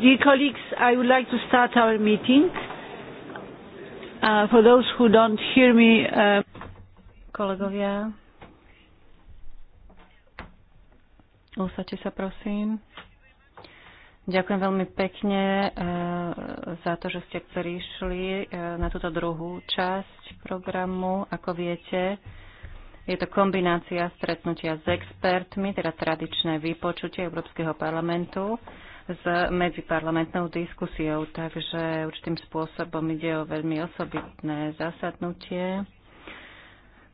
Dear colleagues, I would like to start our meeting. Uh, for those who don't hear me, uh... kolegovia, usaďte sa prosím. Ďakujem veľmi pekne uh, za to, že ste prišli uh, na túto druhú časť programu. Ako viete, uh, je to kombinácia stretnutia s expertmi, teda tradičné vypočutie Európskeho parlamentu s medziparlamentnou diskusiou, takže určitým spôsobom ide o veľmi osobitné zasadnutie.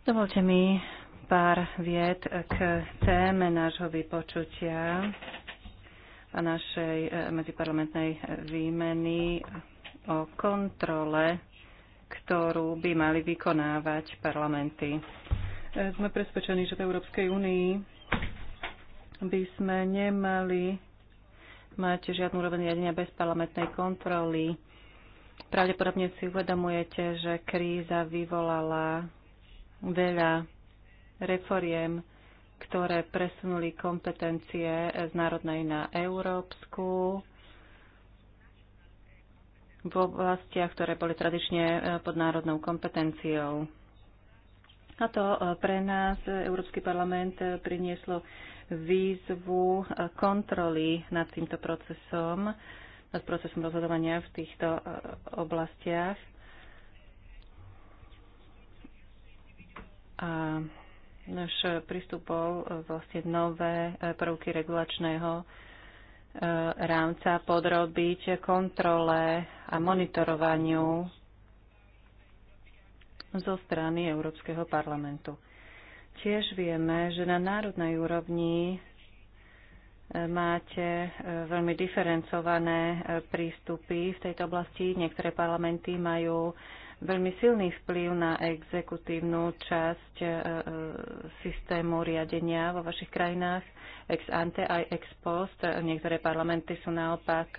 Dovolte mi pár vied k téme nášho vypočutia a našej e, medziparlamentnej výmeny o kontrole, ktorú by mali vykonávať parlamenty. Sme presvedčení, že v Európskej únii by sme nemali mať žiadnu úroveň riadenia bez parlamentnej kontroly. Pravdepodobne si uvedomujete, že kríza vyvolala veľa reforiem, ktoré presunuli kompetencie z národnej na európsku v oblastiach, ktoré boli tradične pod národnou kompetenciou. A to e, pre nás e, Európsky parlament e, prinieslo výzvu kontroly nad týmto procesom, nad procesom rozhodovania v týchto oblastiach. A náš prístup bol vlastne nové prvky regulačného rámca podrobiť kontrole a monitorovaniu zo strany Európskeho parlamentu. Tiež vieme, že na národnej úrovni e, máte e, veľmi diferencované e, prístupy v tejto oblasti. Niektoré parlamenty majú veľmi silný vplyv na exekutívnu časť systému riadenia vo vašich krajinách, ex ante aj ex post. Niektoré parlamenty sú naopak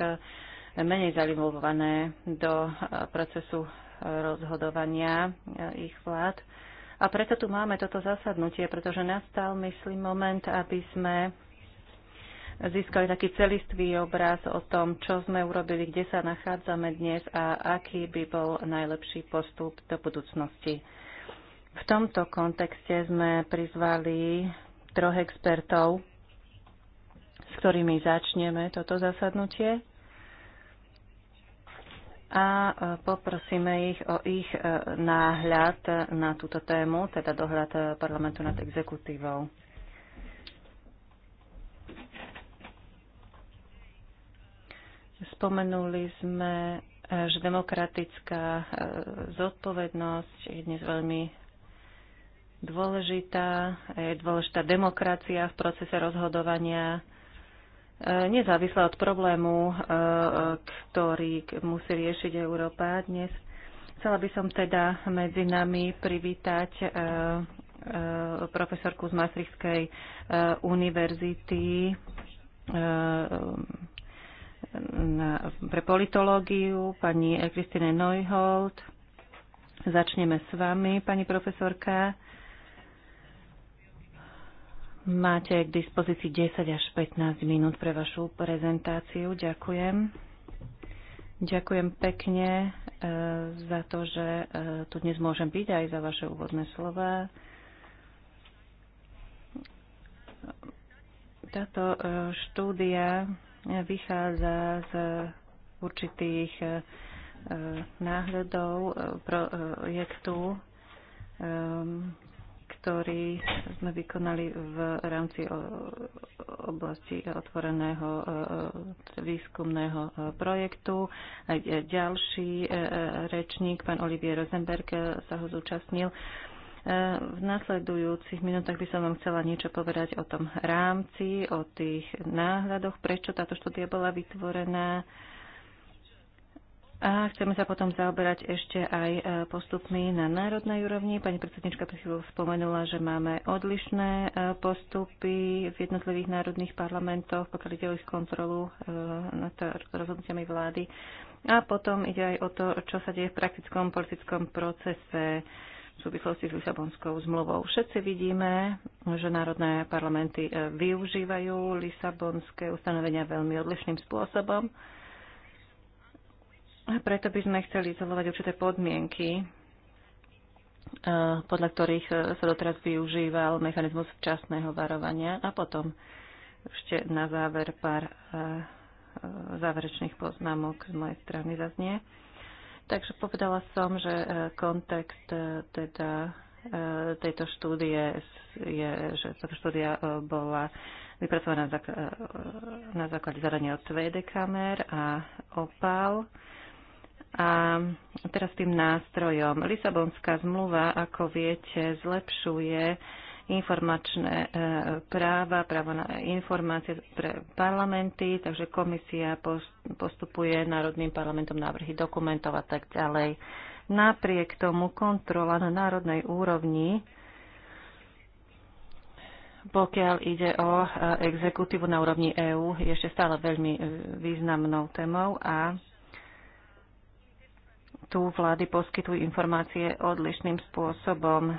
menej zalivované do procesu rozhodovania e, ich vlád. A preto tu máme toto zasadnutie, pretože nastal, myslím, moment, aby sme získali taký celistvý obraz o tom, čo sme urobili, kde sa nachádzame dnes a aký by bol najlepší postup do budúcnosti. V tomto kontexte sme prizvali troch expertov, s ktorými začneme toto zasadnutie a e, poprosíme ich o ich e, náhľad na túto tému, teda dohľad e, parlamentu nad exekutívou. Spomenuli sme, že demokratická zodpovednosť je dnes veľmi dôležitá. Je dôležitá demokracia v procese rozhodovania nezávisle od problému, e, ktorý musí riešiť Európa dnes. Chcela by som teda medzi nami privítať e, e, profesorku z Maastrichtskej univerzity pre politológiu, pani Kristine Neuhold. Začneme s vami, pani profesorka. Máte k dispozícii 10 až 15 minút pre vašu prezentáciu. Ďakujem. Ďakujem pekne e, za to, že e, tu dnes môžem byť aj za vaše úvodné slova. Táto e, štúdia vychádza z určitých náhľadov projektu ktorý sme vykonali v rámci e, oblasti otvoreného e, výskumného e, projektu. Aj ďalší rečník, pán Olivier Rosenberg, sa ho zúčastnil. V nasledujúcich minútach by som vám chcela niečo povedať o tom rámci, o tých náhľadoch, prečo táto štúdia bola vytvorená, a chceme sa potom zaoberať ešte aj e, postupmi na národnej úrovni. Pani predsednička pre spomenula, že máme odlišné e, postupy v jednotlivých národných parlamentoch, pokiaľ ide o ich kontrolu e, nad rozhodnutiami vlády. A potom ide aj o to, čo sa deje v praktickom politickom procese v súvislosti s Lisabonskou zmluvou. Všetci vidíme, že národné parlamenty využívajú lisabonské ustanovenia veľmi odlišným spôsobom a preto by sme chceli izolovať určité podmienky, e, podľa ktorých e, sa doteraz využíval mechanizmus včasného varovania a potom ešte na záver pár e, záverečných poznámok z mojej strany zaznie. Takže povedala som, že kontext teda tejto štúdie je, že táto štúdia bola vypracovaná na základe zadania od Tvede kamer a OPAL a teraz tým nástrojom. Lisabonská zmluva, ako viete, zlepšuje informačné e, práva, právo na informácie pre parlamenty, takže komisia postupuje národným parlamentom návrhy dokumentov a tak ďalej. Napriek tomu kontrola na národnej úrovni pokiaľ ide o e, exekutívu na úrovni EÚ, je ešte stále veľmi e, významnou témou a tu vlády poskytujú informácie odlišným spôsobom,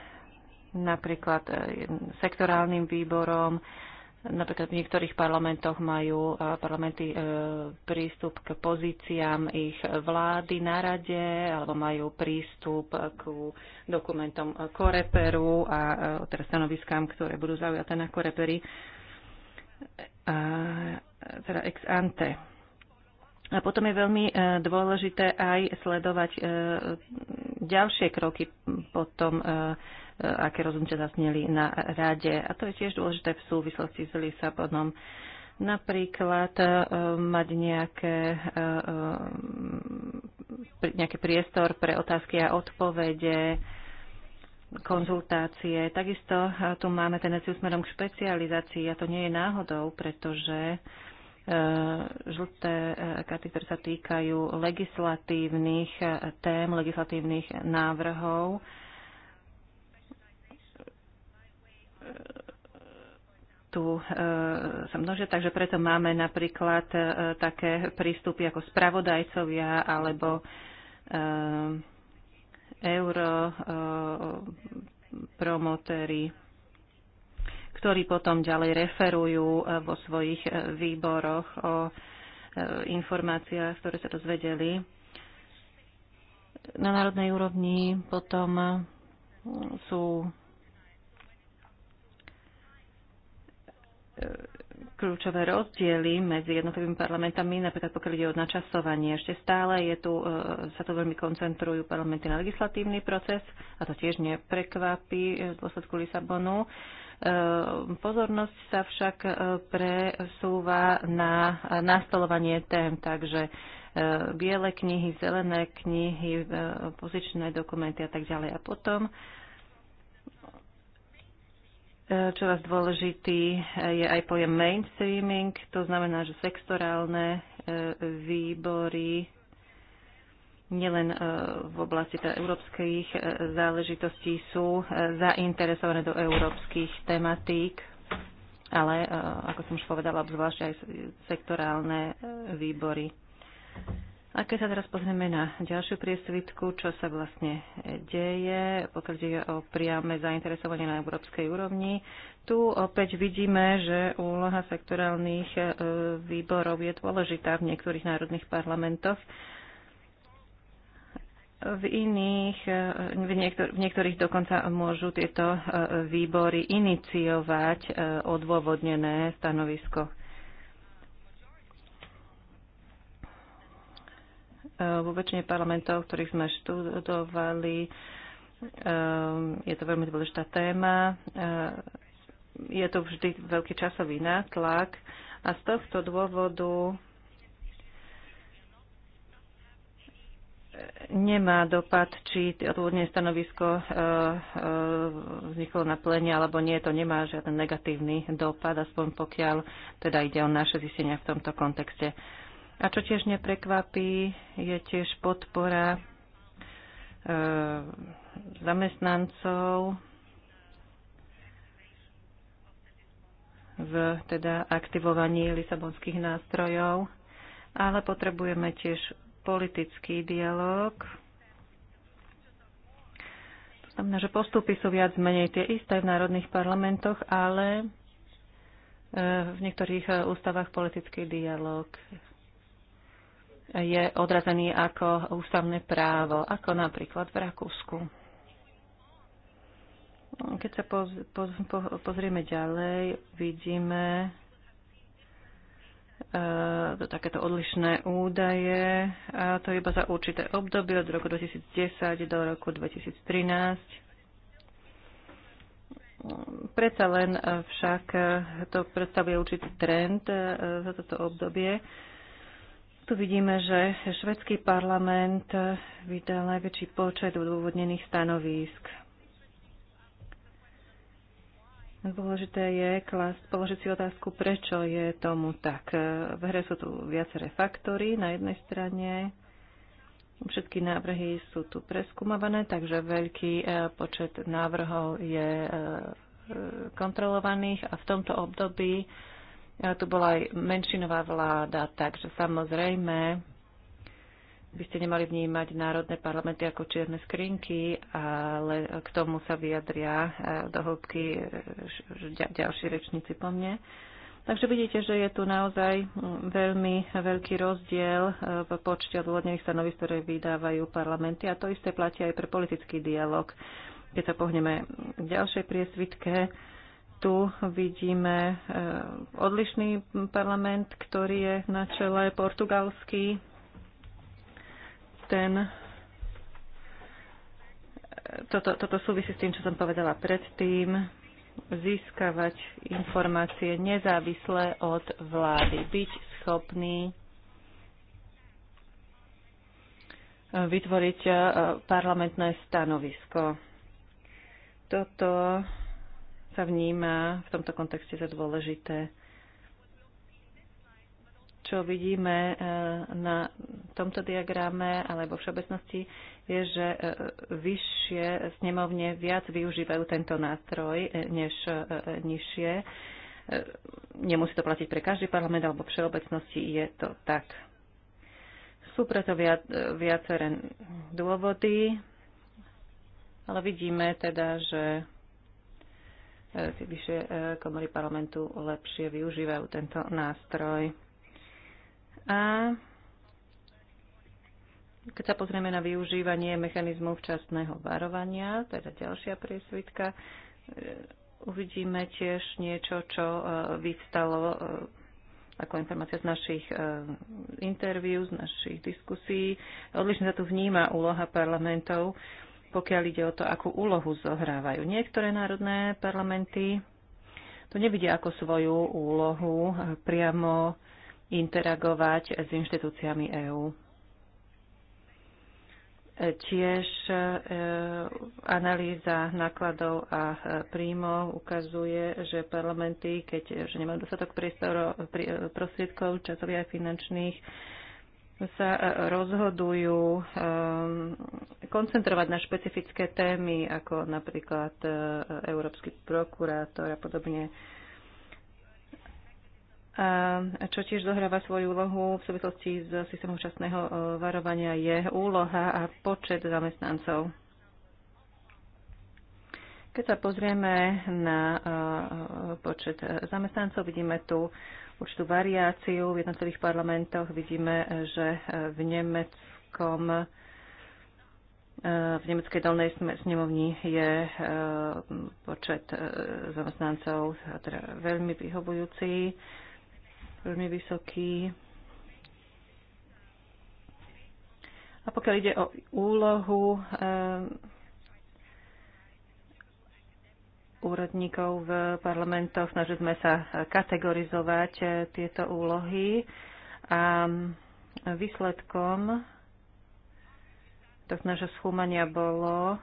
napríklad e, sektorálnym výborom, napríklad v niektorých parlamentoch majú e, parlamenty e, prístup k pozíciám ich vlády na rade, alebo majú prístup k dokumentom Koreperu a teda stanoviskám, ktoré budú zaujaté na korepery, teda ex ante. A potom je veľmi e, dôležité aj sledovať e, ďalšie kroky po tom, e, aké rozhodnutia zasneli na rade. A to je tiež dôležité v súvislosti s Lisabonom. Napríklad mať nejaké, nejaký priestor pre otázky a odpovede, konzultácie. Takisto tu máme tendenciu smerom k špecializácii a to nie je náhodou, pretože Eh, žlté eh, karty, ktoré sa týkajú legislatívnych eh, tém, legislatívnych návrhov. Tu sa množia, takže preto máme napríklad také prístupy ako spravodajcovia alebo euro promotéry ktorí potom ďalej referujú e, vo svojich e, výboroch o e, informáciách, ktoré sa dozvedeli. Na národnej úrovni potom sú kľúčové rozdiely medzi jednotlivými parlamentami, napríklad pokiaľ ide o načasovanie. Ešte stále je tu, sa to veľmi koncentrujú parlamenty na legislatívny proces a to tiež neprekvapí v dôsledku Lisabonu. Ehm, pozornosť sa však e, presúva na nastolovanie tém, takže e, biele knihy, zelené knihy, e, pozičné dokumenty a tak ďalej. A potom vás dôležitý je aj pojem mainstreaming, to znamená, že sektorálne výbory nielen e, v oblasti európskych e, záležitostí sú e, zainteresované do európskych tematík, ale, ako som už povedala, obzvlášť aj sektorálne výbory. A keď sa teraz pozrieme na ďalšiu priesvitku, čo sa vlastne deje, pokiaľ ide o priame zainteresovanie na európskej úrovni, tu opäť vidíme, že úloha sektorálnych výborov je dôležitá v niektorých národných parlamentoch v iných, v, niektor, v niektorých dokonca môžu tieto e, výbory iniciovať e, odôvodnené stanovisko. E, vo väčšine parlamentov, ktorých sme študovali, je to veľmi dôležitá téma. Je to vždy veľký časový nátlak a z tohto dôvodu nemá dopad, či odvodné stanovisko e, e, vzniklo na plene alebo nie, to nemá žiaden negatívny dopad, aspoň pokiaľ teda ide o naše zistenia v tomto kontexte. A čo tiež neprekvapí, je tiež podpora e, zamestnancov v teda aktivovaní lisabonských nástrojov, ale potrebujeme tiež politický dialog. To znamená, že postupy sú viac menej tie isté v národných parlamentoch, ale e, v niektorých e, ústavách politický dialog je odrazený ako ústavné právo, ako napríklad v Rakúsku. Keď sa poz, poz, pozrieme ďalej, vidíme, do e, takéto odlišné údaje. A to iba za určité obdobie od roku 2010 do roku 2013. Predsa len však to predstavuje určitý trend e, za toto obdobie. Tu vidíme, že švedský parlament vydal najväčší počet odôvodnených stanovísk. Dôležité je klas, položiť si otázku, prečo je tomu tak. V hre sú tu viaceré faktory. Na jednej strane všetky návrhy sú tu preskúmované, takže veľký e, počet návrhov je e, e, kontrolovaných a v tomto období tu bola aj menšinová vláda, takže samozrejme by ste nemali vnímať národné parlamenty ako čierne skrinky, ale k tomu sa vyjadria e, do hĺbky e, ďalší rečníci po mne. Takže vidíte, že je tu naozaj mm, veľmi veľký rozdiel e, v počte odvodnených stanovisk, ktoré vydávajú parlamenty a to isté platí aj pre politický dialog. Keď sa pohneme k ďalšej priesvitke, tu vidíme odlišný parlament, ktorý je na čele portugalský ten, toto, toto súvisí s tým, čo som povedala predtým, získavať informácie nezávisle od vlády, byť schopný vytvoriť eh, parlamentné stanovisko. Toto sa vníma v tomto kontexte za dôležité čo vidíme e, na tomto diagrame, alebo v všeobecnosti, je, že e, vyššie snemovne viac využívajú tento nástroj e, než nižšie. Nemusí to platiť pre každý parlament, alebo v všeobecnosti je to tak. Sú preto viac, viaceré dôvody, ale vidíme teda, že tie vyššie komory parlamentu lepšie využívajú tento nástroj. A keď sa pozrieme na využívanie mechanizmu včasného varovania, teda ďalšia priesvitka, e, uvidíme tiež niečo, čo e, vyvstalo e, ako informácia z našich interviú, z našich diskusí. Odlišne sa tu vníma úloha parlamentov, pokiaľ ide o to, akú úlohu zohrávajú. Niektoré národné parlamenty to nevidia ako svoju úlohu priamo interagovať s inštitúciami EÚ. Tiež e, analýza nákladov a e, príjmov ukazuje, že parlamenty, keď že nemajú dostatok e, prostriedkov časových a finančných, sa rozhodujú koncentrovať na špecifické témy, ako napríklad európsky prokurátor a podobne čo tiež zohráva svoju úlohu v súvislosti s systémom časného e, varovania je úloha a počet zamestnancov. Keď sa pozrieme na e, počet zamestnancov, vidíme tu určitú variáciu v jednotlivých parlamentoch. Vidíme, že v nemeckom e, v nemeckej dolnej snemovni je počet zamestnancov teda veľmi vyhovujúci veľmi vysoký. A pokiaľ ide o úlohu eh, úradníkov v parlamentoch, snažili sme sa kategorizovať eh, tieto úlohy a výsledkom tohto naše skúmania bolo,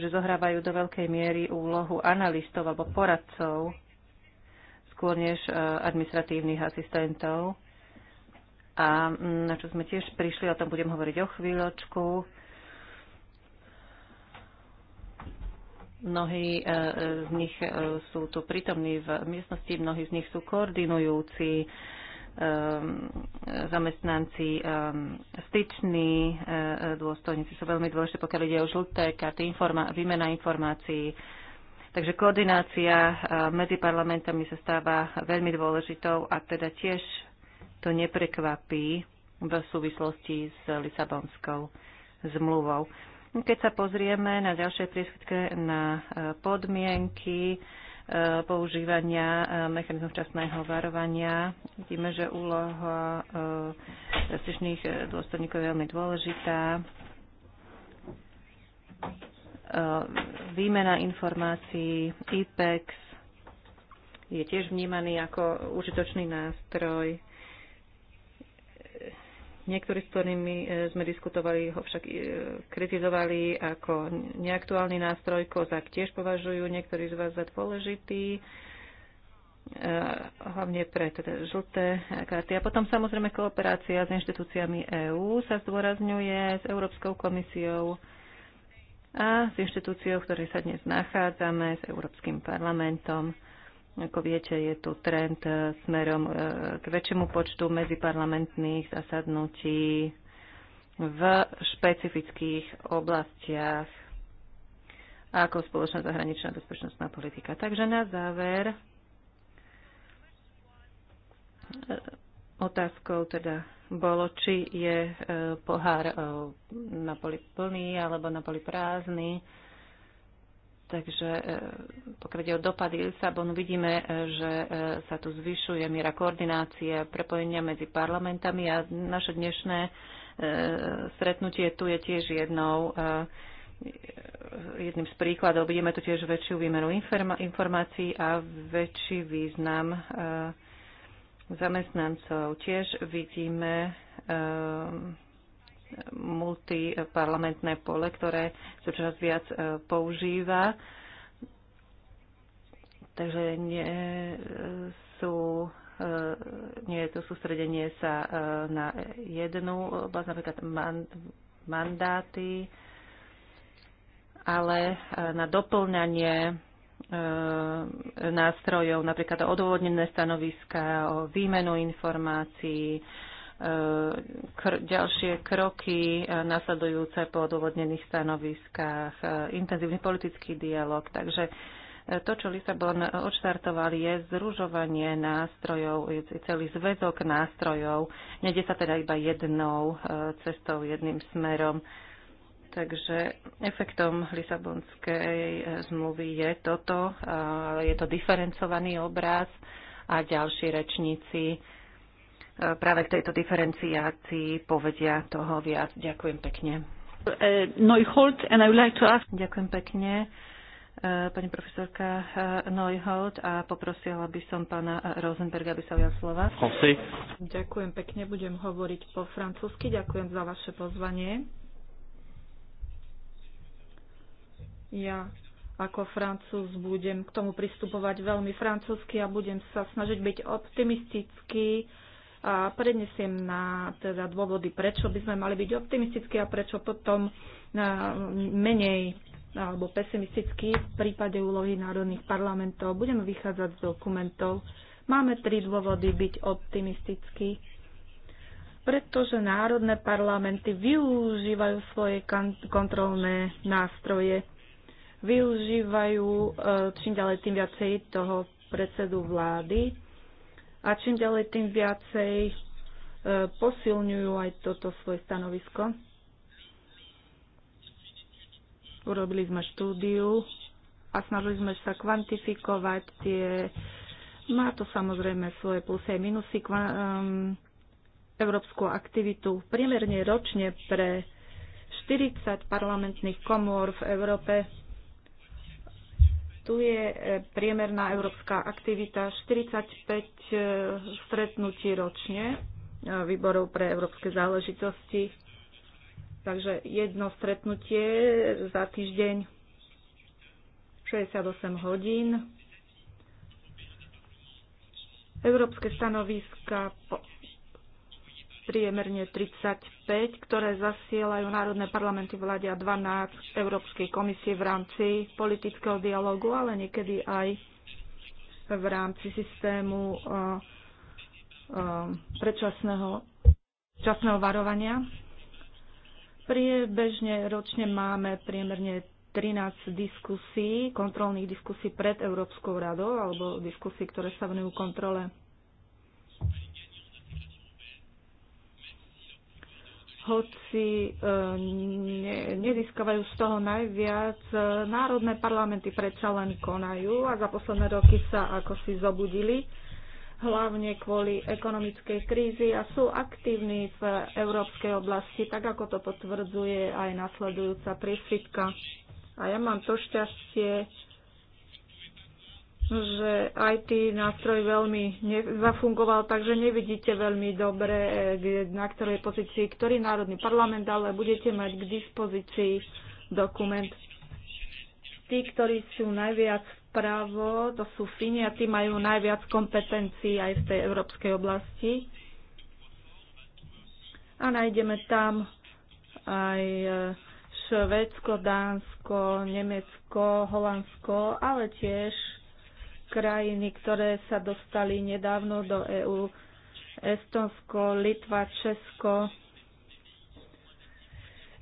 že zohrávajú do veľkej miery úlohu analistov alebo poradcov skôr než e, administratívnych asistentov. A mm, na čo sme tiež prišli, o tom budem hovoriť o chvíľočku. Mnohí e, e, z nich sú tu prítomní v miestnosti, mnohí z nich sú koordinujúci zamestnanci styční dôstojníci sú veľmi dôležité, pokiaľ ide o žlté karty, informa- výmena informácií, Takže koordinácia e, medzi parlamentami sa stáva veľmi dôležitou a teda tiež to neprekvapí v súvislosti s Lisabonskou zmluvou. Keď sa pozrieme na ďalšie priesvitke na e, podmienky e, používania mechanizmu včasného varovania, vidíme, že úloha zastičných dôstojníkov je veľmi dôležitá. Eh, výmena informácií, IPEX je tiež vnímaný ako užitočný nástroj. Niektorí, s ktorými eh, sme diskutovali, ho však eh, kritizovali ako neaktuálny nástroj. Kozak tiež považujú niektorí z vás za dôležitý hlavne pre teda žlté karty. A potom samozrejme kooperácia s inštitúciami EÚ sa zdôrazňuje s Európskou komisiou a s inštitúciou, v ktorej sa dnes nachádzame, s Európskym parlamentom. Ako viete, je tu trend e, smerom e, k väčšiemu počtu medziparlamentných zasadnutí v špecifických oblastiach ako spoločná zahraničná bezpečnostná politika. Takže na záver e, otázkou teda bolo, či je e, pohár e, na poli plný alebo na poli prázdny. Takže e, pokiaľ ide o dopady Lisabonu, vidíme, že sa tu zvyšuje miera koordinácie, a prepojenia medzi parlamentami a naše dnešné stretnutie tu je tiež jednou jedným z príkladov. Vidíme tu tiež väčšiu výmeru informácií a väčší význam zamestnancov. Tiež vidíme ehm, multiparlamentné pole, ktoré sa čoraz viac e, používa. Takže nie, e, sú, e, nie je to sústredenie sa na jednu oblasť, napríklad mandáty, ale na doplňanie E, nástrojov, napríklad o odôvodnené stanoviska, o výmenu informácií, e, kr- ďalšie kroky e, nasledujúce po odôvodnených stanoviskách, intenzívny politický dialog. Takže to, čo Lisabon odštartoval, je zružovanie nástrojov, je celý zväzok nástrojov. Nede sa teda iba jednou cestou, jedným smerom. Takže efektom Lisabonskej zmluvy je toto, je to diferencovaný obraz a ďalší rečníci práve k tejto diferenciácii povedia toho viac. Ďakujem pekne. E, Neuhold, and I would like to ask... Ďakujem pekne e, pani profesorka e, Neuhold a poprosila by som pána Rosenberga, aby sa ujal slova. Ďakujem pekne, budem hovoriť po francúzsky. Ďakujem za vaše pozvanie. Ja ako francúz budem k tomu pristupovať veľmi francúzsky a budem sa snažiť byť optimistický a prednesiem na teda dôvody, prečo by sme mali byť optimistickí a prečo potom na menej alebo pesimistický v prípade úlohy národných parlamentov. Budeme vychádzať z dokumentov. Máme tri dôvody byť optimistickí. Pretože národné parlamenty využívajú svoje kontrolné nástroje využívajú e, čím ďalej tým viacej toho predsedu vlády a čím ďalej tým viacej e, posilňujú aj toto svoje stanovisko. Urobili sme štúdiu a snažili sme sa kvantifikovať tie. Má to samozrejme svoje plusy aj minusy. Um, európsku aktivitu priemerne ročne pre 40 parlamentných komôr v Európe tu je e, priemerná európska aktivita 45 e, stretnutí ročne e, výborov pre európske záležitosti. Takže jedno stretnutie za týždeň 68 hodín. Európske stanoviska priemerne 35, ktoré zasielajú národné parlamenty vláde a 12 Európskej komisie v rámci politického dialogu, ale niekedy aj v rámci systému eh, eh, predčasného časného varovania. Priebežne ročne máme priemerne 13 diskusí, kontrolných diskusí pred Európskou radou alebo diskusí, ktoré sa venujú kontrole hoci e, ne, nezískavajú z toho najviac, e, národné parlamenty predsa len konajú a za posledné roky sa ako si zobudili, hlavne kvôli ekonomickej krízi a sú aktívni v európskej oblasti, tak ako to potvrdzuje aj nasledujúca prísvitka. A ja mám to šťastie, že IT nástroj veľmi zafungoval, takže nevidíte veľmi dobre, eh, na ktorej pozícii, ktorý národný parlament, ale budete mať k dispozícii dokument. Tí, ktorí sú najviac vpravo, to sú Fíni a tí majú najviac kompetencií aj v tej európskej oblasti. A nájdeme tam aj eh, Švedsko, Dánsko, Nemecko, Holandsko, ale tiež krajiny, ktoré sa dostali nedávno do EÚ, Estonsko, Litva, Česko.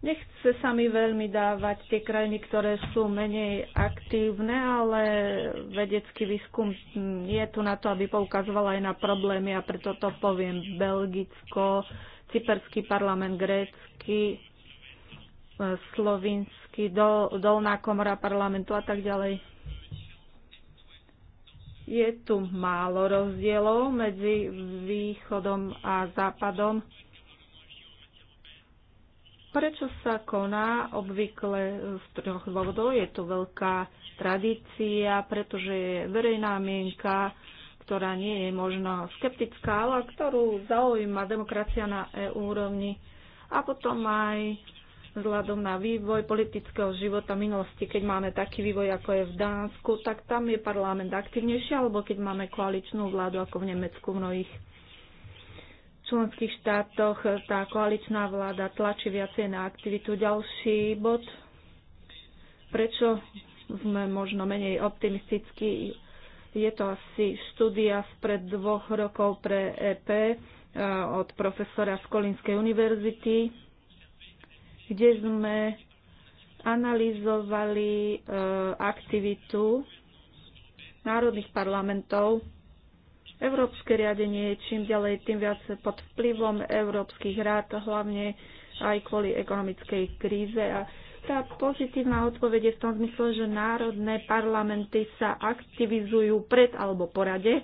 Nechce sa mi veľmi dávať tie krajiny, ktoré sú menej aktívne, ale vedecký výskum je tu na to, aby poukazoval aj na problémy a preto to poviem Belgicko, Cyperský parlament, Grécky, e, slovinsky, Dolná komora parlamentu a tak ďalej. Je tu málo rozdielov medzi východom a západom. Prečo sa koná obvykle z troch dôvodov? Je tu veľká tradícia, pretože je verejná mienka, ktorá nie je možno skeptická, ale ktorú zaujíma demokracia na EU úrovni. A potom aj vzhľadom na vývoj politického života minulosti, keď máme taký vývoj, ako je v Dánsku, tak tam je parlament aktivnejší, alebo keď máme koaličnú vládu, ako v Nemecku v mnohých členských štátoch, tá koaličná vláda tlačí viacej na aktivitu. Ďalší bod, prečo sme možno menej optimistickí, je to asi štúdia spred dvoch rokov pre EP eh, od profesora z Kolinskej univerzity kde sme analyzovali e, aktivitu národných parlamentov. Európske riadenie je čím ďalej tým viac pod vplyvom európskych rád, hlavne aj kvôli ekonomickej kríze. A tá pozitívna odpoveď je v tom zmysle, že národné parlamenty sa aktivizujú pred alebo po rade.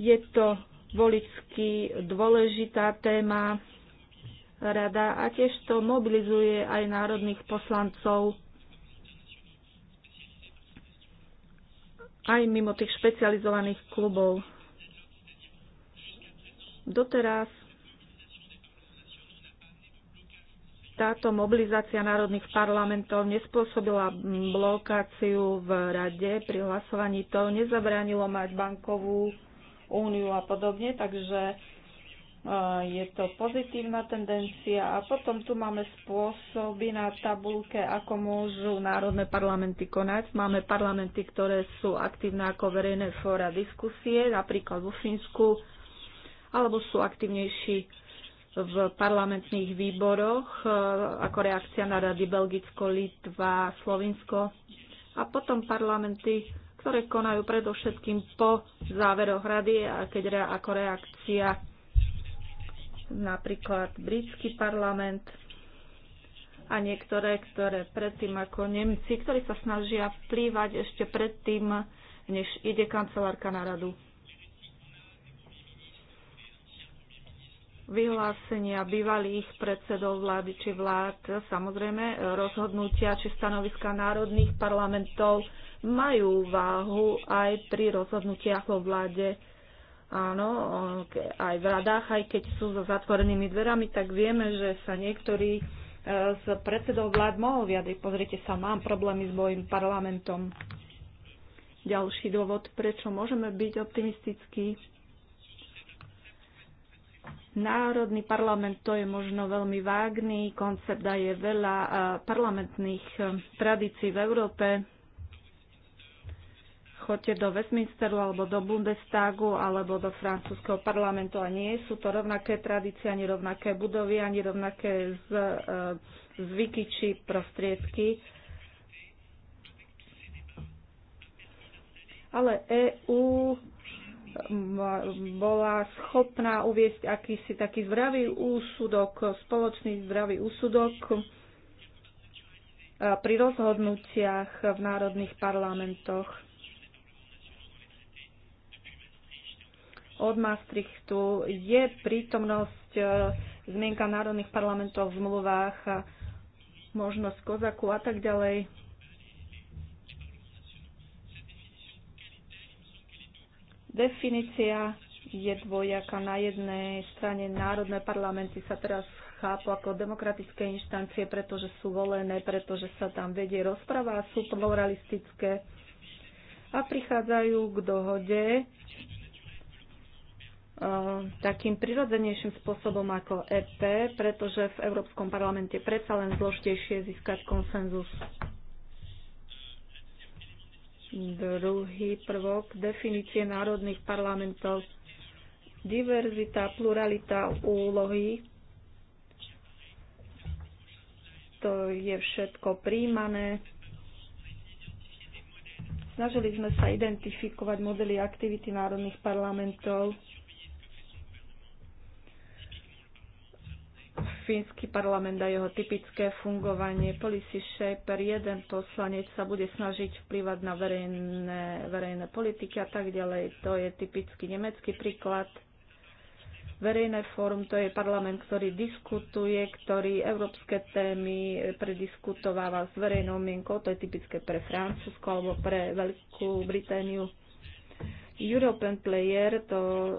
Je to voličsky dôležitá téma rada a tiež to mobilizuje aj národných poslancov aj mimo tých špecializovaných klubov. Doteraz táto mobilizácia národných parlamentov nespôsobila blokáciu v rade pri hlasovaní. To nezabránilo mať bankovú úniu a podobne, takže je to pozitívna tendencia. A potom tu máme spôsoby na tabulke, ako môžu národné parlamenty konať. Máme parlamenty, ktoré sú aktívne ako verejné fóra diskusie, napríklad vo Fínsku, alebo sú aktívnejší v parlamentných výboroch e, ako reakcia na rady Belgicko, Litva, Slovinsko a potom parlamenty, ktoré konajú predovšetkým po záveroch rady a keď ako reakcia napríklad britský parlament a niektoré, ktoré predtým ako Nemci, ktorí sa snažia vplývať ešte predtým, než ide kancelárka na radu. Vyhlásenia bývalých predsedov vlády či vlád, samozrejme rozhodnutia či stanoviska národných parlamentov majú váhu aj pri rozhodnutiach vo vláde Áno, aj v radách, aj keď sú za zatvorenými dverami, tak vieme, že sa niektorí z e, predsedov vlád mohol vyjadriť. Pozrite sa, mám problémy s mojim parlamentom. Ďalší dôvod, prečo môžeme byť optimistickí. Národný parlament to je možno veľmi vágný koncept a je veľa e, parlamentných e, tradícií v Európe chodte do Westminsteru alebo do Bundestagu alebo do francúzského parlamentu a nie sú to rovnaké tradície, ani rovnaké budovy, ani rovnaké z, e, zvyky či prostriedky. Ale EÚ bola schopná uviesť akýsi taký zdravý úsudok, spoločný zdravý úsudok e, pri rozhodnutiach v národných parlamentoch. od Maastrichtu je prítomnosť e, zmienka národných parlamentov v zmluvách, a možnosť kozaku a tak ďalej. Definícia je dvojaká. Na jednej strane národné parlamenty sa teraz chápu ako demokratické inštancie, pretože sú volené, pretože sa tam vedie rozpráva a sú pluralistické a prichádzajú k dohode Eh, takým prirodzenejším spôsobom ako EP, pretože v Európskom parlamente predsa len zložitejšie získať konsenzus. Druhý prvok definície národných parlamentov. Diverzita, pluralita úlohy. To je všetko príjmané. Snažili sme sa identifikovať modely aktivity národných parlamentov Fínsky parlament a jeho typické fungovanie. Policy Shaper, jeden poslanec sa bude snažiť vplyvať na verejné, verejné politiky a tak ďalej. To je typický nemecký príklad. Verejné fórum to je parlament, ktorý diskutuje, ktorý európske témy prediskutováva s verejnou mienkou. To je typické pre Francúzsko alebo pre Veľkú Britániu European Player to e,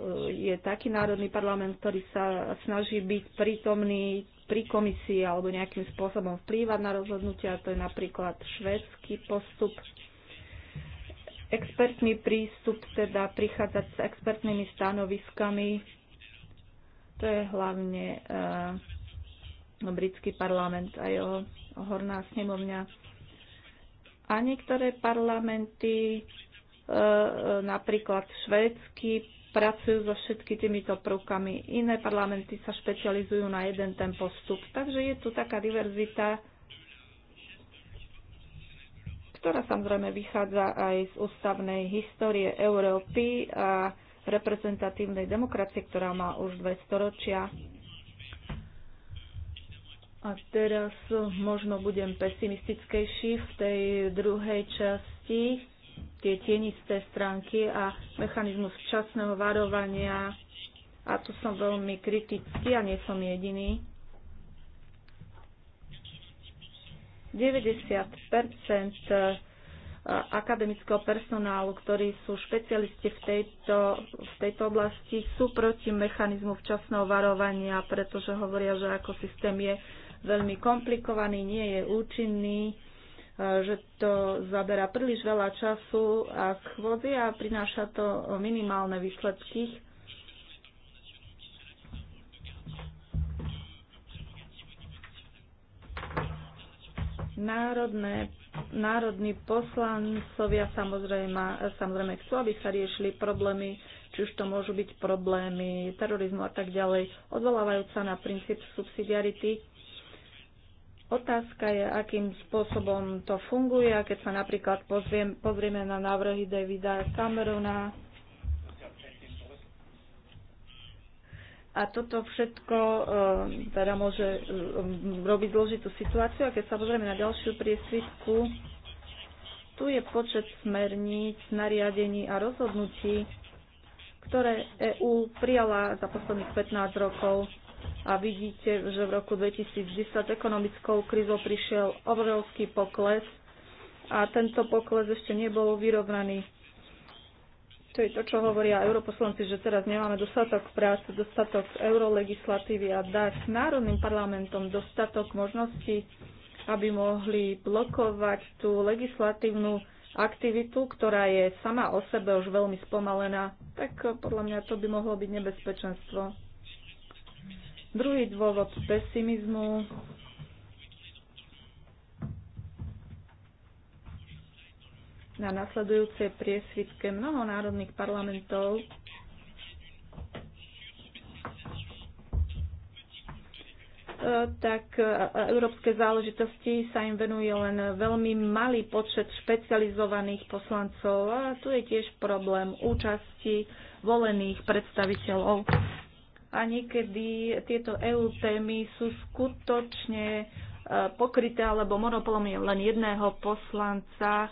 je taký národný parlament, ktorý sa snaží byť prítomný pri komisii alebo nejakým spôsobom vplývať na rozhodnutia. To je napríklad švédsky postup. Expertný prístup, teda prichádzať s expertnými stanoviskami, to je hlavne uh, britský parlament a jeho horná snemovňa. A niektoré parlamenty E, e, napríklad švédsky, pracujú so všetky týmito prvkami. Iné parlamenty sa špecializujú na jeden ten postup. Takže je tu taká diverzita, ktorá samozrejme vychádza aj z ústavnej histórie Európy a reprezentatívnej demokracie, ktorá má už dve storočia. A teraz možno budem pesimistickejší v tej druhej časti tie tienisté stránky a mechanizmus včasného varovania. A tu som veľmi kritický a nie som jediný. 90 e, akademického personálu, ktorí sú špecialisti v tejto, v tejto oblasti, sú proti mechanizmu včasného varovania, pretože hovoria, že ako systém je veľmi komplikovaný, nie je účinný E, že to zabera príliš veľa času a chôdzi a prináša to minimálne výsledky. Národné, národní poslancovia samozrejme, samozrejme chcú, aby sa riešili problémy, či už to môžu byť problémy terorizmu a tak ďalej, odvolávajúca na princíp subsidiarity Otázka je, akým spôsobom to funguje. keď sa napríklad pozriem, pozrieme na návrhy Davida Camerona, A toto všetko uh, teda môže uh, robiť zložitú situáciu. A keď sa pozrieme na ďalšiu priesvitku, tu je počet smerníc, nariadení a rozhodnutí, ktoré EÚ prijala za posledných 15 rokov a vidíte, že v roku 2010 ekonomickou krizou prišiel obrovský pokles a tento pokles ešte nebol vyrovnaný. To je to, čo hovoria europoslanci, že teraz nemáme dostatok práce, dostatok eurolegislatívy a dať národným parlamentom dostatok možností, aby mohli blokovať tú legislatívnu aktivitu, ktorá je sama o sebe už veľmi spomalená, tak eh, podľa mňa to by mohlo byť nebezpečenstvo. Druhý dôvod pesimizmu na nasledujúcej priesvitke mnoho národných parlamentov e, tak e, európske záležitosti sa im venuje len veľmi malý počet špecializovaných poslancov a tu je tiež problém účasti volených predstaviteľov a niekedy tieto EU témy sú skutočne e, pokryté alebo monopolom je len jedného poslanca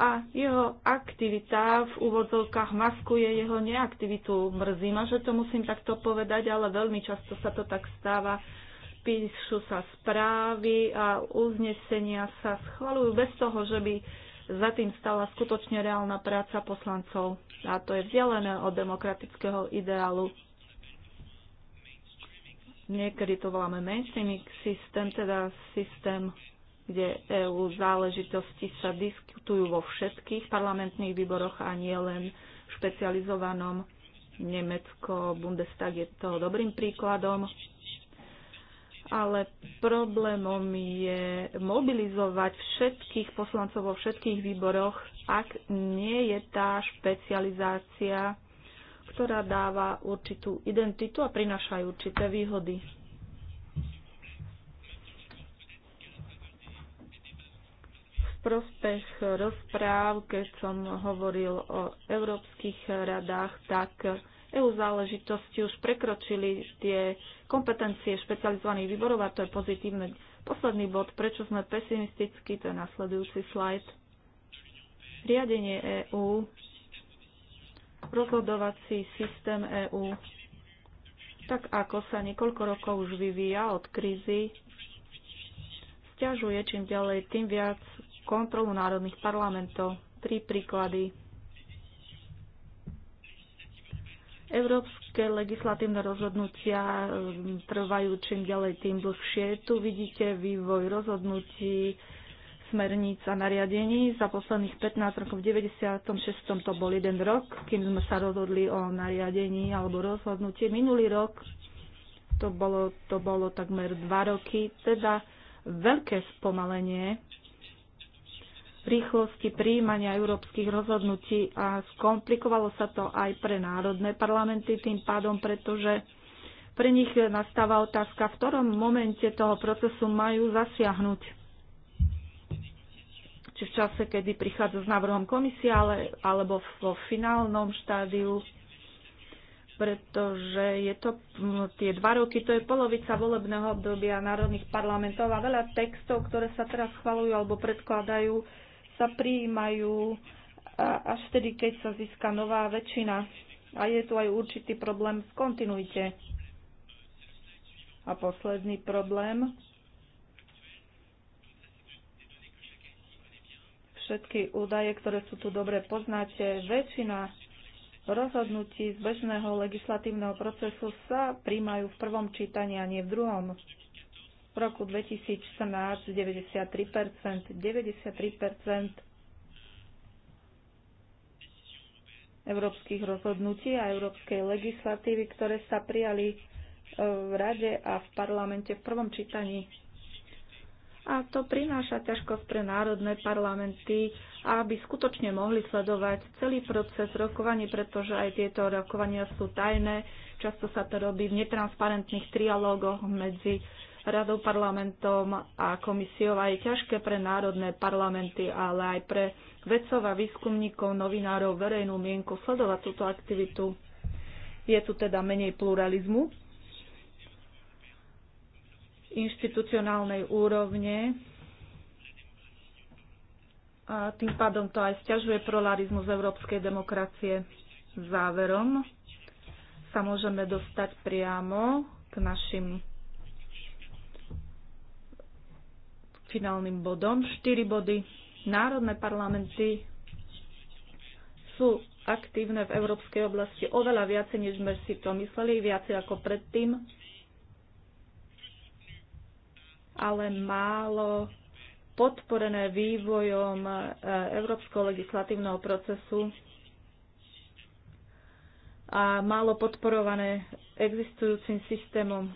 a jeho aktivita v úvodzovkách maskuje jeho neaktivitu. Mrzí ma, že to musím takto povedať, ale veľmi často sa to tak stáva. Píšu sa správy a uznesenia sa schvalujú bez toho, že by za tým stala skutočne reálna práca poslancov. A to je vzdialené od demokratického ideálu. Niekedy to voláme menšinig systém, teda systém, kde EU záležitosti sa diskutujú vo všetkých parlamentných výboroch a nie len v špecializovanom. Nemecko, Bundestag je to dobrým príkladom ale problémom je mobilizovať všetkých poslancov vo všetkých výboroch, ak nie je tá špecializácia ktorá dáva určitú identitu a prináša aj určité výhody. V prospech rozpráv, keď som hovoril o európskych radách, tak EU záležitosti už prekročili tie kompetencie špecializovaných výborov a to je pozitívne. Posledný bod, prečo sme pesimistickí, to je nasledujúci slajd. Riadenie EÚ rozhodovací systém EÚ, tak ako sa niekoľko rokov už vyvíja od krízy, stiažuje čím ďalej tým viac kontrolu národných parlamentov. Tri príklady. Európske legislatívne rozhodnutia e, trvajú čím ďalej tým dlhšie. Tu vidíte vývoj rozhodnutí smerníc a nariadení. Za posledných 15 rokov v 96. to bol jeden rok, kým sme sa rozhodli o nariadení alebo rozhodnutí. Minulý rok to bolo, to bolo takmer 2 roky, teda veľké spomalenie rýchlosti príjmania európskych rozhodnutí a skomplikovalo sa to aj pre národné parlamenty tým pádom, pretože pre nich nastáva otázka, v ktorom momente toho procesu majú zasiahnuť či v čase, kedy prichádza s návrhom komisia, ale, alebo vo finálnom štádiu, pretože je to, tie dva roky, to je polovica volebného obdobia národných parlamentov a veľa textov, ktoré sa teraz schvalujú alebo predkladajú, sa prijímajú až vtedy, keď sa získa nová väčšina. A je tu aj určitý problém v kontinuite. A posledný problém všetky údaje, ktoré sú tu dobre poznáte. Väčšina rozhodnutí z bežného legislatívneho procesu sa príjmajú v prvom čítaní a nie v druhom. V roku 2014 93%, 93% európskych rozhodnutí a európskej legislatívy, ktoré sa prijali eh, v Rade a v parlamente v prvom čítaní a to prináša ťažkosť pre národné parlamenty, aby skutočne mohli sledovať celý proces rokovaní, pretože aj tieto rokovania sú tajné. Často sa to robí v netransparentných trialógoch medzi radou parlamentom a komisiou a je ťažké pre národné parlamenty, ale aj pre vedcov a výskumníkov, novinárov, verejnú mienku sledovať túto aktivitu. Je tu teda menej pluralizmu inštitucionálnej úrovne a tým pádom to aj stiažuje prolarizmus európskej demokracie. Záverom sa môžeme dostať priamo k našim finálnym bodom. Štyri body. Národné parlamenty sú aktívne v európskej oblasti oveľa viacej, než sme si to mysleli, viacej ako predtým ale málo podporené vývojom e, európskeho legislatívneho procesu a málo podporované existujúcim systémom.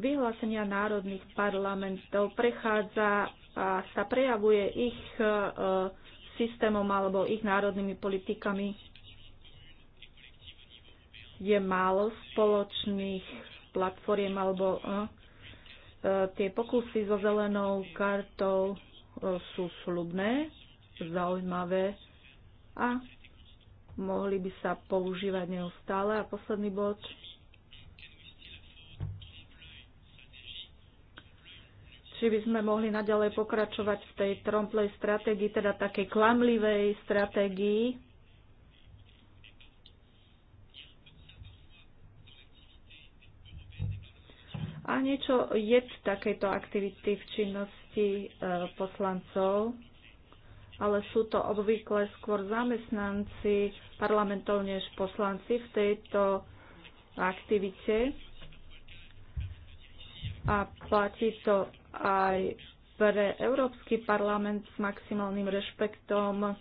Vyhlásenia národných parlamentov prechádza a sa prejavuje ich e, systémom alebo ich národnými politikami je málo spoločných platform alebo e, Tie pokusy so zelenou kartou e, sú slubné, zaujímavé a mohli by sa používať neustále. A posledný bod. Či by sme mohli naďalej pokračovať v tej tromplej stratégii, teda takej klamlivej stratégii, A niečo je v takejto aktivity v činnosti e, poslancov, ale sú to obvykle skôr zamestnanci parlamentov než poslanci v tejto aktivite. A platí to aj pre Európsky parlament s maximálnym rešpektom e,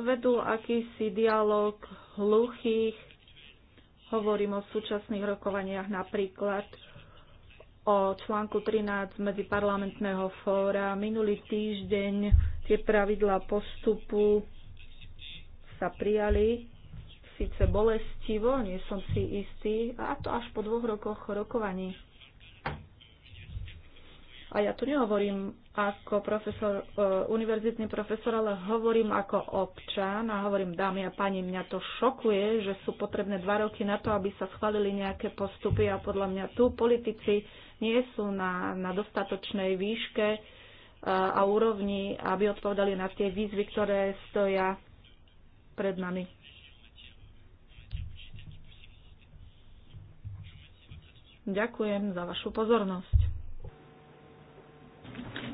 vedú akýsi dialog hluchých Hovorím o súčasných rokovaniach napríklad o článku 13 medziparlamentného fóra. Minulý týždeň tie pravidlá postupu sa prijali síce bolestivo, nie som si istý, a to až po dvoch rokoch rokovaní. A ja tu nehovorím ako profesor, e, univerzitný profesor, ale hovorím ako občan a hovorím, dámy a pani, mňa to šokuje, že sú potrebné dva roky na to, aby sa schválili nejaké postupy a podľa mňa tu politici nie sú na, na dostatočnej výške e, a úrovni, aby odpovedali na tie výzvy, ktoré stoja pred nami. Ďakujem za vašu pozornosť.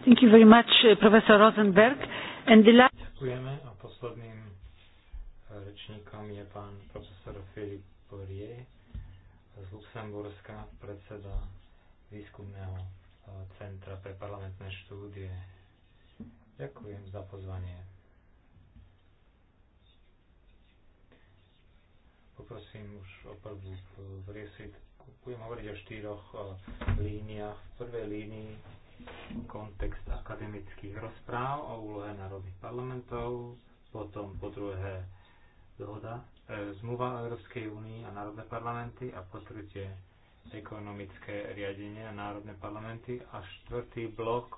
Thank you very much, uh, Rosenberg. And the last... Ďakujeme a posledným uh, rečníkom je pán profesor Filip Borie z Luxemburska, predseda výskumného uh, centra pre parlamentné štúdie. Ďakujem za pozvanie. Poprosím už o prvú vriesitku. Budem hovoriť o štyroch líniách. V prvej línii kontext akademických rozpráv o úlohe národných parlamentov, potom po druhé dohoda, e, zmluva o Európskej únii a národné parlamenty a po tretie ekonomické riadenie a národné parlamenty a štvrtý blok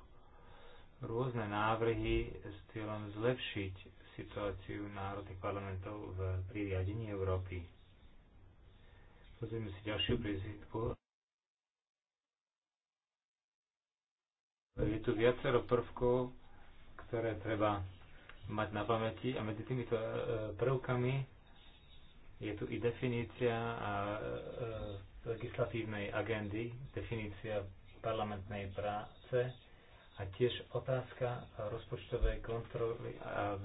rôzne návrhy s cieľom zlepšiť situáciu národných parlamentov v, pri riadení Európy. Pozrieme si ďalšiu prezidentku. Je tu viacero prvkov, ktoré treba mať na pamäti a medzi týmito e, e, prvkami je tu i definícia a, e, legislatívnej agendy, definícia parlamentnej práce a tiež otázka rozpočtovej kontroly a v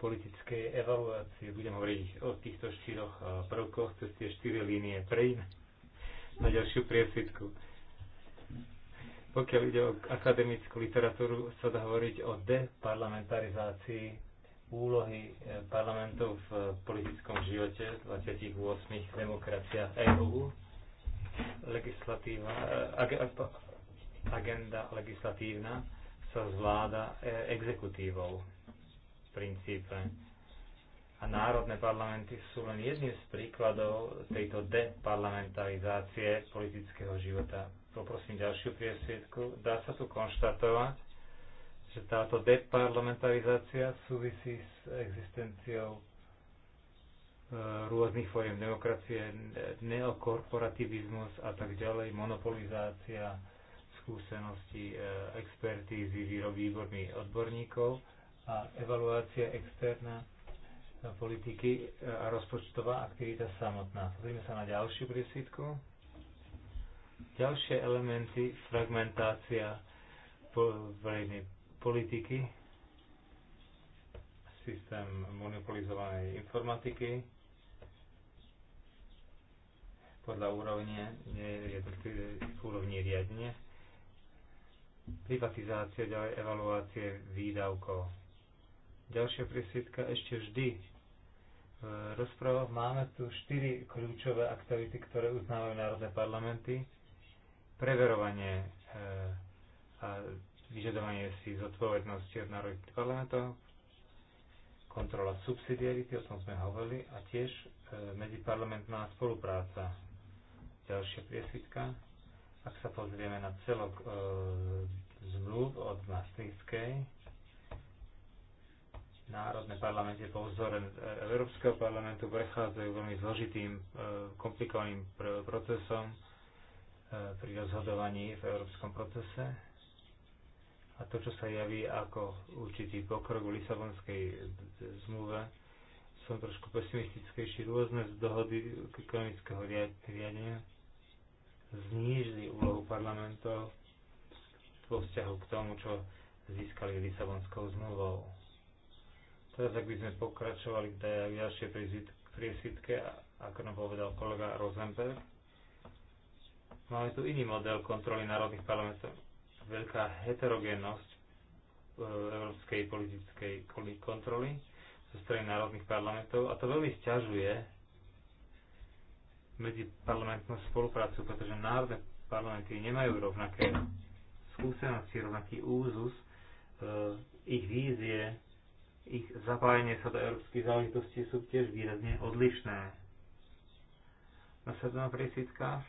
politickej evaluácie. Budem hovoriť o týchto štyroch prvkoch cez tie štyri línie. Prejme na ďalšiu priesvitku. Pokiaľ ide o akademickú literatúru, sa dá hovoriť o deparlamentarizácii úlohy eh, parlamentov v politickom živote 28 demokraciách EU. Legislatíva, eh, eh, agenda legislatívna sa zvláda exekutívou v princípe. A národné parlamenty sú len jedným z príkladov tejto deparlamentarizácie politického života poprosím ďalšiu priesvietku. Dá sa tu konštatovať, že táto deparlamentarizácia súvisí s existenciou e, rôznych fóriem demokracie, neokorporativizmus a tak ďalej, monopolizácia skúseností, e, expertízy, výbormi odborníkov a evaluácia externá e, politiky a rozpočtová aktivita samotná. Pozrime sa na ďalšiu prísvitku. Ďalšie elementy, fragmentácia verejnej politiky, systém monopolizovanej informatiky, podľa úrovne, je v úrovni riadne, privatizácia, ďalej evaluácie výdavkov. Ďalšia prísvitka ešte vždy. V rozprávach máme tu štyri kľúčové aktivity, ktoré uznávajú národné parlamenty preverovanie eh, a vyžadovanie si zodpovednosti od národných parlamentov, kontrola subsidiarity, o tom sme hovorili, a tiež eh, medziparlamentná spolupráca. Ďalšia priesvitka, ak sa pozrieme na celok e, zmluv od Maastrichtskej, národné parlamenty po vzore Európskeho parlamentu prechádzajú veľmi zložitým, komplikovaným procesom E, pri rozhodovaní v európskom procese. A to, čo sa javí ako určitý pokrok v Lisabonskej zmluve, som trošku pesimistickejší. Rôzne z dohody ekonomického riadenia znížili úlohu parlamentov vo vzťahu k tomu, čo získali Lisabonskou zmluvou. Teraz, ak by sme pokračovali k ďalšej priesvitke, ako nám povedal kolega Rosenberg, Máme tu iný model kontroly národných parlamentov. Veľká heterogénnosť e, európskej politickej kontroly zo strany národných parlamentov a to veľmi sťažuje medziparlamentnú spoluprácu, pretože národné parlamenty nemajú rovnaké skúsenosti, rovnaký úzus, e, ich vízie, ich zapájenie sa do európskych záležitostí sú tiež výrazne odlišné. Nasledná presídka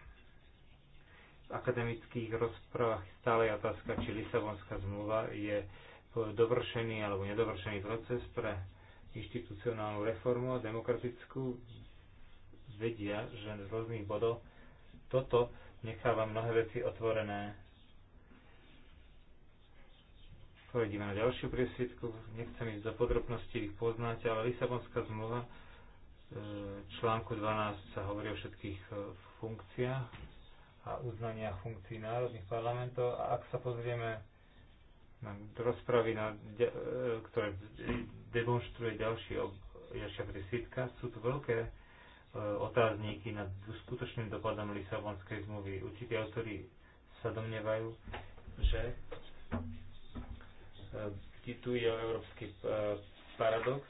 akademických rozprávach stále je otázka, či Lisabonská zmluva je dovršený alebo nedovršený proces pre inštitucionálnu reformu a demokratickú vedia, že z rôznych bodov toto necháva mnohé veci otvorené. Pojedíme na ďalšiu priesvitku, nechcem ísť do podrobností, ich poznáte, ale Lisabonská zmluva e, článku 12 sa hovorí o všetkých e, funkciách a uznania funkcií národných parlamentov. A ak sa pozrieme na rozpravy, na e, ktoré demonstruje ďalší ďalšia presídka, sú tu veľké e, otázníky nad skutočným dopadom Lisabonskej zmluvy. Určití autori sa domnievajú, že e, tu je európsky paradox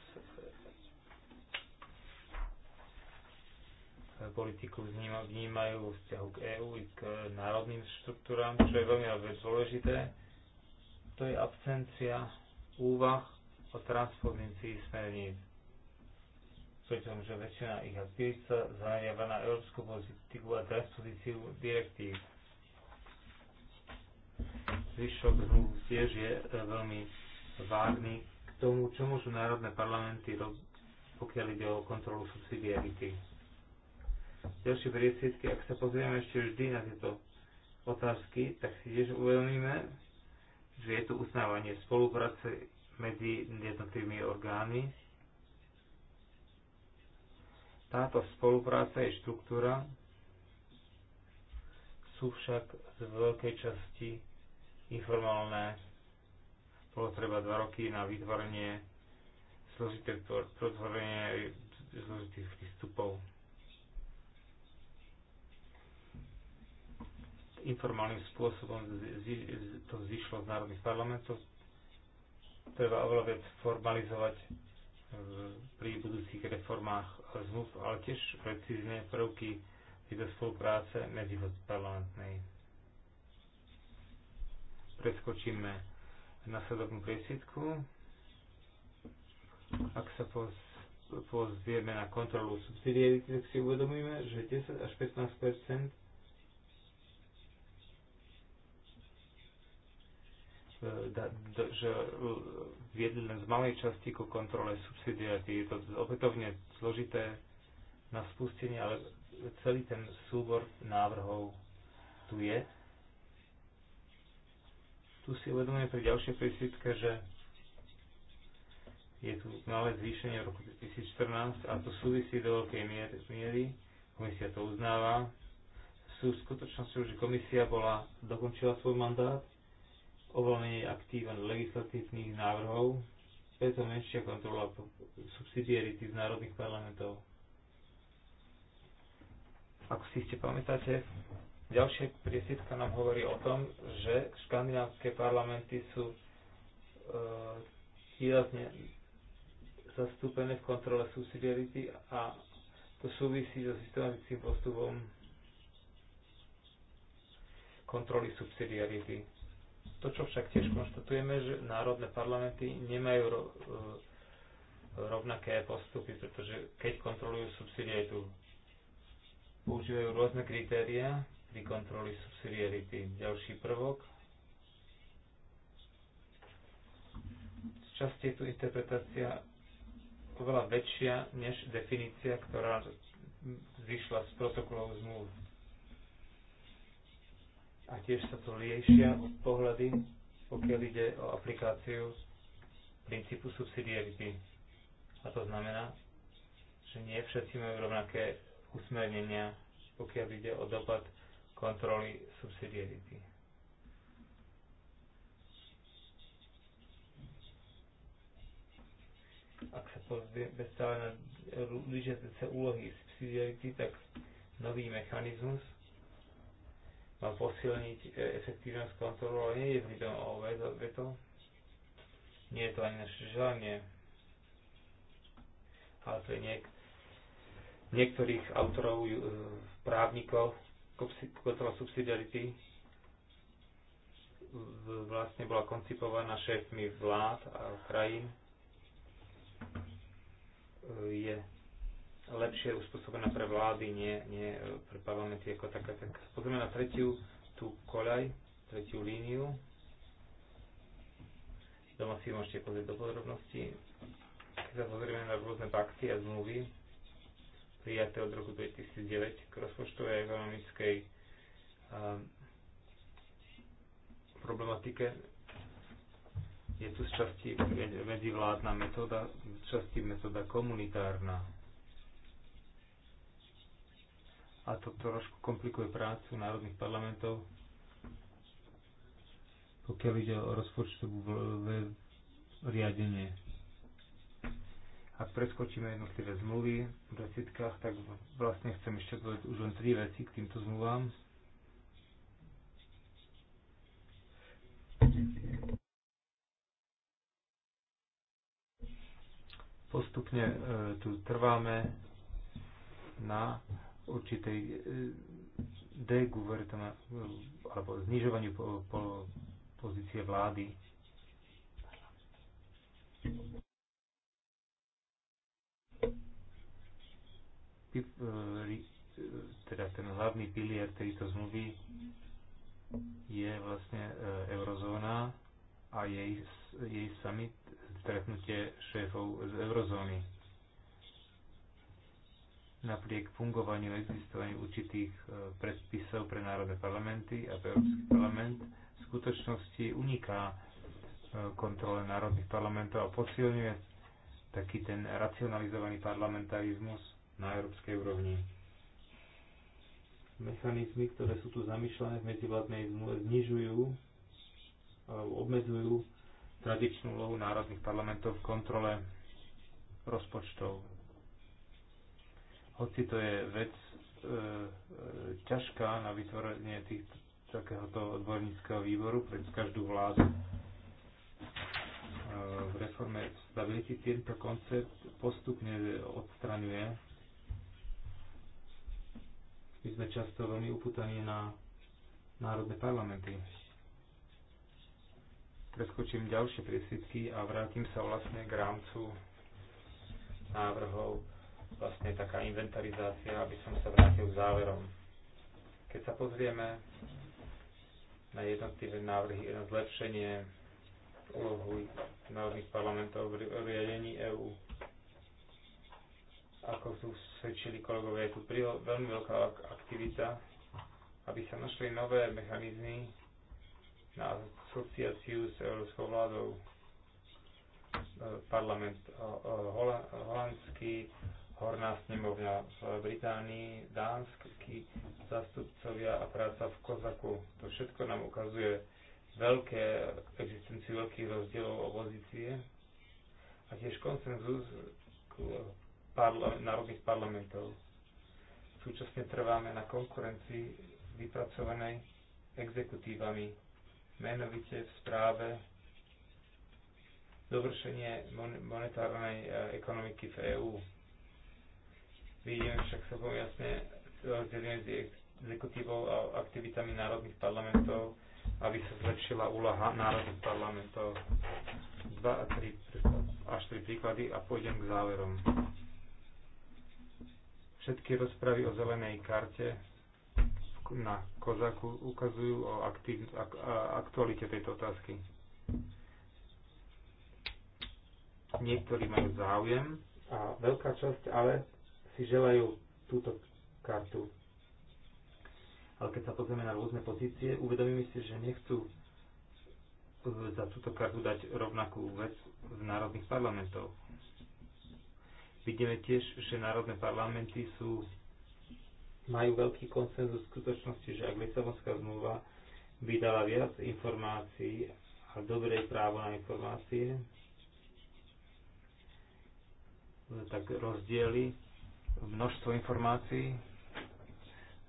politiku vnímajú vo vzťahu k EÚ i k národným štruktúram, čo je veľmi dôležité. To je absencia úvah o transpozícii smerníc. Pritom, že väčšina ich aktivít sa zameriava na európsku politiku a transpozíciu direktív. Zvyšok zmluv tiež je e, veľmi vágny k tomu, čo môžu národné parlamenty robiť, pokiaľ ide o kontrolu subsidiarity ďalšie priesvitky. Ak sa pozrieme ešte vždy na tieto otázky, tak si tiež uvedomíme, že je tu uznávanie spolupráce medzi jednotlivými orgány. Táto spolupráca je štruktúra sú však z veľkej časti informálne. Bolo treba dva roky na vytvorenie zložité, vytvorenie zložitých prístupov. informálnym spôsobom to zišlo z národných parlamentov. Treba oveľa viac formalizovať pri budúcich reformách zmluv, ale tiež precízne prvky do spolupráce medzi parlamentnej. Preskočíme nasledovnú priesiedku. Ak sa pozrieme na kontrolu subsidiarity, tak si uvedomíme, že 10 až 15 E, že e, viedli len z malej časti ku kontrole subsidiarity. Je to opätovne zložité na spustenie, ale celý ten súbor návrhov tu je. Tu si uvedomujem pri ďalšej prísvitke, že je tu malé zvýšenie v roku 2014 a to súvisí do veľkej miery, komisia to uznáva, sú skutočnosťou, že komisia bola, dokončila svoj mandát uvoľnenie aktíva legislatívnych návrhov, preto menšia kontrola subsidiarity z národných parlamentov. Ako si ste pamätáte, ďalšia priesvitka nám hovorí o tom, že škandinávské parlamenty sú e, výrazne zastúpené v kontrole subsidiarity a to súvisí so systematickým postupom kontroly subsidiarity to, čo však tiež konštatujeme, že národné parlamenty nemajú e, rovnaké postupy, pretože keď kontrolujú subsidiaritu, používajú rôzne kritéria pri kontroli subsidiarity. Ďalší prvok. časti je tu interpretácia oveľa väčšia než definícia, ktorá zišla z protokolov zmluv a tiež sa to liešia pohľady, pokiaľ ide o aplikáciu princípu subsidiarity. A to znamená, že nie všetci majú rovnaké usmernenia, pokiaľ ide o dopad kontroly subsidiarity. Ak sa pozrieme stále na blížiace úlohy subsidiarity, tak nový mechanizmus má posilniť e, efektívnosť kontrolu, ale nie je tom o veto. Nie je to ani naše želanie. Ale to je niek- niektorých autorov, e, právnikov, kontrola subsidiarity vlastne bola koncipovaná šéfmi vlád a krajín. E, je lepšie uspôsobená pre vlády, nie, nie e, pre parlamenty ako taká. Tak pozrieme na tretiu tú koľaj, tretiu líniu. Doma si môžete pozrieť do podrobností. Keď sa pozrieme na rôzne pakty a zmluvy, prijaté od roku 2009 k rozpočtovej ekonomickej um, problematike, je tu z časti medzivládna metóda, z časti metóda komunitárna, a to trošku komplikuje prácu národných parlamentov, pokiaľ ide o rozpočtové riadenie. Ak preskočíme jednotlivé zmluvy v 20, tak vlastne chcem ešte povedať už len tri veci k týmto zmluvám. Postupne e, tu trváme na určitej e, deguvertma alebo znižovaniu po, po, pozície vlády. E, e, teda ten hlavný pilier tejto zmluvy je vlastne eurozóna a jej, jej summit, stretnutie šéfov z eurozóny napriek fungovaniu a existovaniu určitých e, predpisov pre národné parlamenty a pre Európsky parlament v skutočnosti uniká e, kontrole národných parlamentov a posilňuje taký ten racionalizovaný parlamentarizmus na európskej úrovni. Mechanizmy, ktoré sú tu zamýšľané v medzivládnej zmluve, znižujú, obmedzujú tradičnú úlohu národných parlamentov v kontrole rozpočtov hoci to je vec e, e, ťažká na vytvorenie tých, takéhoto odborníckého výboru pre každú vládu, e, v reforme stability tento koncept postupne odstraňuje. My sme často veľmi uputaní na národné parlamenty. Preskočím ďalšie priesvitky a vrátim sa vlastne k rámcu návrhov vlastne taká inventarizácia, aby som sa vrátil k záverom. Keď sa pozrieme na jednotlivé návrhy na zlepšenie úlohu národných parlamentov v riadení EÚ, ako tu svedčili kolegovia, je tu veľmi veľká aktivita, aby sa našli nové mechanizmy na asociáciu s európskou vládou e, parlament e, e, holandský, Horná snemovňa v Británii, dánsky zastupcovia a práca v Kozaku. To všetko nám ukazuje veľké existenciu veľkých rozdielov opozície a tiež konsenzus parla- národných parlamentov. Súčasne trváme na konkurencii vypracovanej exekutívami, menovite v správe dovršenie monetárnej e, ekonomiky v EÚ. Vidíme však celkom jasne rozdelenie medzi exekutívou a aktivitami národných parlamentov, aby sa zlepšila úlaha národných parlamentov. Dva a tri, až tri príklady a pôjdem k záverom. Všetky rozpravy o zelenej karte na Kozaku ukazujú o aktiv, ak, aktualite tejto otázky. Niektorí majú záujem a veľká časť ale si želajú túto kartu. Ale keď sa pozrieme na rôzne pozície, uvedomíme si, že nechcú za túto kartu dať rovnakú vec v národných parlamentov. Vidíme tiež, že národné parlamenty sú, majú veľký konsenzus v skutočnosti, že ak Lisabonská zmluva by dala viac informácií a dobré právo na informácie, tak rozdiely množstvo informácií,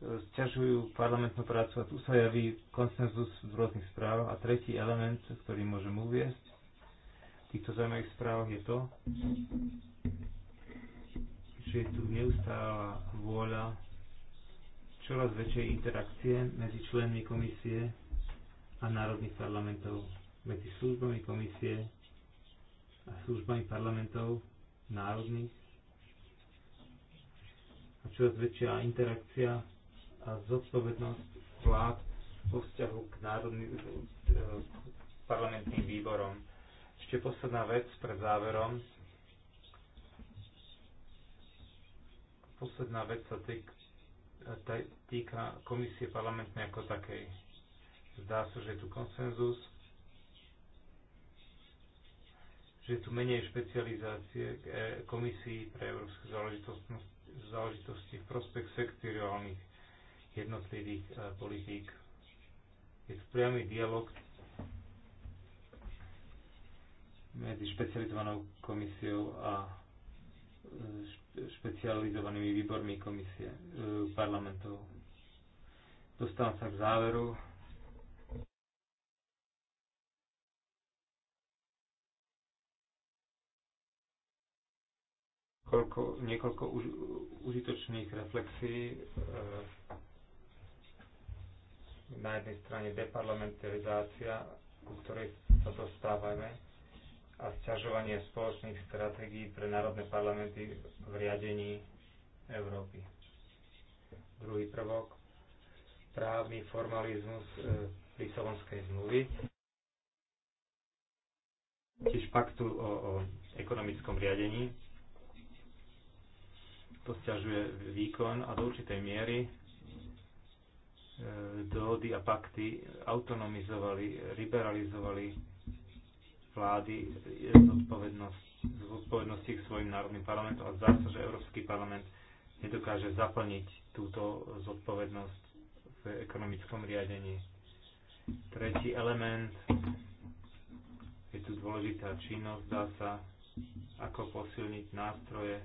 sťažujú parlamentnú prácu a tu sa javí konsenzus v rôznych správach. A tretí element, ktorý môžem uviesť v týchto zaujímavých správach je to, že je tu neustála vôľa čoraz väčšej interakcie medzi členmi komisie a národných parlamentov, medzi službami komisie a službami parlamentov národných a čoraz väčšia interakcia a zodpovednosť vlád vo vzťahu k národným eh, parlamentným výborom. Ešte posledná vec pred záverom. Posledná vec sa týka komisie parlamentnej ako takej. Zdá sa, že je tu konsenzus, že je tu menej špecializácie eh, komisii pre európske záležitosti záležitosti v prospech sektoriálnych jednotlivých e, politík. Je to priamy dialog medzi špecializovanou komisiou a e, špecializovanými výbormi komisie e, parlamentov. Dostávam sa k záveru. koľko, niekoľko už, užitočných reflexí. E, na jednej strane deparlamentarizácia, ku ktorej sa dostávame, a sťažovanie spoločných stratégií pre národné parlamenty v riadení Európy. Druhý prvok, právny formalizmus e, Lisabonskej zmluvy, tiež paktu o, o ekonomickom riadení, to stiažuje výkon a do určitej miery e, dohody a pakty autonomizovali, liberalizovali vlády v zodpovednosti k svojim národným parlamentom a zdá sa, že Európsky parlament nedokáže zaplniť túto zodpovednosť v ekonomickom riadení. Tretí element je tu dôležitá činnosť, dá sa ako posilniť nástroje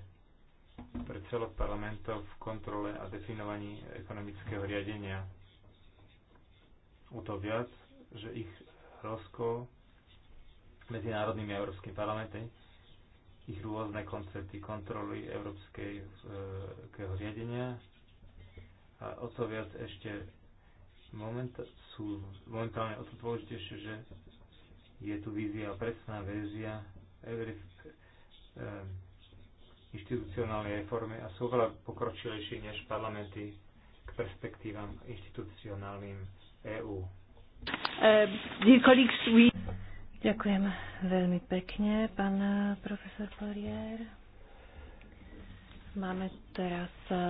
pre celok parlamentov v kontrole a definovaní ekonomického riadenia. u to viac, že ich rozkol medzinárodnými a európskym parlamentom ich rôzne koncepty kontroly európskeho riadenia a o to viac ešte moment, sú momentálne o to dôležitejšie, že je tu vízia, presná vízia eh, inštitucionálnej reformy a sú veľa pokročilejšie než parlamenty k perspektívam inštitucionálnym EÚ. Ďakujem veľmi pekne, pán profesor Poirier. Máme teraz eh,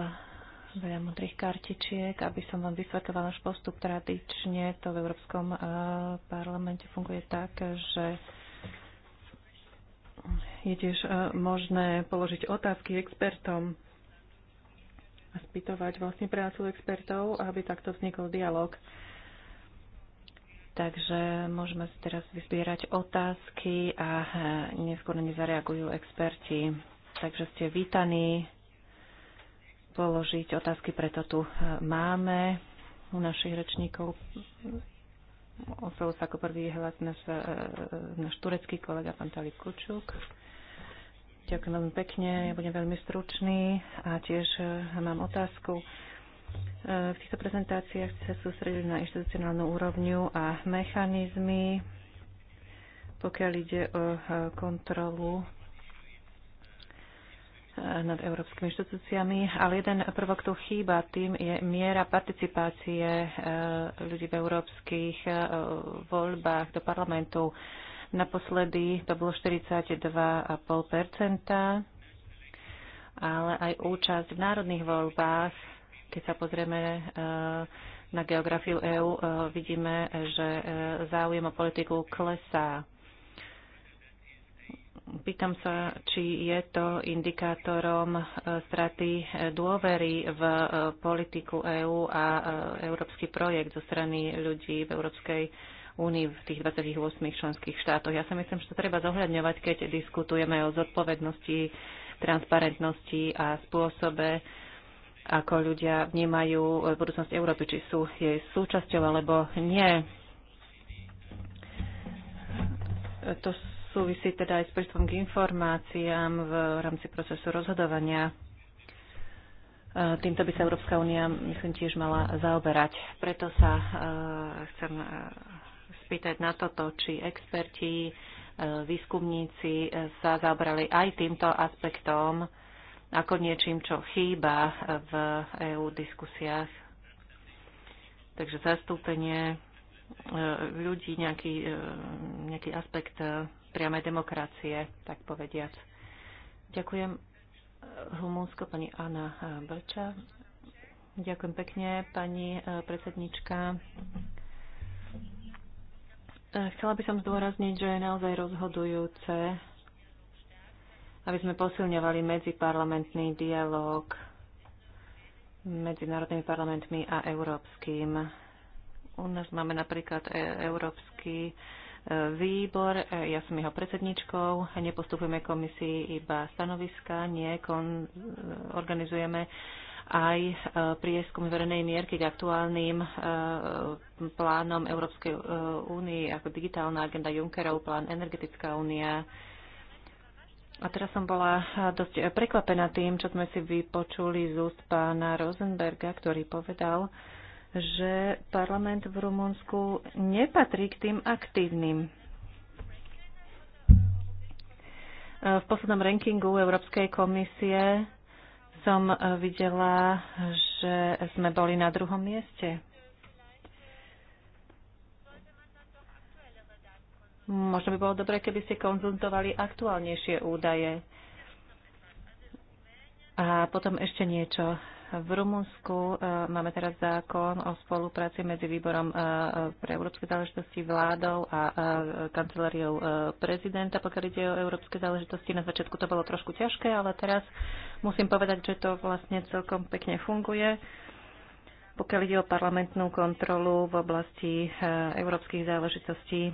veľa modrých kartičiek, aby som vám vysvetoval náš postup. Tradične to v Európskom eh, parlamente funguje tak, že je tiež e, možné položiť otázky expertom a spýtovať vlastne prácu expertov, aby takto vznikol dialog. Takže môžeme si teraz vyzbierať otázky a e, neskôr na ne zareagujú experti. Takže ste vítaní položiť otázky, preto tu e, máme u našich rečníkov. Oslovil sa ako prvý hlas náš, náš turecký kolega pán Talik Kučuk. Ďakujem veľmi pekne, ja budem veľmi stručný a tiež e, mám otázku. E, v týchto prezentáciách ste sa sústredili na inštitucionálnu úrovňu a mechanizmy, pokiaľ ide o e, kontrolu nad európskymi inštitúciami, ale jeden prvok tu chýba, tým je miera participácie ľudí v európskych voľbách do parlamentu. Naposledy to bolo 42,5 ale aj účasť v národných voľbách, keď sa pozrieme e, na geografiu EÚ, e, vidíme, že e, záujem o politiku klesá. Pýtam sa, či je to indikátorom straty dôvery v politiku EÚ a európsky projekt zo strany ľudí v Európskej únii v tých 28 členských štátoch. Ja si myslím, že to treba zohľadňovať, keď diskutujeme o zodpovednosti, transparentnosti a spôsobe, ako ľudia vnímajú eh, budúcnosť Európy, či sú jej súčasťou alebo nie. To súvisí teda aj s prístupom k informáciám v rámci procesu rozhodovania. Eh, týmto by sa Európska únia, myslím, tiež mala zaoberať. Preto sa eh, chcem spýtať na toto, či experti, e, výskumníci e, sa zabrali aj týmto aspektom ako niečím, čo chýba e, v EU diskusiách. Takže zastúpenie ľudí, nejaký, nejaký aspekt priamej demokracie, tak povediac. Ďakujem Rumúnsko, pani Anna Brča. Ďakujem pekne, pani predsednička. Chcela by som zdôrazniť, že je naozaj rozhodujúce, aby sme posilňovali medziparlamentný dialog medzi národnými parlamentmi a európskym. U nás máme napríklad e, Európsky e, výbor, e, ja som jeho predsedničkou, nepostupujeme komisii iba stanoviska, nie, kon, organizujeme aj e, prieskum verejnej mierky k aktuálnym e, plánom Európskej e, únie ako digitálna agenda Junckerov, plán Energetická únia. A teraz som bola dosť prekvapená tým, čo sme si vypočuli z úst pána Rosenberga, ktorý povedal, že parlament v Rumunsku nepatrí k tým aktívnym. V poslednom rankingu Európskej komisie som e, videla, že sme boli na druhom mieste. Možno by bolo dobré, keby ste konzultovali aktuálnejšie údaje. A potom ešte niečo. V Rumunsku e, máme teraz zákon o spolupráci medzi výborom e, pre európske záležitosti vládou a e, kanceláriou prezidenta, pokiaľ ide o európske záležitosti. Na začiatku to bolo trošku ťažké, ale teraz musím povedať, že to vlastne celkom pekne funguje. Pokiaľ ide o parlamentnú kontrolu v oblasti európskych záležitostí,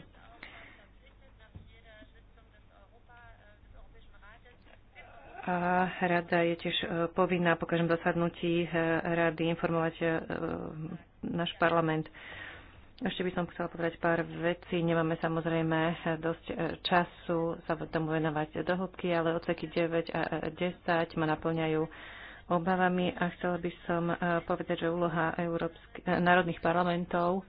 A rada je tiež e, povinná po každom zasadnutí e, rady informovať e, náš parlament. Ešte by som chcela povedať pár vecí. Nemáme samozrejme dosť času sa tomu venovať do hĺbky, ale odseky 9 a 10 ma naplňajú obavami a chcela by som povedať, že úloha Európsk národných parlamentov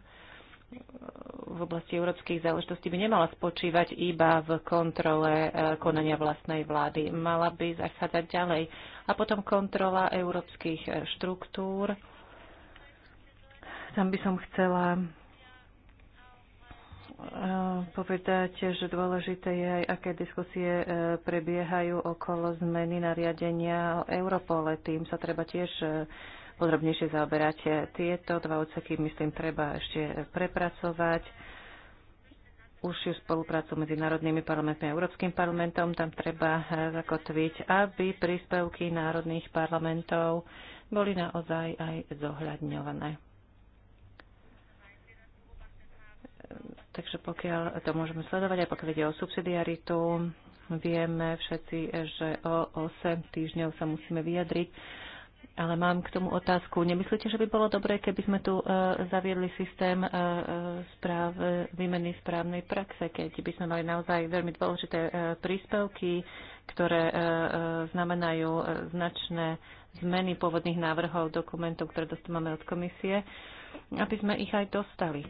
v oblasti európskych záležitostí by nemala spočívať iba v kontrole e, konania vlastnej vlády. Mala by zachádzať ďalej. A potom kontrola európskych e, štruktúr. Tam by som chcela e, povedať, že dôležité je aj, aké diskusie prebiehajú okolo zmeny nariadenia o Europole. Tým sa treba tiež podrobnejšie zaoberať. Tieto dva odseky, myslím, treba ešte prepracovať užšiu spoluprácu medzi národnými parlamentmi a Európskym parlamentom. Tam treba eh, zakotviť, aby príspevky národných parlamentov boli naozaj aj zohľadňované. Takže pokiaľ to môžeme sledovať, aj pokiaľ ide o subsidiaritu, vieme všetci, že o 8 týždňov sa musíme vyjadriť ale mám k tomu otázku. Nemyslíte, že by bolo dobré, keby sme tu e, zaviedli systém e, e, správ, výmeny správnej praxe, keď by sme mali naozaj veľmi dôležité príspevky, ktoré znamenajú značné zmeny pôvodných návrhov dokumentov, ktoré dostávame od komisie, aby sme ich aj dostali.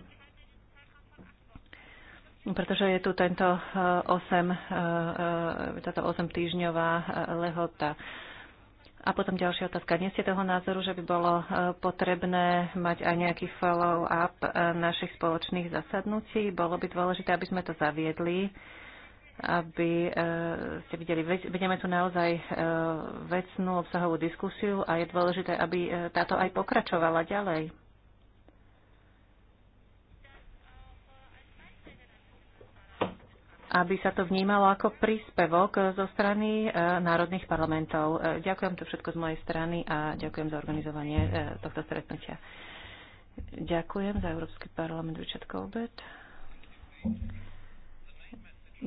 Pretože je tu tento 8, táto 8 týždňová lehota. A potom ďalšia otázka. Dnes ste toho názoru, že by bolo e, potrebné mať aj nejaký follow-up e, našich spoločných zasadnutí. Bolo by dôležité, aby sme to zaviedli, aby e, ste videli, vedeme tu naozaj vecnú obsahovú diskusiu a je dôležité, aby táto aj pokračovala ďalej. aby sa to vnímalo ako príspevok zo strany e, národných parlamentov. E, ďakujem to všetko z mojej strany a ďakujem za organizovanie e, tohto stretnutia. Ďakujem za Európsky parlament Richard Colbert.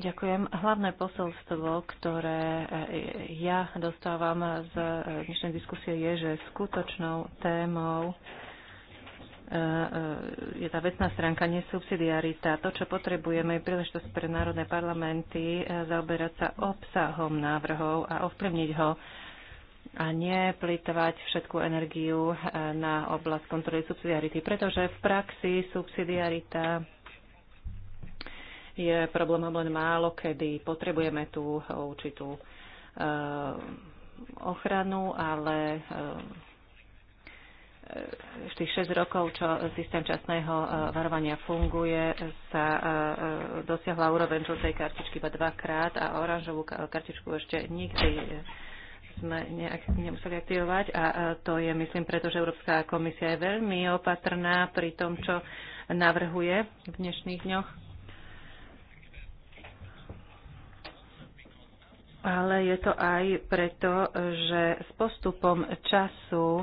Ďakujem. Hlavné posolstvo, ktoré ja dostávam z dnešnej diskusie, je, že skutočnou témou E, e, je tá vecná stránka, nesubsidiarita. To, čo potrebujeme, je príležitosť pre národné parlamenty e, zaoberať sa obsahom návrhov a ovplyvniť ho a nie plýtvať všetku energiu na oblasť kontroly subsidiarity, pretože v praxi subsidiarita je problémom len málo, kedy potrebujeme tú určitú ochranu, ale v tých 6 rokov, čo systém časného e, varovania funguje, sa e, e, dosiahla úroveň žltej kartičky iba dvakrát a oranžovú kartičku ešte nikdy sme nejak nemuseli aktivovať a to je, myslím, preto, že Európska komisia je veľmi opatrná pri tom, čo navrhuje v dnešných dňoch. Ale je to aj preto, že s postupom času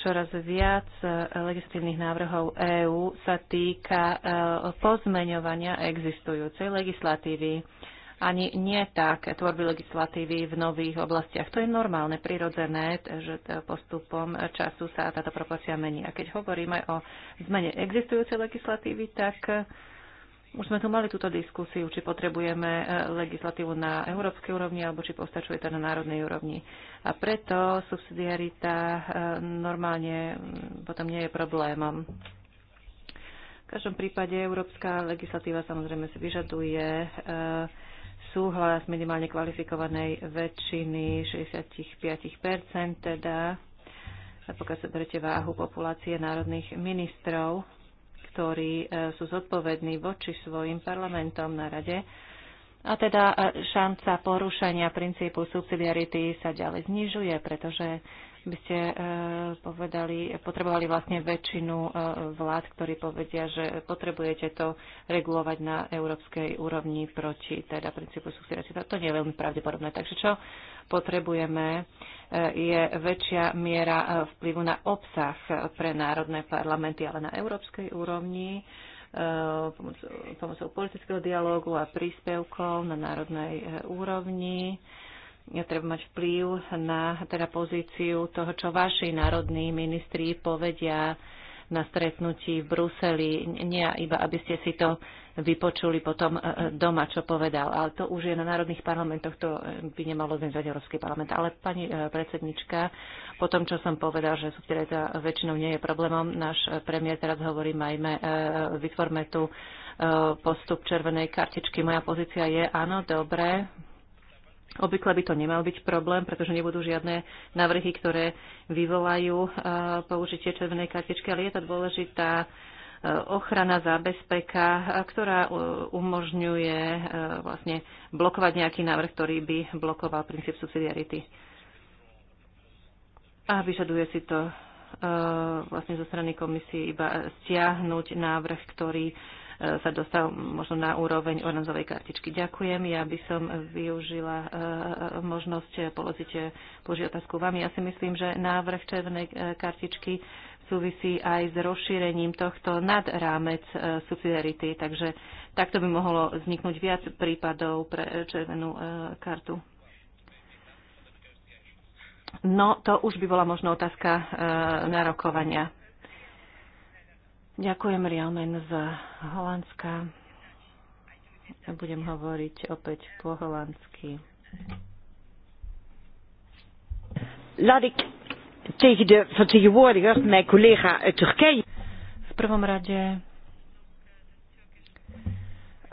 čoraz viac e, legislatívnych návrhov EÚ sa týka e, pozmeňovania existujúcej legislatívy. Ani nie tak tvorby legislatívy v nových oblastiach. To je normálne, prirodzené, že postupom času sa táto proporcia mení. A keď hovoríme o zmene existujúcej legislatívy, tak už sme tu mali túto diskusiu, či potrebujeme e, legislatívu na európskej úrovni alebo či postačuje to na národnej úrovni. A preto subsidiarita e, normálne mm, potom nie je problémom. V každom prípade európska legislatíva samozrejme si vyžaduje e, súhlas minimálne kvalifikovanej väčšiny 65%, teda pokiaľ sa berete váhu populácie národných ministrov ktorí e, sú zodpovední voči svojim parlamentom na rade. A teda e, šanca porušenia princípu subsidiarity sa ďalej znižuje, pretože by ste e, povedali, potrebovali vlastne väčšinu e, vlád, ktorí povedia, že potrebujete to regulovať na európskej úrovni proti teda princípu subsidiarity. To nie je veľmi pravdepodobné. Takže čo potrebujeme e, je väčšia miera vplyvu na obsah pre národné parlamenty, ale na európskej úrovni pomocou, pomocou politického dialógu a príspevkov na národnej úrovni treba mať vplyv na teda pozíciu toho, čo vaši národní ministri povedia na stretnutí v Bruseli, nie iba aby ste si to vypočuli potom e, e, doma, čo povedal. Ale to už je na národných parlamentoch, to e, by nemalo organizovať Európsky parlament. Ale pani predsednička, po tom, čo som povedal, že subsidiarita teda väčšinou nie je problémom, náš premiér teraz hovorí, majme, vytvorme tu postup červenej kartičky. Moja pozícia je, áno, dobre, Obvykle by to nemal byť problém, pretože nebudú žiadne návrhy, ktoré vyvolajú eh, použitie červenej kartičky, ale je to dôležitá eh, ochrana zábezpeka, eh, ktorá umožňuje vlastne blokovať nejaký návrh, ktorý by blokoval princíp subsidiarity. A vyžaduje si to vlastne zo strany komisie iba stiahnuť návrh, ktorý E, sa dostal možno na úroveň oranzovej kartičky. Ďakujem. Ja by som využila e, e, možnosť položiť, položiť otázku vám. Ja si myslím, že návrh červenej kartičky súvisí aj s rozšírením tohto nad rámec subsidiarity, takže takto by mohlo vzniknúť viac prípadov pre červenú kartu. No, to už by bola možno otázka e, narokovania. Ďakujem Riamen z Holandska. Budem hovoriť opäť po holandsky. Laat tegen de vertegenwoordiger, mijn collega uit Turkije. V prvom rade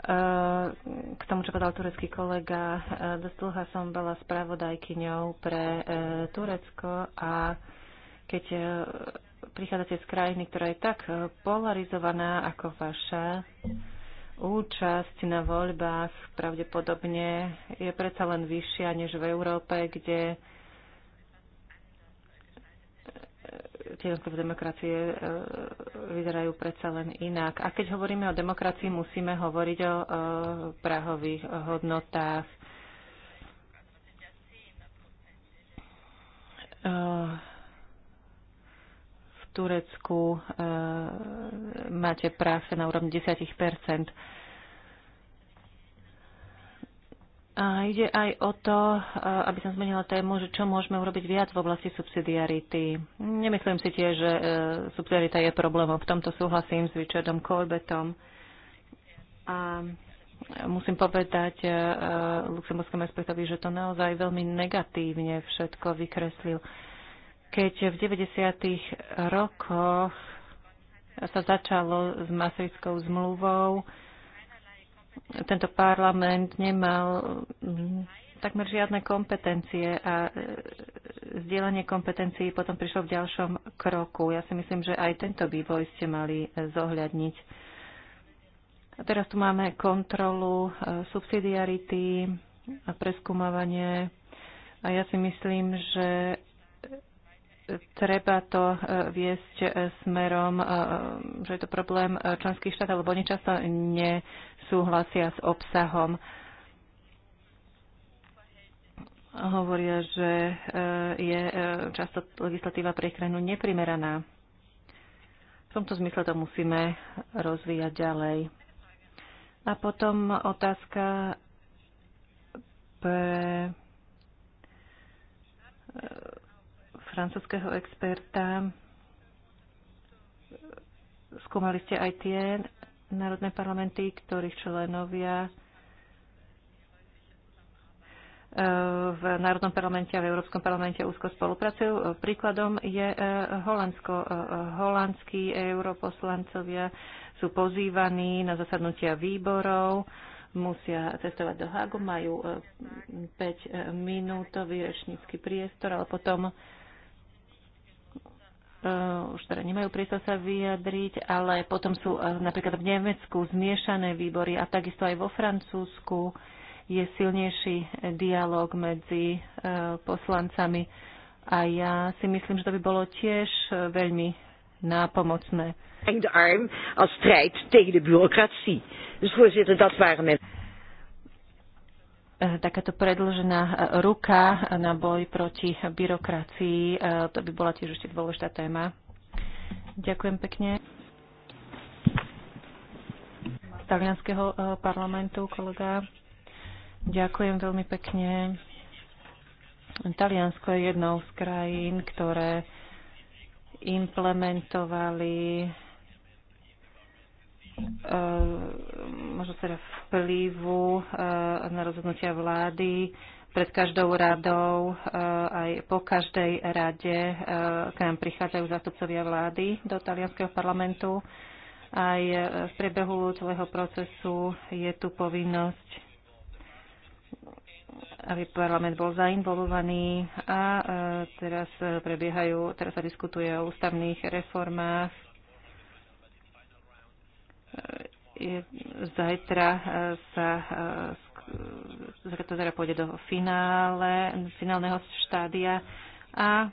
eh, k tomu, čo povedal turecký kolega, eh, dosť dlho som bola spravodajkyňou pre eh, Turecko a keď prichádzate z krajiny, ktorá je tak e, polarizovaná ako vaša, účasť na voľbách pravdepodobne je predsa len vyššia než v Európe, kde e, tie v demokracie e, vyzerajú predsa len inak. A keď hovoríme o demokracii, musíme hovoriť o prahových hodnotách. Turecku e, máte práce na úrovni 10 A ide aj o to, e, aby som zmenila tému, že čo môžeme urobiť viac v oblasti subsidiarity. Nemyslím si tiež, že e, subsidiarita je problémom. V tomto súhlasím s Richardom Colbertom. A musím povedať luxemburskému aspektovi, že to naozaj veľmi negatívne všetko vykreslil keď v 90. rokoch sa začalo s masovickou zmluvou, tento parlament nemal mm, takmer žiadne kompetencie a e, zdieľanie kompetencií potom prišlo v ďalšom kroku. Ja si myslím, že aj tento vývoj ste mali e, zohľadniť. A teraz tu máme kontrolu e, subsidiarity a preskúmavanie. A ja si myslím, že treba to e, viesť e, smerom, e, že je to problém členských štátov, lebo oni často nesúhlasia s obsahom. Hovoria, že je často legislatíva pre krajinu neprimeraná. V tomto zmysle to musíme rozvíjať ďalej. A potom otázka pre francúzského experta. Skúmali ste aj tie národné parlamenty, ktorých členovia e, v Národnom parlamente a v Európskom parlamente úzko spolupracujú. Príkladom je e, Holandsko. E, holandskí europoslancovia sú pozývaní na zasadnutia výborov, musia cestovať do Hagu, majú 5-minútový rečnícky priestor, ale potom už teda nemajú priestor sa vyjadriť, ale potom sú e, napríklad v Nemecku zmiešané výbory a takisto aj vo Francúzsku je silnejší dialog medzi e, poslancami. A ja si myslím, že to by bolo tiež e, veľmi nápomocné. De arm als strijd tegen de bureaucratie. Dus voorzitter, dat waren mijn... E, takáto predlžená e, ruka na boj proti byrokracii, e, to by bola tiež ešte dôležitá téma. Ďakujem pekne. Z talianského parlamentu kolega. Ďakujem veľmi pekne. Taliansko je jednou z krajín, ktoré implementovali Eh, možno teda vplyvu eh, na rozhodnutia vlády pred každou radou, eh, aj po každej rade k nám prichádzajú zástupcovia vlády do talianského parlamentu. Aj v priebehu celého procesu je tu povinnosť, aby parlament bol zainvolovaný a teraz prebiehajú, teraz sa diskutuje o ústavných reformách Zajtra e, sa e, zretozera teda pôjde do finále, finálneho štádia a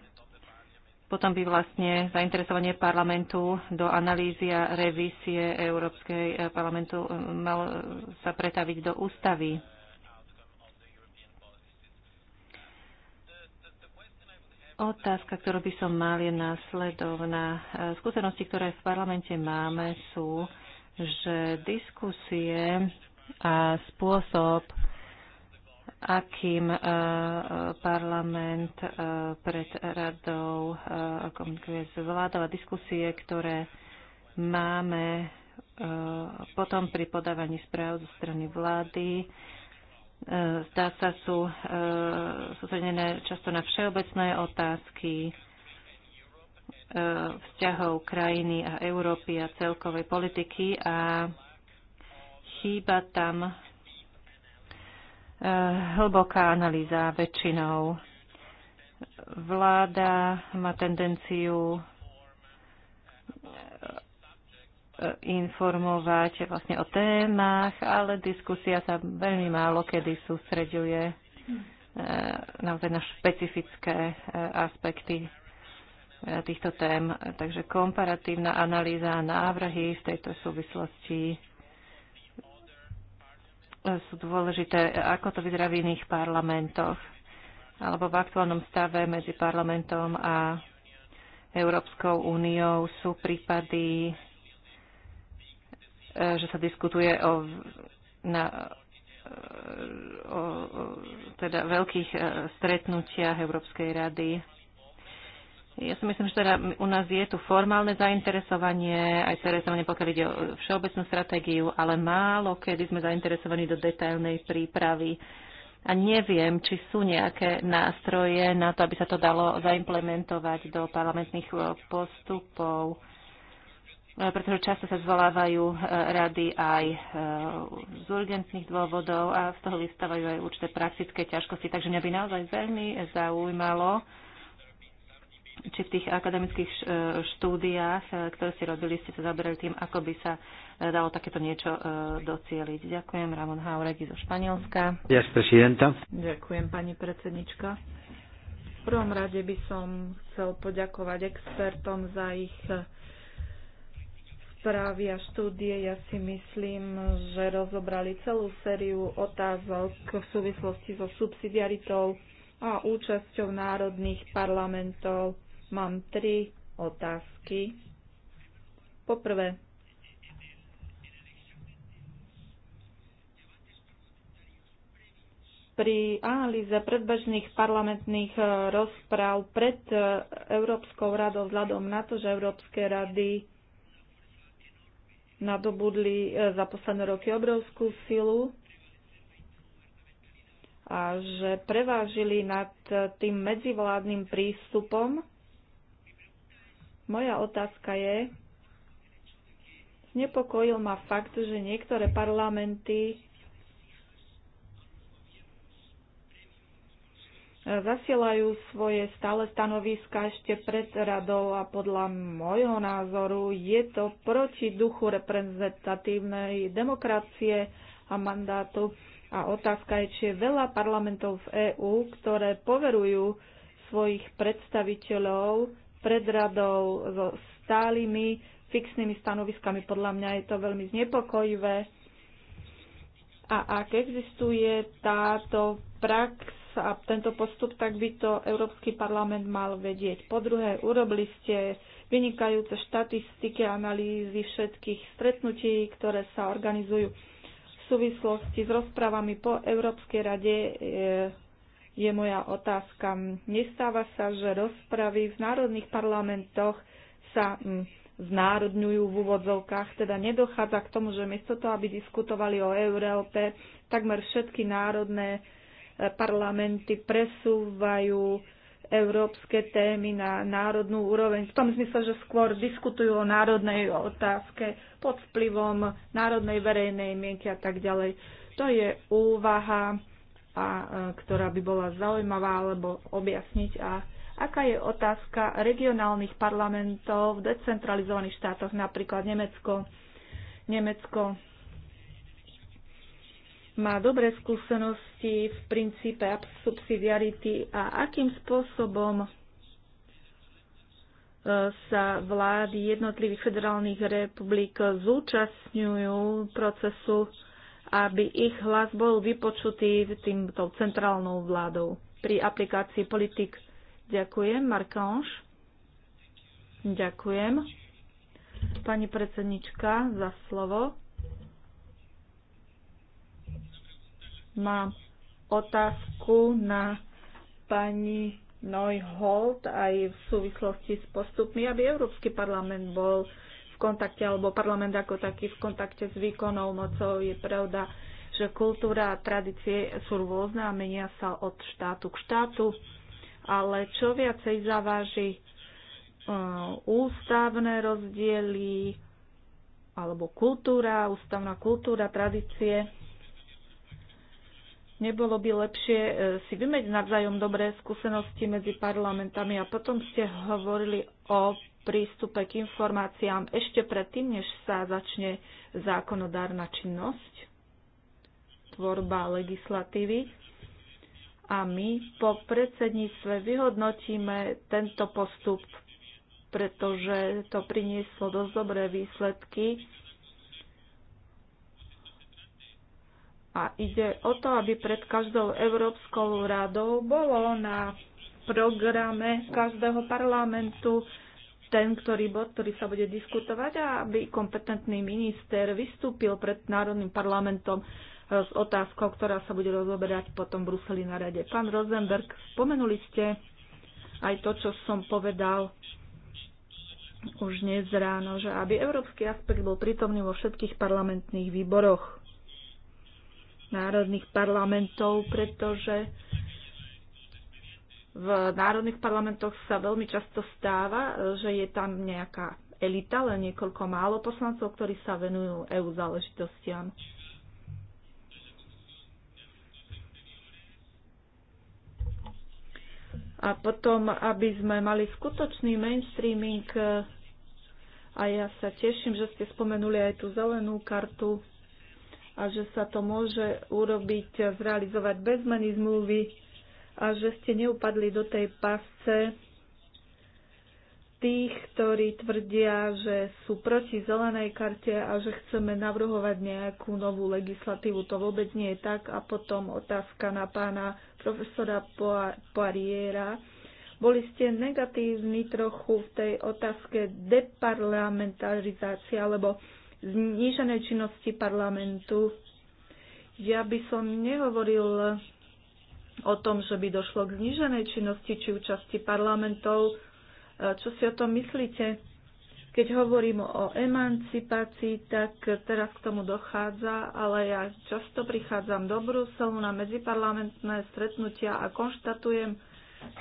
potom by vlastne zainteresovanie parlamentu do analýzy a revízie Európskej e, parlamentu malo sa pretaviť do ústavy. Otázka, ktorú by som mal, je následovná. Skúsenosti, ktoré v parlamente máme, sú, že diskusie a spôsob, akým e, e, parlament e, pred radou komunikuje s vládou a diskusie, ktoré máme potom pri podávaní správ zo strany vlády, zdá sa, sú sústredené často na všeobecné otázky, vzťahov krajiny a Európy a celkovej politiky a chýba tam eh, hlboká analýza väčšinou. Vláda má tendenciu eh, informovať vlastne o témach, ale diskusia sa veľmi málo kedy sústreďuje eh, naozaj na špecifické aspekty E, týchto tém. Takže komparatívna analýza a návrhy v tejto súvislosti e, sú dôležité, ako to vyzerá v iných parlamentoch alebo v aktuálnom stave medzi parlamentom a Európskou úniou sú prípady, e, že sa diskutuje o, na, o, o teda veľkých stretnutiach Európskej rady ja si myslím, že teda u nás je tu formálne zainteresovanie, aj zainteresovanie pokiaľ ide o všeobecnú stratégiu, ale málo kedy sme zainteresovaní do detailnej prípravy. A neviem, či sú nejaké nástroje na to, aby sa to dalo zaimplementovať do parlamentných e, postupov, e, pretože často sa zvolávajú e, rady aj z urgentných dôvodov a z toho vystávajú aj určité praktické ťažkosti. Takže mňa by naozaj veľmi zaujímalo, či v tých akademických e, štúdiách, e, ktoré si robili, ste sa zaberali tým, ako by sa e, dalo takéto niečo docieliť. Ďakujem, Ramon Hauregi zo Španielska. Ďakujem, pani predsednička. V prvom rade by som chcel poďakovať expertom za ich správy a štúdie. Ja si myslím, že rozobrali celú sériu otázok v súvislosti so subsidiaritou a účasťou národných parlamentov Mám tri otázky. Poprvé, pri analýze predbežných parlamentných e, rozpráv pred e, Európskou radou vzhľadom na to, že Európske rady nadobudli e, za posledné roky obrovskú silu a že prevážili nad tým medzivládnym prístupom, moja otázka je, znepokojil ma fakt, že niektoré parlamenty zasielajú svoje stále stanoviska ešte pred radou a podľa môjho názoru je to proti duchu reprezentatívnej demokracie a mandátu. A otázka je, či je veľa parlamentov v EÚ, ktoré poverujú svojich predstaviteľov predradov, so stálymi fixnými stanoviskami. Podľa mňa je to veľmi znepokojivé. A ak existuje táto prax a tento postup, tak by to Európsky parlament mal vedieť. Po druhé, urobili ste vynikajúce štatistiky analýzy všetkých stretnutí, ktoré sa organizujú v súvislosti s rozprávami po Európskej rade. E, je moja otázka. Nestáva sa, že rozpravy v národných parlamentoch sa mm, znárodňujú v úvodzovkách, teda nedochádza k tomu, že miesto toho, aby diskutovali o Európe, takmer všetky národné e, parlamenty presúvajú európske témy na národnú úroveň. V tom zmysle, že skôr diskutujú o národnej otázke pod vplyvom národnej verejnej mienky a tak ďalej. To je úvaha a e, ktorá by bola zaujímavá alebo objasniť a aká je otázka regionálnych parlamentov v decentralizovaných štátoch, napríklad Nemecko. Nemecko má dobré skúsenosti v princípe subsidiarity a akým spôsobom e, sa vlády jednotlivých federálnych republik zúčastňujú procesu aby ich hlas bol vypočutý týmto centrálnou vládou pri aplikácii politik. Ďakujem, Markanš. Ďakujem. Pani predsednička, za slovo. Mám otázku na pani Neuhold aj v súvislosti s postupmi, aby Európsky parlament bol kontakte, alebo parlament ako taký v kontakte s výkonou mocou. Je pravda, že kultúra a tradície sú rôzne a menia sa od štátu k štátu, ale čo viacej zaváži e, ústavné rozdiely alebo kultúra, ústavná kultúra, tradície. Nebolo by lepšie e, si vymeť navzájom dobré skúsenosti medzi parlamentami a potom ste hovorili o prístupe k informáciám ešte predtým, než sa začne zákonodárna činnosť, tvorba legislatívy. A my po predsedníctve vyhodnotíme tento postup, pretože to prinieslo dosť dobré výsledky. A ide o to, aby pred každou Európskou radou bolo na programe každého parlamentu ten, ktorý bod, ktorý sa bude diskutovať a aby kompetentný minister vystúpil pred Národným parlamentom e, s otázkou, ktorá sa bude rozoberať potom v Bruseli na rade. Pán Rosenberg, spomenuli ste aj to, čo som povedal už dnes ráno, že aby európsky aspekt bol prítomný vo všetkých parlamentných výboroch národných parlamentov, pretože v národných parlamentoch sa veľmi často stáva, že je tam nejaká elita, len niekoľko málo poslancov, ktorí sa venujú EU záležitostiam. A potom, aby sme mali skutočný mainstreaming, a ja sa teším, že ste spomenuli aj tú zelenú kartu a že sa to môže urobiť, zrealizovať bez zmeny zmluvy, a že ste neupadli do tej pasce tých, ktorí tvrdia, že sú proti zelenej karte a že chceme navrhovať nejakú novú legislatívu. To vôbec nie je tak. A potom otázka na pána profesora Poiriera. Boli ste negatívni trochu v tej otázke deparlamentarizácie alebo zníženej činnosti parlamentu. Ja by som nehovoril o tom, že by došlo k zníženej činnosti či účasti parlamentov. E, čo si o tom myslíte? Keď hovorím o emancipácii, tak teraz k tomu dochádza, ale ja často prichádzam do Bruselu na medziparlamentné stretnutia a konštatujem,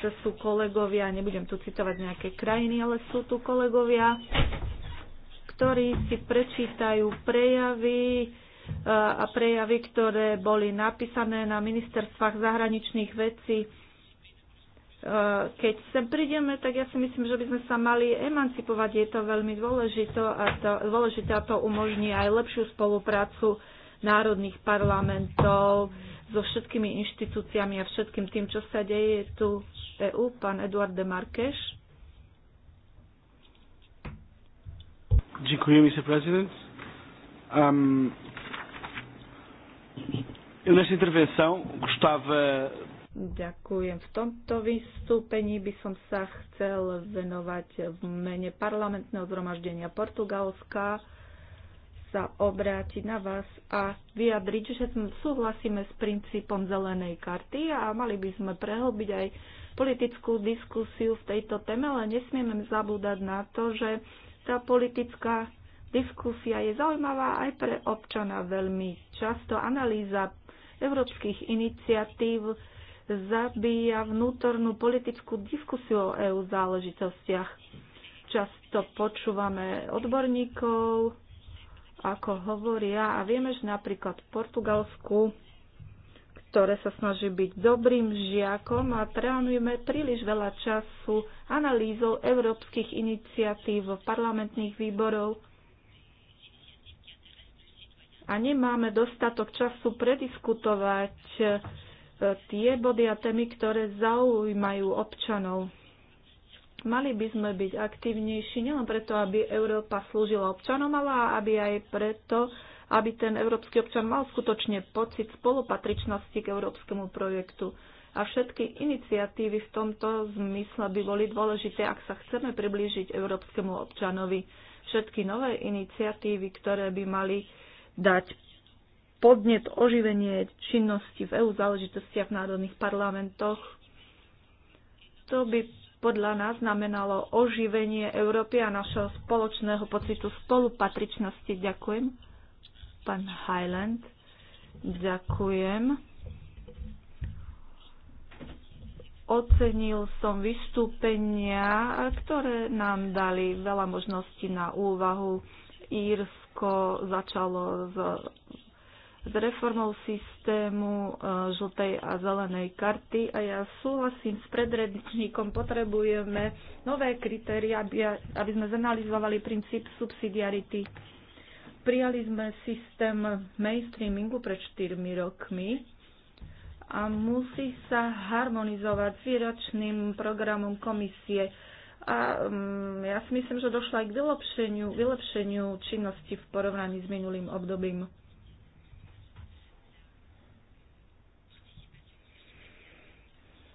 že sú kolegovia, nebudem tu citovať nejaké krajiny, ale sú tu kolegovia, ktorí si prečítajú prejavy, a prejavy, ktoré boli napísané na ministerstvách zahraničných vecí. Keď sem prídeme, tak ja si myslím, že by sme sa mali emancipovať. Je to veľmi dôležité a to, dôležité a to umožní aj lepšiu spoluprácu národných parlamentov so všetkými inštitúciami a všetkým tým, čo sa deje tu v EÚ. Pán Eduard de Markeš. Ďakujem, President. Um, Eu nesta intervenção gostava... Ďakujem. V tomto vystúpení by som sa chcel venovať v mene parlamentného zhromaždenia Portugalska sa obrátiť na vás a vyjadriť, že súhlasíme s princípom zelenej karty a mali by sme prehlbiť aj politickú diskusiu v tejto téme, ale nesmieme zabúdať na to, že tá politická Diskusia je zaujímavá aj pre občana veľmi často. Analýza európskych iniciatív zabíja vnútornú politickú diskusiu o EU záležitostiach. Často počúvame odborníkov, ako hovoria, a vieme, že napríklad v Portugalsku, ktoré sa snaží byť dobrým žiakom a trávime príliš veľa času analýzou európskych iniciatív parlamentných výborov, a nemáme dostatok času prediskutovať e, tie body a témy, ktoré zaujímajú občanov. Mali by sme byť aktívnejší nielen preto, aby Európa slúžila občanom, ale aby aj preto, aby ten európsky občan mal skutočne pocit spolupatričnosti k európskemu projektu. A všetky iniciatívy v tomto zmysle by boli dôležité, ak sa chceme priblížiť európskemu občanovi. Všetky nové iniciatívy, ktoré by mali dať podnet oživenie činnosti v EU záležitostiach v národných parlamentoch. To by podľa nás znamenalo oživenie Európy a našeho spoločného pocitu spolupatričnosti. Ďakujem. Pán Highland, ďakujem. Ocenil som vystúpenia, ktoré nám dali veľa možností na úvahu. Írs Rusko začalo s, s reformou systému e, žltej a zelenej karty a ja súhlasím s predredničníkom, potrebujeme nové kritéria, aby, aby sme zanalizovali princíp subsidiarity. Prijali sme systém mainstreamingu pred 4 rokmi a musí sa harmonizovať s výročným programom komisie a um, ja si myslím, že došlo aj k vylepšeniu, vylepšeniu činnosti v porovnaní s minulým obdobím.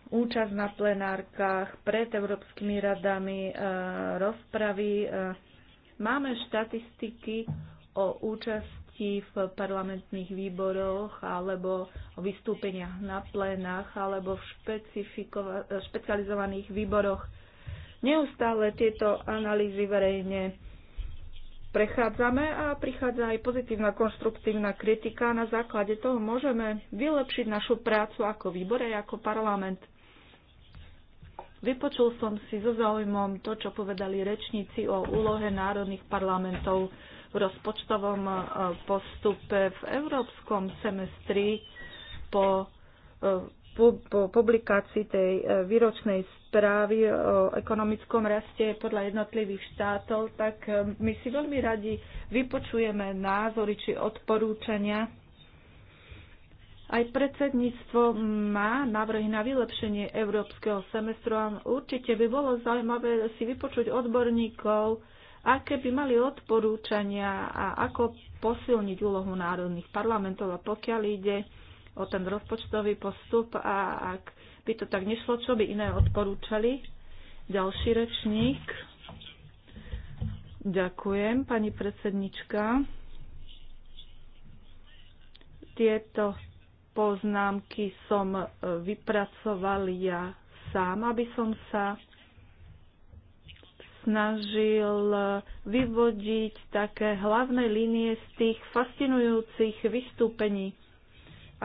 Účasť na plenárkach pred Európskymi radami, e, rozpravy. E, máme štatistiky o účasti v parlamentných výboroch alebo o vystúpeniach na plénach alebo v e, špecializovaných výboroch Neustále tieto analýzy verejne prechádzame a prichádza aj pozitívna konštruktívna kritika. Na základe toho môžeme vylepšiť našu prácu ako výbore, ako parlament. Vypočul som si so záujmom to, čo povedali rečníci o úlohe národných parlamentov v rozpočtovom e, postupe v európskom semestri po e, po publikácii tej e, výročnej správy o ekonomickom raste podľa jednotlivých štátov, tak e, my si veľmi radi vypočujeme názory či odporúčania. Aj predsedníctvo má návrhy na vylepšenie európskeho semestru a určite by bolo zaujímavé si vypočuť odborníkov, aké by mali odporúčania a ako posilniť úlohu národných parlamentov a pokiaľ ide o ten rozpočtový postup a ak by to tak nešlo, čo by iné odporúčali? Ďalší rečník. Ďakujem, pani predsednička. Tieto poznámky som vypracoval ja sám, aby som sa snažil vyvodiť také hlavné línie z tých fascinujúcich vystúpení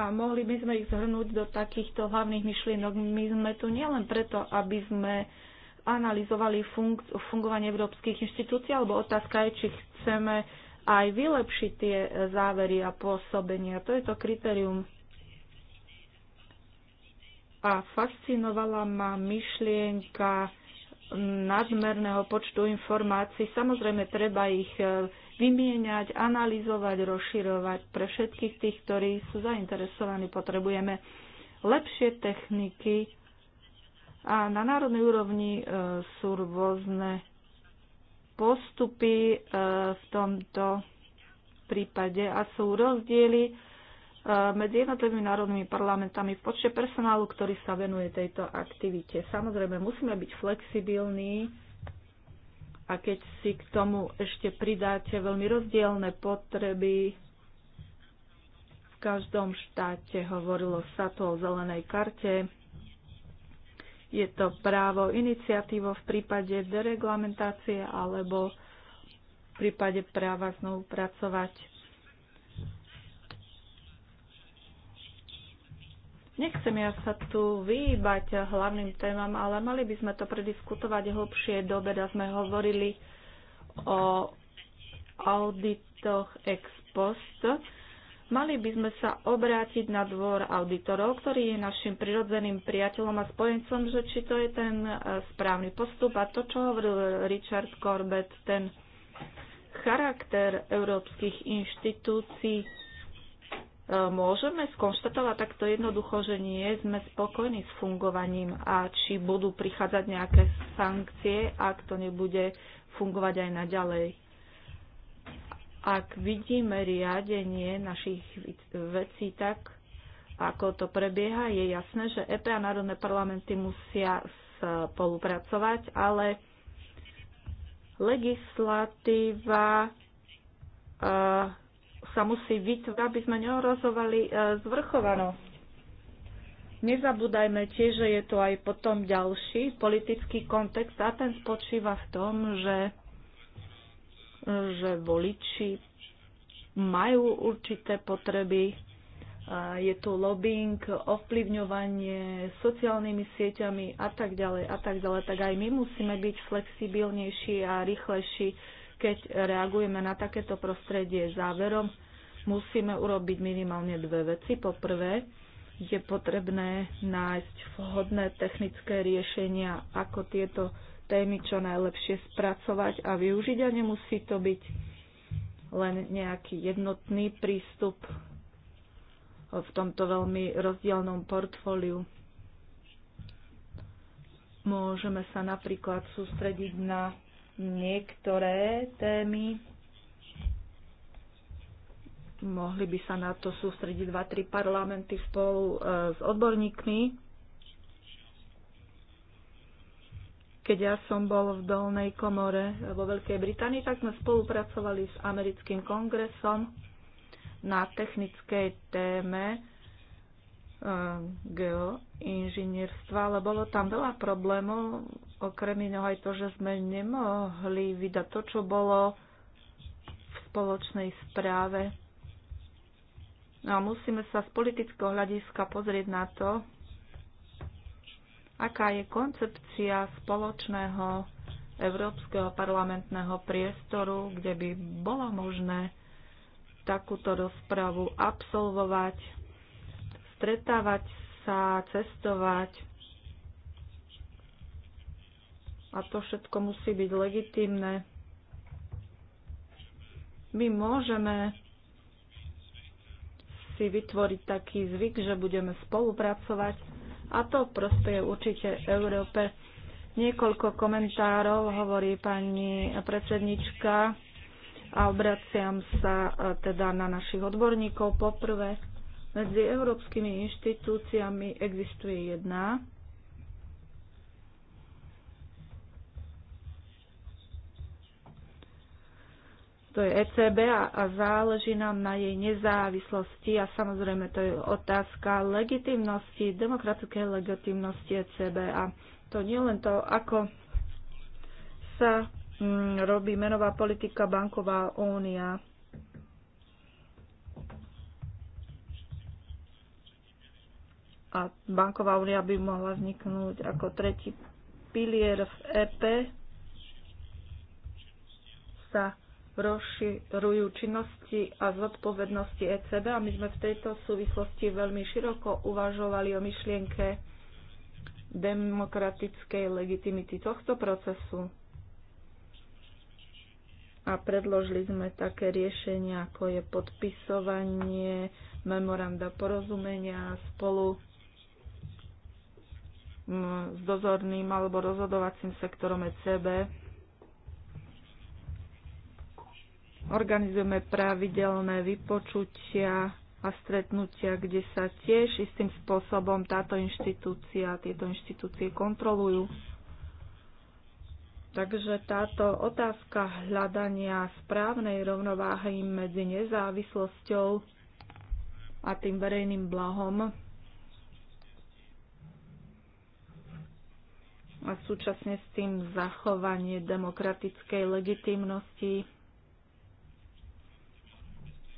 a mohli by sme ich zhrnúť do takýchto hlavných myšlienok. My sme tu nielen preto, aby sme analyzovali funk- fungovanie európskych inštitúcií, alebo otázka je, či chceme aj vylepšiť tie závery a pôsobenia. To je to kritérium. A fascinovala ma myšlienka nadmerného počtu informácií. Samozrejme, treba ich eh, vymieňať, analyzovať, rozširovať. Pre všetkých tých, ktorí sú zainteresovaní, potrebujeme lepšie techniky a na národnej úrovni e, sú rôzne postupy e, v tomto prípade a sú rozdiely e, medzi jednotlivými národnými parlamentami v počte personálu, ktorý sa venuje tejto aktivite. Samozrejme, musíme byť flexibilní, a keď si k tomu ešte pridáte veľmi rozdielne potreby, v každom štáte hovorilo sa to o zelenej karte. Je to právo iniciatívo v prípade dereglamentácie alebo v prípade práva znovu pracovať Nechcem ja sa tu vyhýbať hlavným témam, ale mali by sme to prediskutovať hlbšie. Do obeda sme hovorili o auditoch ex post. Mali by sme sa obrátiť na dvor auditorov, ktorý je našim prirodzeným priateľom a spojencom, že či to je ten e, správny postup. A to, čo hovoril Richard Corbett, ten charakter európskych inštitúcií Môžeme skonštatovať takto jednoducho, že nie sme spokojní s fungovaním a či budú prichádzať nejaké sankcie, ak to nebude fungovať aj naďalej. Ak vidíme riadenie našich vecí tak, ako to prebieha, je jasné, že EP a národné parlamenty musia spolupracovať, ale legislatíva eh, sa musí vytvoriť, aby sme neohrozovali e, zvrchovanosť. Nezabúdajme tiež, že je tu aj potom ďalší politický kontext a ten spočíva v tom, že, e, že voliči majú určité potreby. E, je tu lobbying, ovplyvňovanie sociálnymi sieťami a tak ďalej a tak ďalej. Tak aj my musíme byť flexibilnejší a rýchlejší keď reagujeme na takéto prostredie záverom, musíme urobiť minimálne dve veci. Po prvé, je potrebné nájsť vhodné technické riešenia, ako tieto témy čo najlepšie spracovať a využiť a nemusí to byť len nejaký jednotný prístup v tomto veľmi rozdielnom portfóliu. Môžeme sa napríklad sústrediť na niektoré témy. Mohli by sa na to sústrediť 2-3 parlamenty spolu e, s odborníkmi. Keď ja som bol v dolnej komore vo Veľkej Británii, tak sme spolupracovali s americkým kongresom na technickej téme Eh, geoinžinierstva, ale bolo tam veľa problémov, okrem iného aj to, že sme nemohli vydať to, čo bolo v spoločnej správe. No a musíme sa z politického hľadiska pozrieť na to, aká je koncepcia spoločného európskeho parlamentného priestoru, kde by bolo možné takúto rozpravu absolvovať stretávať sa, cestovať. A to všetko musí byť legitimné. My môžeme si vytvoriť taký zvyk, že budeme spolupracovať a to prospeje určite Európe. Niekoľko komentárov hovorí pani predsednička a obraciam sa e, teda na našich odborníkov. Poprvé, medzi európskymi inštitúciami existuje jedna. To je ECB a, a záleží nám na jej nezávislosti a samozrejme to je otázka legitimnosti, demokratickej legitimnosti ECB a to nie len to, ako sa mm, robí menová politika, banková únia. a banková únia by mohla vzniknúť ako tretí pilier v EP sa rozširujú činnosti a zodpovednosti ECB a my sme v tejto súvislosti veľmi široko uvažovali o myšlienke demokratickej legitimity tohto procesu a predložili sme také riešenia, ako je podpisovanie memoranda porozumenia spolu s dozorným alebo rozhodovacím sektorom ECB. Organizujeme pravidelné vypočutia a stretnutia, kde sa tiež istým spôsobom táto inštitúcia, tieto inštitúcie kontrolujú. Takže táto otázka hľadania správnej rovnováhy medzi nezávislosťou a tým verejným blahom a súčasne s tým zachovanie demokratickej legitimnosti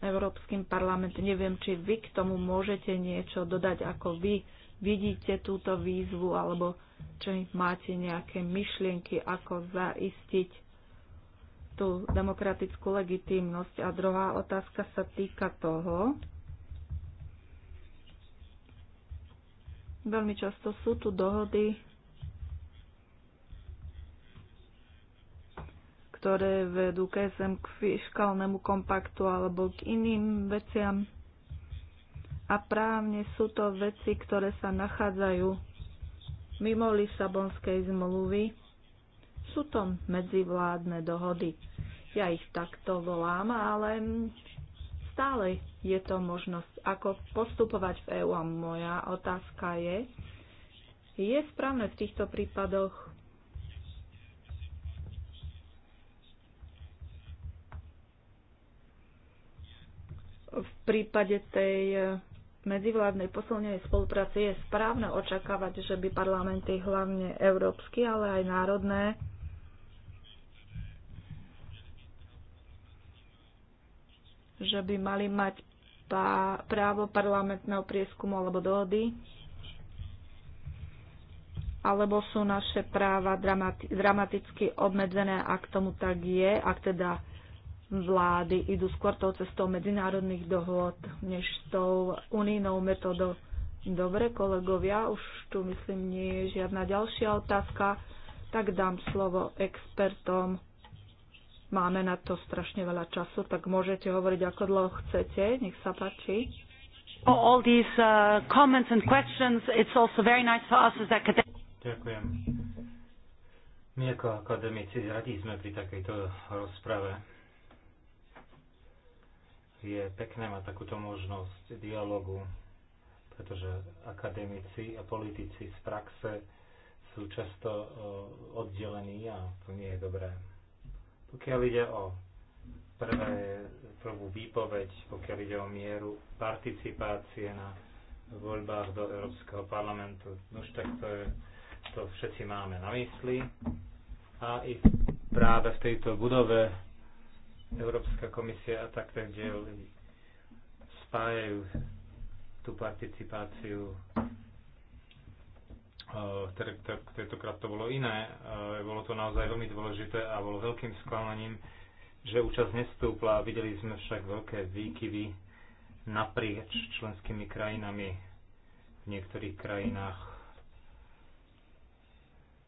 Európskym parlament. Neviem, či vy k tomu môžete niečo dodať, ako vy vidíte túto výzvu, alebo či máte nejaké myšlienky, ako zaistiť tú demokratickú legitimnosť. A druhá otázka sa týka toho, veľmi často sú tu dohody ktoré vedú k SM, k fiskálnemu kompaktu alebo k iným veciam. A právne sú to veci, ktoré sa nachádzajú mimo Lisabonskej zmluvy. Sú to medzivládne dohody. Ja ich takto volám, ale stále je to možnosť, ako postupovať v EU. A moja otázka je, je správne v týchto prípadoch v prípade tej e, medzivládnej posilnenej spolupráce je správne očakávať, že by parlamenty hlavne európsky, ale aj národné že by mali mať právo parlamentného prieskumu alebo dohody alebo sú naše práva dramaticky obmedzené, ak tomu tak je, ak teda vlády idú skôr tou cestou medzinárodných dohôd, než tou unijnou metodou. Dobre, kolegovia, už tu myslím nie je žiadna ďalšia otázka, tak dám slovo expertom. Máme na to strašne veľa času, tak môžete hovoriť ako dlho chcete, nech sa páči. All these uh, comments and questions, it's also very nice for us as academics. Ďakujem. My ako akademici radi sme pri takejto rozprave je pekné mať takúto možnosť dialogu, pretože akademici a politici z praxe sú často e, oddelení a to nie je dobré. Pokiaľ ide o prvé, prvú výpoveď, pokiaľ ide o mieru participácie na voľbách do Európskeho parlamentu. No už tak to, je, to všetci máme na mysli. A i práve v tejto budove Európska komisia a takto ďalej spájajú tú participáciu. Teda tentokrát to bolo iné. Bolo to naozaj veľmi dôležité a bolo veľkým sklamaním, že účasť nestúpla. Videli sme však veľké výkyvy naprieč členskými krajinami. V niektorých krajinách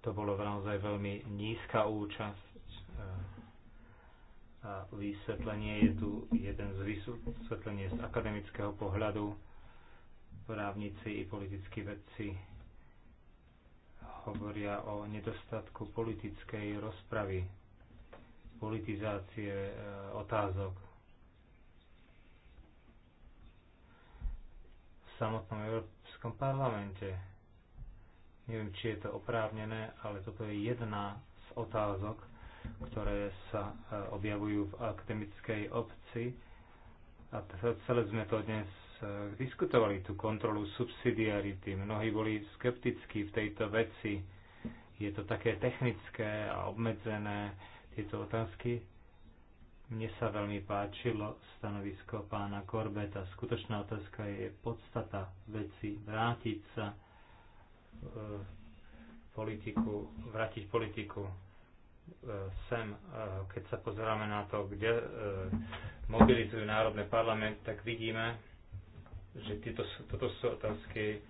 to bolo naozaj veľmi nízka účasť a vysvetlenie je tu jeden z vysvetlení z akademického pohľadu. Právnici i politickí vedci hovoria o nedostatku politickej rozpravy, politizácie e, otázok. V samotnom Európskom parlamente neviem, či je to oprávnené, ale toto je jedna z otázok, ktoré sa e, objavujú v akademickej obci. A celé sme to dnes e, diskutovali, tú kontrolu subsidiarity. Mnohí boli skeptickí v tejto veci. Je to také technické a obmedzené, tieto otázky. Mne sa veľmi páčilo stanovisko pána Korbeta. Skutočná otázka je podstata veci vrátiť sa e, politiku, vrátiť politiku E, sem, e, keď sa pozeráme na to, kde e, mobilizujú národné parlament, tak vidíme, že tieto, toto sú otázky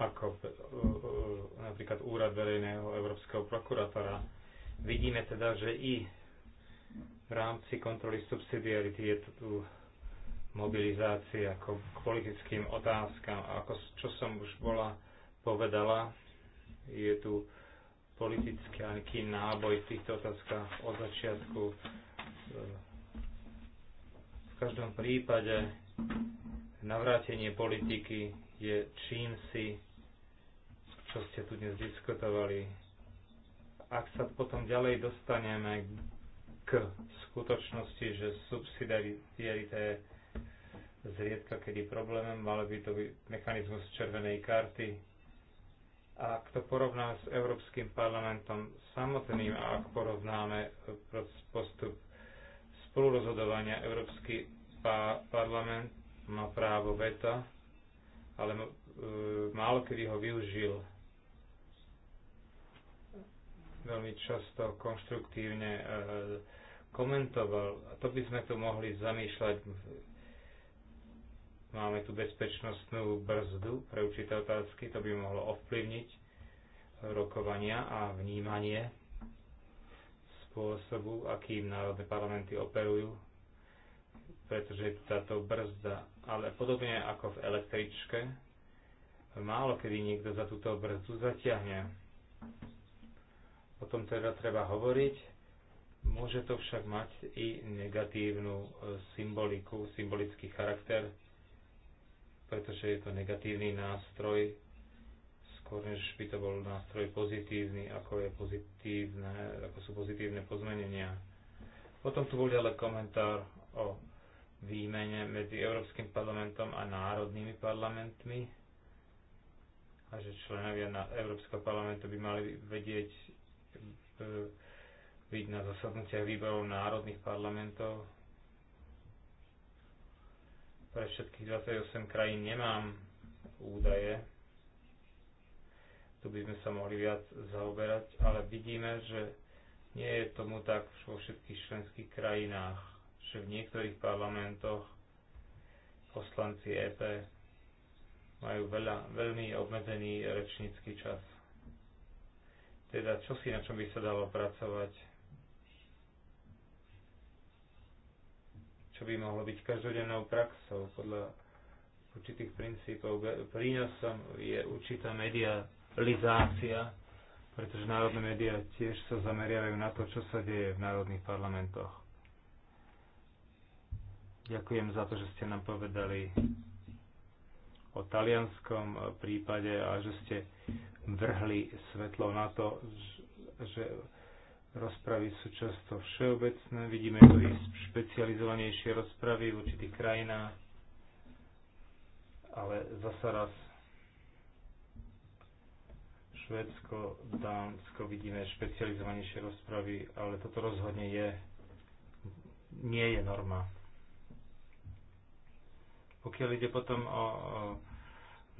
ako napríklad Úrad verejného európskeho prokurátora. Vidíme teda, že i v rámci kontroly subsidiarity je tu, mobilizácia ako k politickým otázkam. Ako čo som už bola povedala, je tu politický náboj v týchto otázkach od začiatku. V každom prípade navrátenie politiky je čím si, čo ste tu dnes diskutovali. Ak sa potom ďalej dostaneme k skutočnosti, že subsidiarita je zriedka kedy problémem, mal by to by mechanizmus červenej karty ak to porovná s Európskym parlamentom samotným a ak porovnáme eh, postup spolurozhodovania Európsky parlament má právo veta, ale eh, málo kedy ho využil. Veľmi často konštruktívne eh, komentoval. A to by sme tu mohli zamýšľať Máme tu bezpečnostnú brzdu pre určité otázky, to by mohlo ovplyvniť rokovania a vnímanie spôsobu, akým národné parlamenty operujú, pretože táto brzda, ale podobne ako v električke, málo kedy niekto za túto brzdu zatiahne. O tom teda treba hovoriť. Môže to však mať i negatívnu symboliku, symbolický charakter, pretože je to negatívny nástroj, skôr než by to bol nástroj pozitívny, ako, je pozitívne, ako sú pozitívne pozmenenia. Potom tu bol ďalej komentár o výmene medzi Európskym parlamentom a národnými parlamentmi a že členovia na Európskeho parlamentu by mali vedieť e, byť na zasadnutiach výborov národných parlamentov pre všetkých 28 krajín nemám údaje. Tu by sme sa mohli viac zaoberať, ale vidíme, že nie je tomu tak vo všetkých členských krajinách, že v niektorých parlamentoch poslanci EP majú veľa, veľmi obmedzený rečnícky čas. Teda čo si na čom by sa dalo pracovať? čo by mohlo byť každodennou praxou podľa určitých princípov. Prínosom je určitá medializácia, pretože národné médiá tiež sa zameriavajú na to, čo sa deje v národných parlamentoch. Ďakujem za to, že ste nám povedali o talianskom prípade a že ste vrhli svetlo na to, že Rozpravy sú často všeobecné, vidíme tu i špecializovanejšie rozpravy v určitých krajinách, ale zasa raz Švédsko, Dánsko vidíme špecializovanejšie rozpravy, ale toto rozhodne je, nie je norma. Pokiaľ ide potom o, o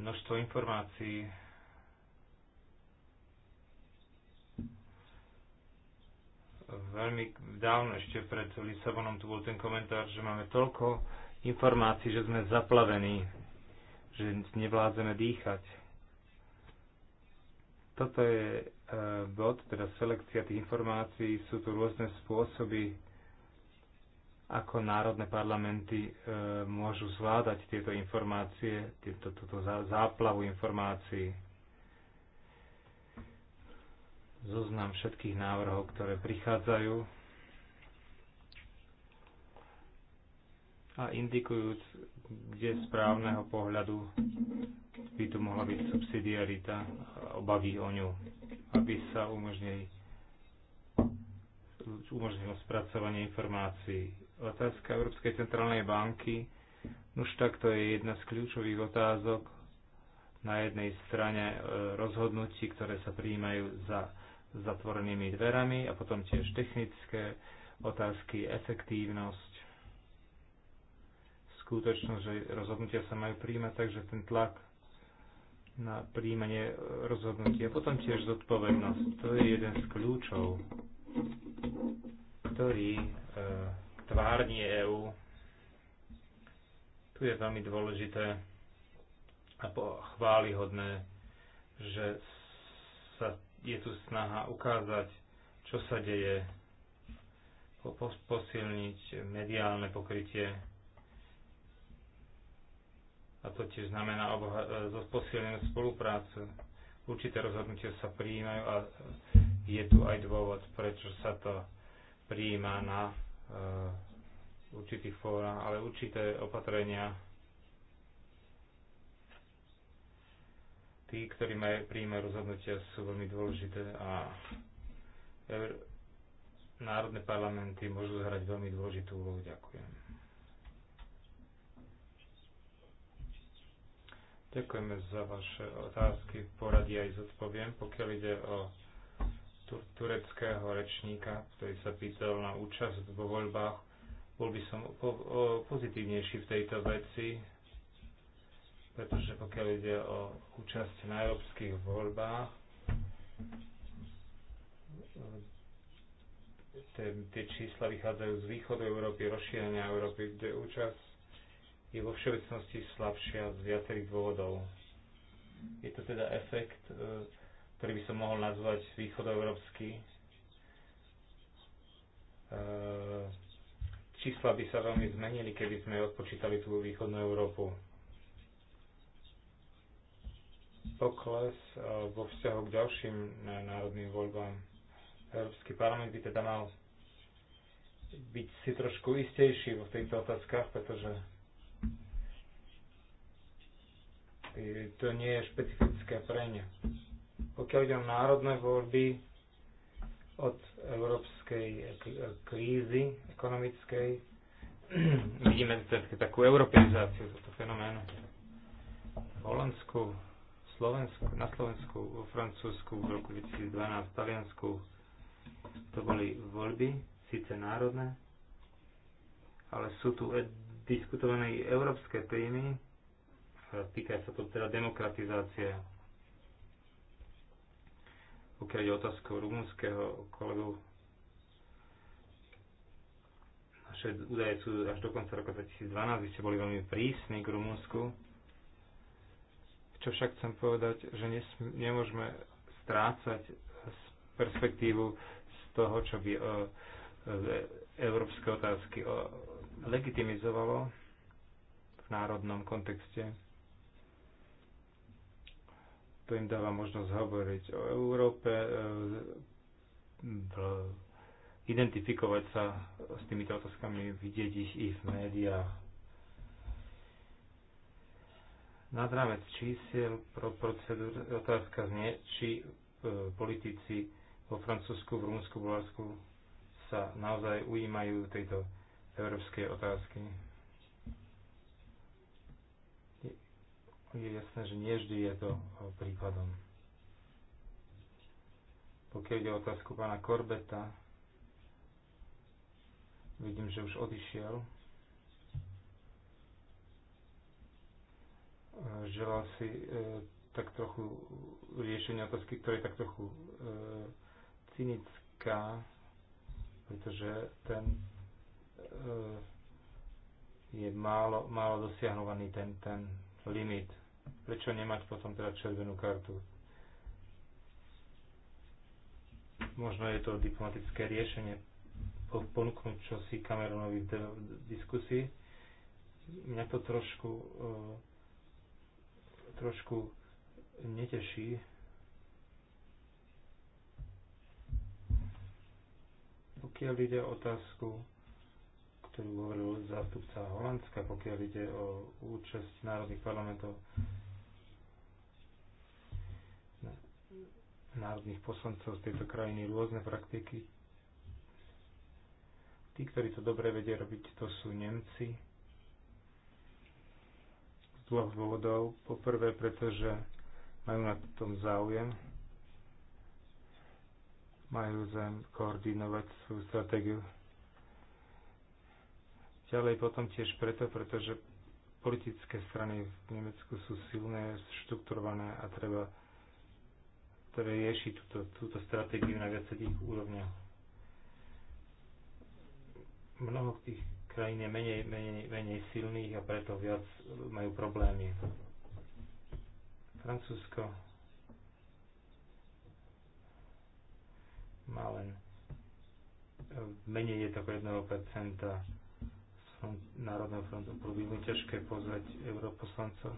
množstvo informácií, veľmi dávno, ešte pred Lisabonom, tu bol ten komentár, že máme toľko informácií, že sme zaplavení, že nevládzeme dýchať. Toto je e, bod, teda selekcia tých informácií, sú tu rôzne spôsoby, ako národné parlamenty e, môžu zvládať tieto informácie, tieto, túto záplavu informácií zoznam všetkých návrhov, ktoré prichádzajú a indikujúc, kde z právneho pohľadu by tu mohla byť subsidiarita a obavy o ňu, aby sa umožnili umožnilo spracovanie informácií. Otázka Európskej centrálnej banky, už tak to je jedna z kľúčových otázok na jednej strane e, rozhodnutí, ktoré sa prijímajú za s zatvorenými dverami a potom tiež technické otázky, efektívnosť, skutočnosť, že rozhodnutia sa majú príjmať, takže ten tlak na príjmanie rozhodnutia. Potom tiež zodpovednosť. To je jeden z kľúčov, ktorý e, tvárni EÚ tu je veľmi dôležité a chválihodné, že je tu snaha ukázať, čo sa deje, posilniť mediálne pokrytie. A to tiež znamená e, zo posilnenú spoluprácu. Určité rozhodnutia sa prijímajú a je tu aj dôvod, prečo sa to prijíma na e, určitých fórach, ale určité opatrenia Tí, ktorí majú príjme rozhodnutia, sú veľmi dôležité a e, národné parlamenty môžu zahrať veľmi dôležitú úlohu. Ďakujem. Ďakujeme za vaše otázky. V poradí aj zodpoviem. Pokiaľ ide o tureckého rečníka, ktorý sa pýtal na účasť vo voľbách, bol by som pozitívnejší v tejto veci pretože pokiaľ ide o účasť na európskych voľbách, tie čísla vychádzajú z východu Európy, rozšírenia Európy, kde účasť je vo všeobecnosti slabšia z viacerých dôvodov. Je to teda efekt, e, ktorý by som mohol nazvať východoeurópsky. E, čísla by sa veľmi zmenili, keby sme odpočítali tú východnú Európu pokles eh, vo vzťahu k ďalším eh, národným voľbám. Európsky parlament by teda mal byť si trošku istejší vo týchto otázkach, pretože to nie je špecifické pre ne. Pokiaľ ide o národné voľby od európskej krízy ekonomickej, vidíme takú europeizáciu tohto fenoménu. V Holandsku Slovensku, na Slovensku, vo Francúzsku v roku 2012, v Taliansku. To boli voľby, síce národné, ale sú tu e- diskutované európske témy, týka sa to teda demokratizácie. Pokiaľ je otázku rumúnskeho kolegu, naše údaje sú až do konca roka 2012, vy ste boli veľmi prísni k Rumúnsku, čo však chcem povedať, že nemôžeme strácať perspektívu z toho, čo by e, e, európske otázky e, legitimizovalo v národnom kontexte. To im dáva možnosť hovoriť o Európe, identifikovať sa s týmito otázkami, vidieť ich i v médiách. Nad rámec čísiel pro procedúr otázka znie, či e, politici vo Francúzsku, v Rumunsku, Bulharsku sa naozaj ujímajú tejto európskej otázky. Je, je jasné, že nie vždy je to e, prípadom. Pokiaľ ide o otázku pána Korbeta, vidím, že už odišiel. želal si e, tak trochu riešenie otázky, ktorá je tak trochu e, cynická, pretože ten e, je málo, málo dosiahnovaný ten, ten limit. Prečo nemať potom teda červenú kartu? Možno je to diplomatické riešenie ponúknuť čosi Cameronovi v diskusii. Mňa to trošku e, trošku neteší. Pokiaľ ide o otázku, ktorú hovoril zástupca Holandska, pokiaľ ide o účasť národných parlamentov, národných poslancov z tejto krajiny rôzne praktiky. Tí, ktorí to dobre vedia robiť, to sú Nemci, dvoch dôvodov. Poprvé, pretože majú na tom záujem, majú zem koordinovať svoju stratégiu. Ďalej potom tiež preto, pretože politické strany v Nemecku sú silné, štrukturované a treba, ktoré rieši túto, túto stratégiu na viacerých úrovniach. Mnoho tých krajín je menej, menej, menej silných a preto viac majú problémy. Francúzsko má len e, menej je to 1% Národného frontu. Bolo by ťažké pozvať europoslancov.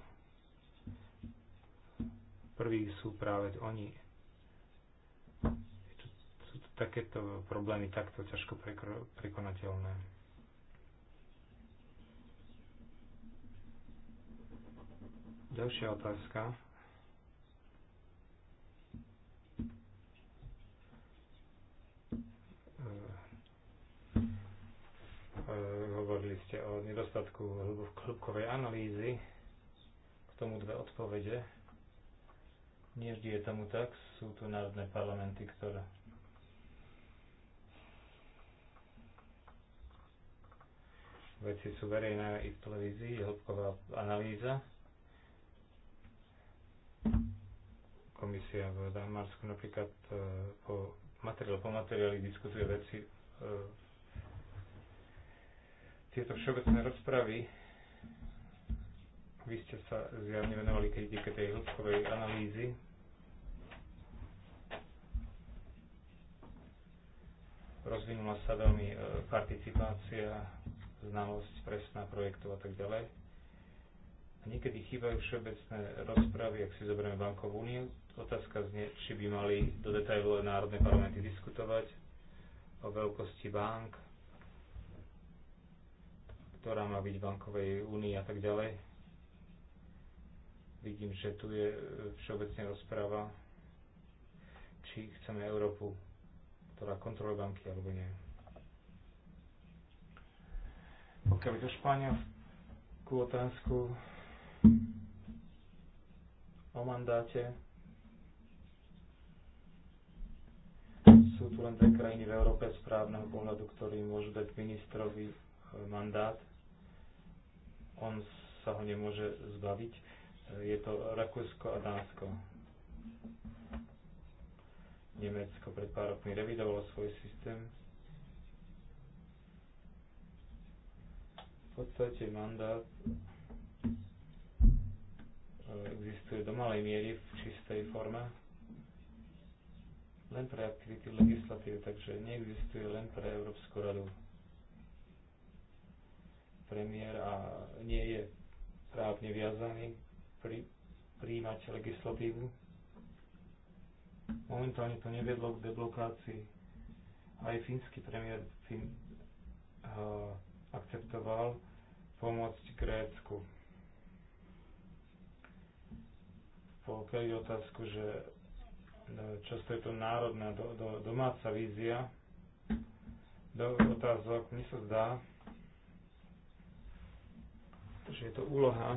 Prví sú práve oni. Sú to takéto problémy takto ťažko prekonateľné. Ďalšia otázka. E, e, hovorili ste o nedostatku hĺbkovej analýzy. K tomu dve odpovede. Nie vždy je tomu tak. Sú tu národné parlamenty, ktoré veci sú verejné i v televízii, hĺbková analýza. komisia v Danmarsku napríklad e, po, materiál, po materiáli diskutuje veci. E, tieto všeobecné rozpravy, vy ste sa zjavne venovali kritike tej hĺbkovej analýzy. Rozvinula sa veľmi e, participácia, znalosť presná projektov a tak ďalej. A niekedy chýbajú všeobecné rozpravy, ak si zoberieme bankovú úniu, Otázka znie, či by mali do detajlov národné parlamenty diskutovať o veľkosti bank, ktorá má byť bankovej únii a tak ďalej. Vidím, že tu je všeobecne rozpráva, či chceme Európu, ktorá kontroluje banky alebo nie. Pokiaľ je o španielskú otázku o mandáte, sú tu len tie krajiny v Európe z právneho pohľadu, ktorí môžu dať ministrovi e, mandát. On sa ho nemôže zbaviť. E, je to Rakúsko a Dánsko. Nemecko pred pár rokmi revidovalo svoj systém. V podstate mandát e, existuje do malej miery v čistej forme len pre aktivity legislatívy, takže neexistuje len pre Európsku radu. Premiér a nie je právne viazaný pri, príjmať legislatívu. Momentálne to neviedlo k deblokácii. Aj fínsky premiér fin, uh, eh, akceptoval pomôcť Grécku. Pokiaľ je otázku, že teda často je to národná, do, do, domáca vízia do otázok. Mne sa zdá, že je to úloha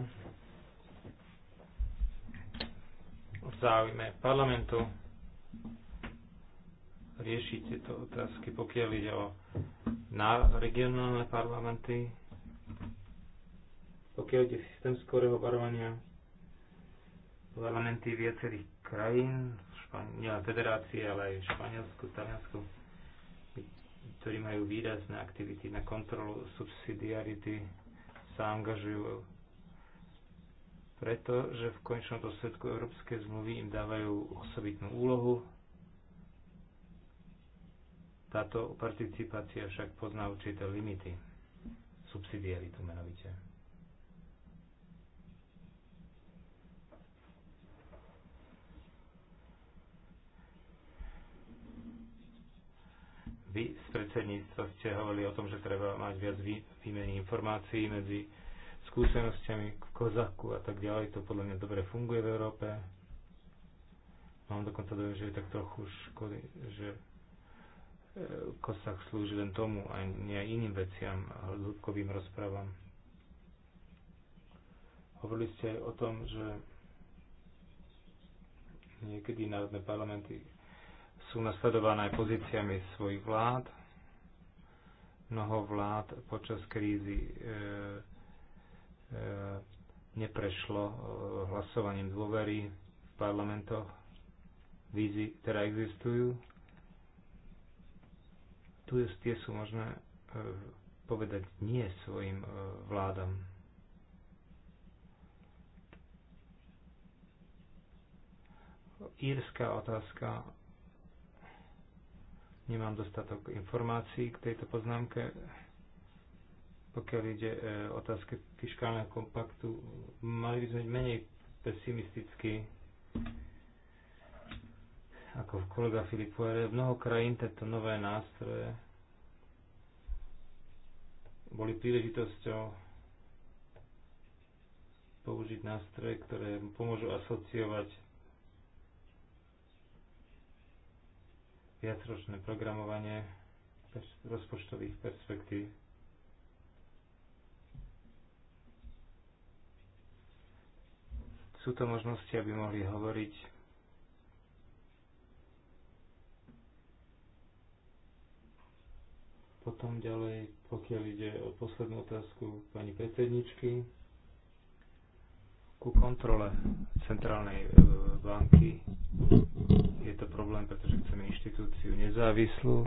v záujme parlamentu riešiť tieto otázky, pokiaľ ide o na regionálne parlamenty, pokiaľ ide systém skorého barovania, parlamenty viacerých krajín nielen federácie, ale aj Španielsku, Taliansku, ktorí majú výrazné aktivity na kontrolu subsidiarity, sa angažujú preto, že v konečnom dôsledku európske zmluvy im dávajú osobitnú úlohu. Táto participácia však pozná určité limity. Subsidiaritu menovite. Vy z predsedníctva ste hovorili o tom, že treba mať viac výmeny informácií medzi skúsenostiami k kozaku a tak ďalej. To podľa mňa dobre funguje v Európe. Mám dokonca dojem, že je tak trochu škody, že e, kozak slúži len tomu a nie iným veciam a ľudkovým rozprávam. Hovorili ste aj o tom, že niekedy národné parlamenty sú nasledované pozíciami svojich vlád. Mnoho vlád počas krízy e, e, neprešlo e, hlasovaním dôvery v parlamentoch. Vízy ktoré teda existujú. Tu je, tie sú možné e, povedať nie svojim e, vládam. írska otázka Nemám dostatok informácií k tejto poznámke. Pokiaľ ide o e, otázky fiskálneho kompaktu, mali by sme byť menej pesimistickí ako kolega Filip povedal, mnoho krajín tieto nové nástroje boli príležitosťou použiť nástroje, ktoré pomôžu asociovať viacročné programovanie rozpočtových perspektív. Sú to možnosti, aby mohli hovoriť potom ďalej, pokiaľ ide o poslednú otázku pani predsedničky, ku kontrole Centrálnej e, banky je to problém, pretože chceme inštitúciu nezávislú,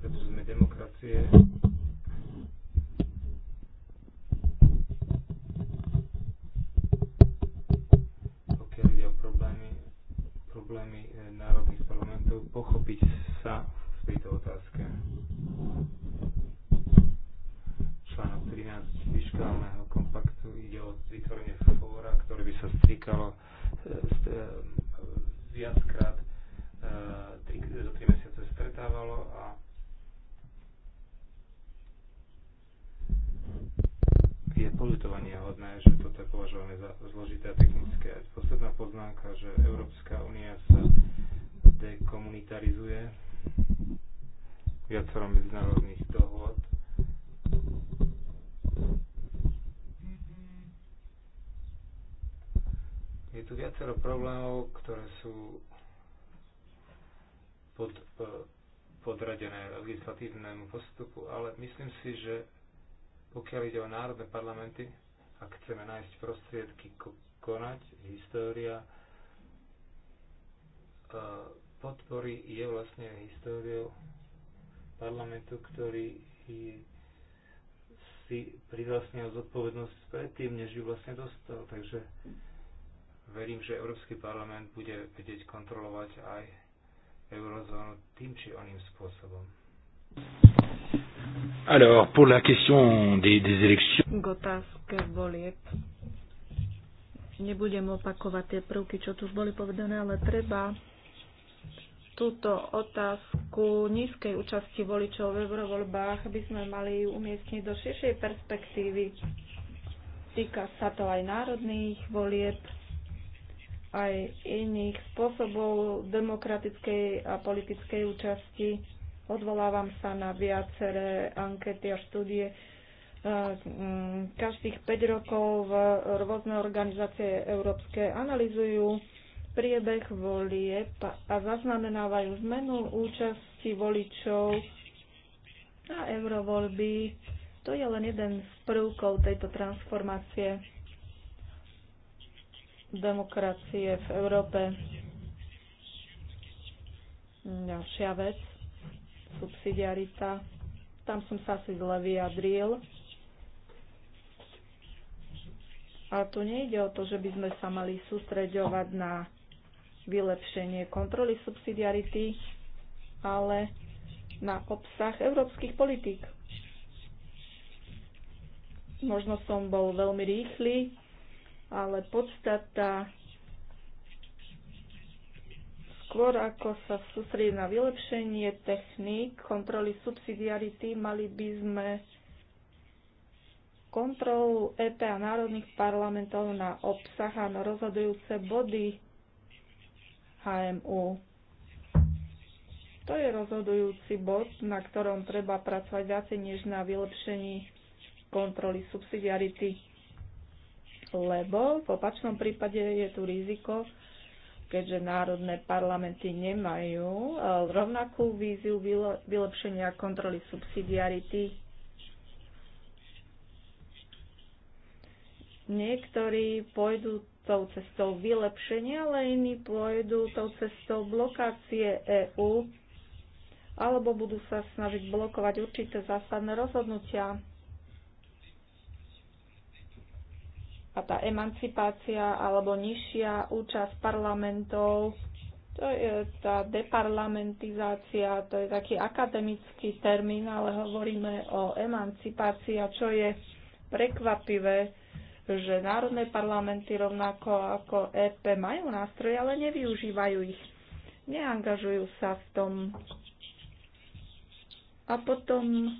pretože sme demokracie. Pokiaľ ide o problémy, problémy e, národných parlamentov, pochopiť sa v tejto otázke článok 13 fiskálneho kompaktu ide o vytvorenie ktoré by sa strikalo e, e, viackrát e, za 3 mesiace stretávalo a je politovanie hodné, že toto je považované za zložité a technické. Posledná poznámka, že Európska únia sa dekomunitarizuje viacero medzinárodných dohod Je tu viacero problémov, ktoré sú pod, e, podradené legislatívnemu postupu, ale myslím si, že pokiaľ ide o národné parlamenty, a chceme nájsť prostriedky konať, história e, podpory je vlastne históriou parlamentu, ktorý si privlastnil zodpovednosť predtým, než ju vlastne dostal. Takže Verím, že Európsky parlament bude vedieť kontrolovať aj eurozónu tým či oným spôsobom. Alors, pour la question des, des élections... K otázke volieb. Nebudem opakovať tie prvky, čo tu už boli povedané, ale treba túto otázku nízkej účasti voličov v eurovoľbách by sme mali umiestniť do širšej perspektívy. Týka sa to aj národných volieb, aj iných spôsobov demokratickej a politickej účasti. Odvolávam sa na viaceré ankety a štúdie. E, každých 5 rokov rôzne organizácie európske analizujú priebeh volieb a zaznamenávajú zmenu účasti voličov na eurovoľby. To je len jeden z prvkov tejto transformácie demokracie v Európe. Ďalšia vec, subsidiarita. Tam som sa asi zle vyjadril. A tu nejde o to, že by sme sa mali sústreďovať na vylepšenie kontroly subsidiarity, ale na obsah európskych politík. Možno som bol veľmi rýchly, ale podstata skôr ako sa sústrediť na vylepšenie techník kontroly subsidiarity, mali by sme kontrolu EP a národných parlamentov na obsah a na rozhodujúce body HMU. To je rozhodujúci bod, na ktorom treba pracovať viacej než na vylepšení kontroly subsidiarity lebo v opačnom prípade je tu riziko, keďže národné parlamenty nemajú e, rovnakú víziu vylepšenia kontroly subsidiarity. Niektorí pôjdu tou cestou vylepšenia, ale iní pôjdu tou cestou blokácie EÚ alebo budú sa snažiť blokovať určité zásadné rozhodnutia. a tá emancipácia alebo nižšia účasť parlamentov, to je tá deparlamentizácia, to je taký akademický termín, ale hovoríme o emancipácii a čo je prekvapivé, že národné parlamenty rovnako ako EP majú nástroje, ale nevyužívajú ich. Neangažujú sa v tom. A potom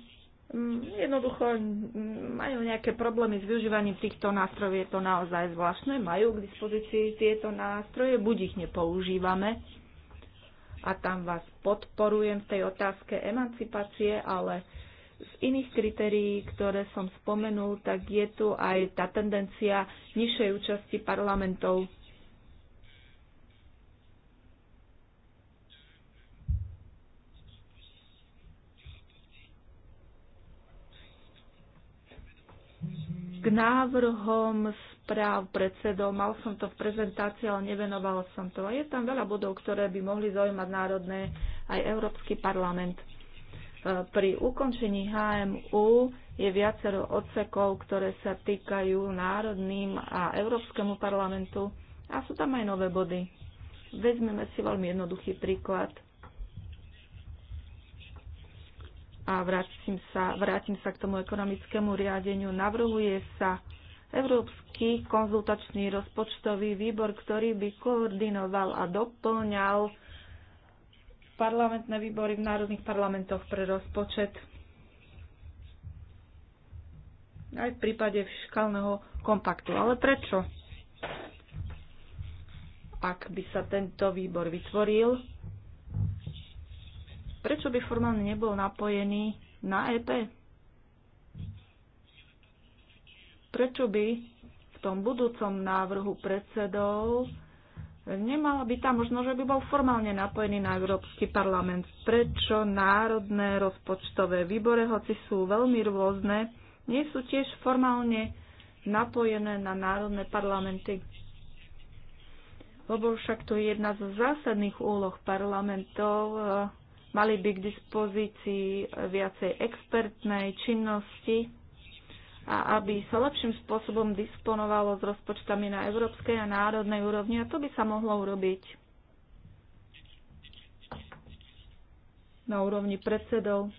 Mm, jednoducho mm, majú nejaké problémy s využívaním týchto nástrojov. Je to naozaj zvláštne. Majú k dispozícii tieto nástroje, buď ich nepoužívame a tam vás podporujem v tej otázke emancipácie, ale z iných kritérií, ktoré som spomenul, tak je tu aj tá tendencia nižšej účasti parlamentov návrhom správ predsedov, mal som to v prezentácii, ale nevenovala som to. A je tam veľa bodov, ktoré by mohli zaujímať národné aj Európsky parlament. E, pri ukončení HMU je viacero odsekov, ktoré sa týkajú národným a Európskemu parlamentu a sú tam aj nové body. Vezmeme si veľmi jednoduchý príklad – a vrátim sa, vrátim sa k tomu ekonomickému riadeniu. Navrhuje sa Európsky konzultačný rozpočtový výbor, ktorý by koordinoval a doplňal parlamentné výbory v národných parlamentoch pre rozpočet. Aj v prípade fiskálneho kompaktu. Ale prečo? Ak by sa tento výbor vytvoril, prečo by formálne nebol napojený na EP? Prečo by v tom budúcom návrhu predsedov nemala by tam možno, že by bol formálne napojený na Európsky parlament? Prečo národné rozpočtové výbore, hoci sú veľmi rôzne, nie sú tiež formálne napojené na národné parlamenty? lebo však to je jedna z zásadných úloh parlamentov mali by k dispozícii viacej expertnej činnosti a aby sa lepším spôsobom disponovalo s rozpočtami na európskej a národnej úrovni a to by sa mohlo urobiť na úrovni predsedov.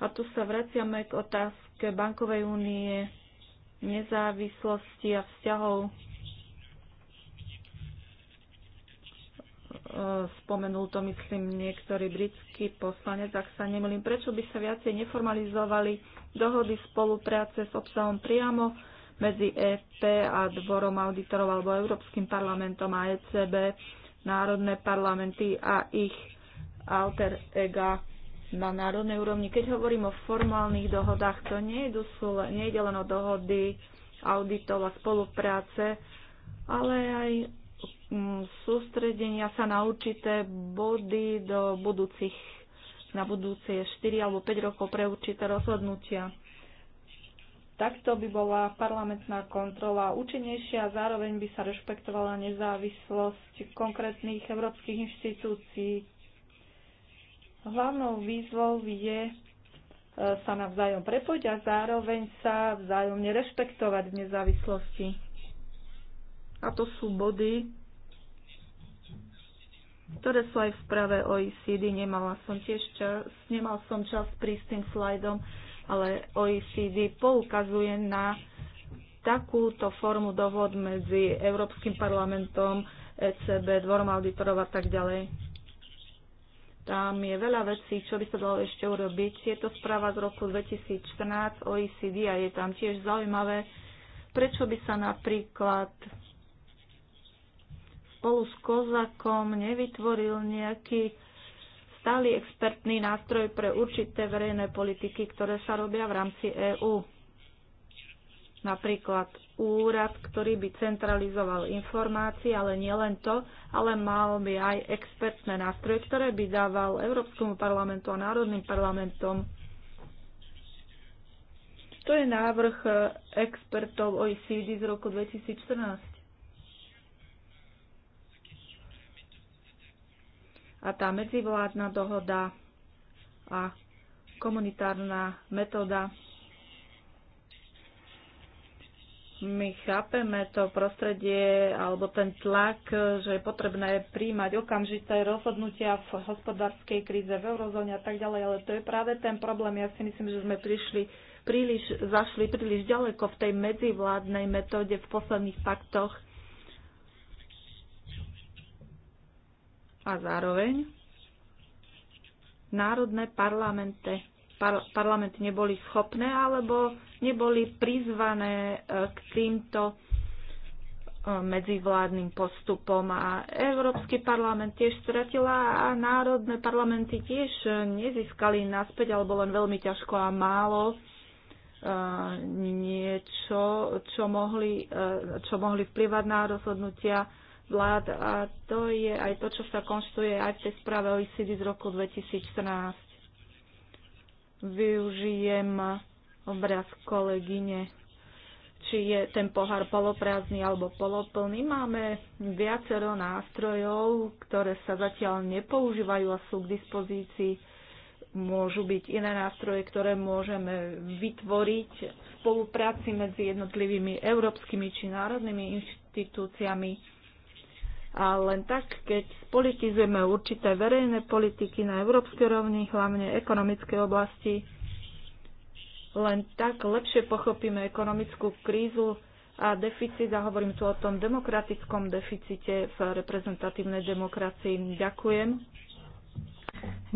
A tu sa vraciame k otázke bankovej únie, nezávislosti a vzťahov spomenul to myslím niektorý britský poslanec, ak sa nemýlim, prečo by sa viacej neformalizovali dohody spolupráce s obsahom priamo medzi EP a dvorom auditorov alebo Európskym parlamentom a ECB, národné parlamenty a ich alter ega na národnej úrovni. Keď hovorím o formálnych dohodách, to nejdu, sú, nejde len o dohody auditov a spolupráce, ale aj Mm, sústredenia sa na určité body do budúcich, na budúce 4 alebo 5 rokov pre určité rozhodnutia. Takto by bola parlamentná kontrola účinnejšia a zároveň by sa rešpektovala nezávislosť konkrétnych európskych inštitúcií. Hlavnou výzvou je e, sa navzájom prepojiť a zároveň sa vzájomne rešpektovať v nezávislosti. A to sú body, ktoré sú aj v sprave OECD. Nemala som tiež čas, nemal som čas prísť tým slajdom, ale OECD poukazuje na takúto formu dohod medzi Európskym parlamentom, ECB, dvorom auditorov a tak ďalej. Tam je veľa vecí, čo by sa dalo ešte urobiť. Je to správa z roku 2014 OECD a je tam tiež zaujímavé, prečo by sa napríklad spolu s Kozakom nevytvoril nejaký stály expertný nástroj pre určité verejné politiky, ktoré sa robia v rámci EÚ. Napríklad úrad, ktorý by centralizoval informácie, ale nielen to, ale mal by aj expertné nástroje, ktoré by dával Európskemu parlamentu a národným parlamentom. To je návrh eh, expertov OECD z roku 2014. a tá medzivládna dohoda a komunitárna metóda. My chápeme to prostredie alebo ten tlak, že je potrebné príjmať okamžité rozhodnutia v hospodárskej kríze v eurozóne a tak ďalej, ale to je práve ten problém. Ja si myslím, že sme prišli príliš, zašli príliš ďaleko v tej medzivládnej metóde v posledných paktoch a zároveň národné parlamente, par, parlamenty neboli schopné alebo neboli prizvané e, k týmto e, medzivládnym postupom a Európsky parlament tiež stratila a národné parlamenty tiež e, nezískali naspäť alebo len veľmi ťažko a málo niečo, čo mohli, čo mohli vplyvať na rozhodnutia vlád a to je aj to, čo sa konštuje aj v tej správe OECD z roku 2014. Využijem obraz kolegyne, či je ten pohár poloprázdny alebo poloplný. Máme viacero nástrojov, ktoré sa zatiaľ nepoužívajú a sú k dispozícii. Môžu byť iné nástroje, ktoré môžeme vytvoriť v spolupráci medzi jednotlivými európskymi či národnými inštitúciami a len tak, keď spolitizujeme určité verejné politiky na európskej rovni, hlavne ekonomickej oblasti, len tak lepšie pochopíme ekonomickú krízu a deficit, a hovorím tu o tom demokratickom deficite v reprezentatívnej demokracii. Ďakujem.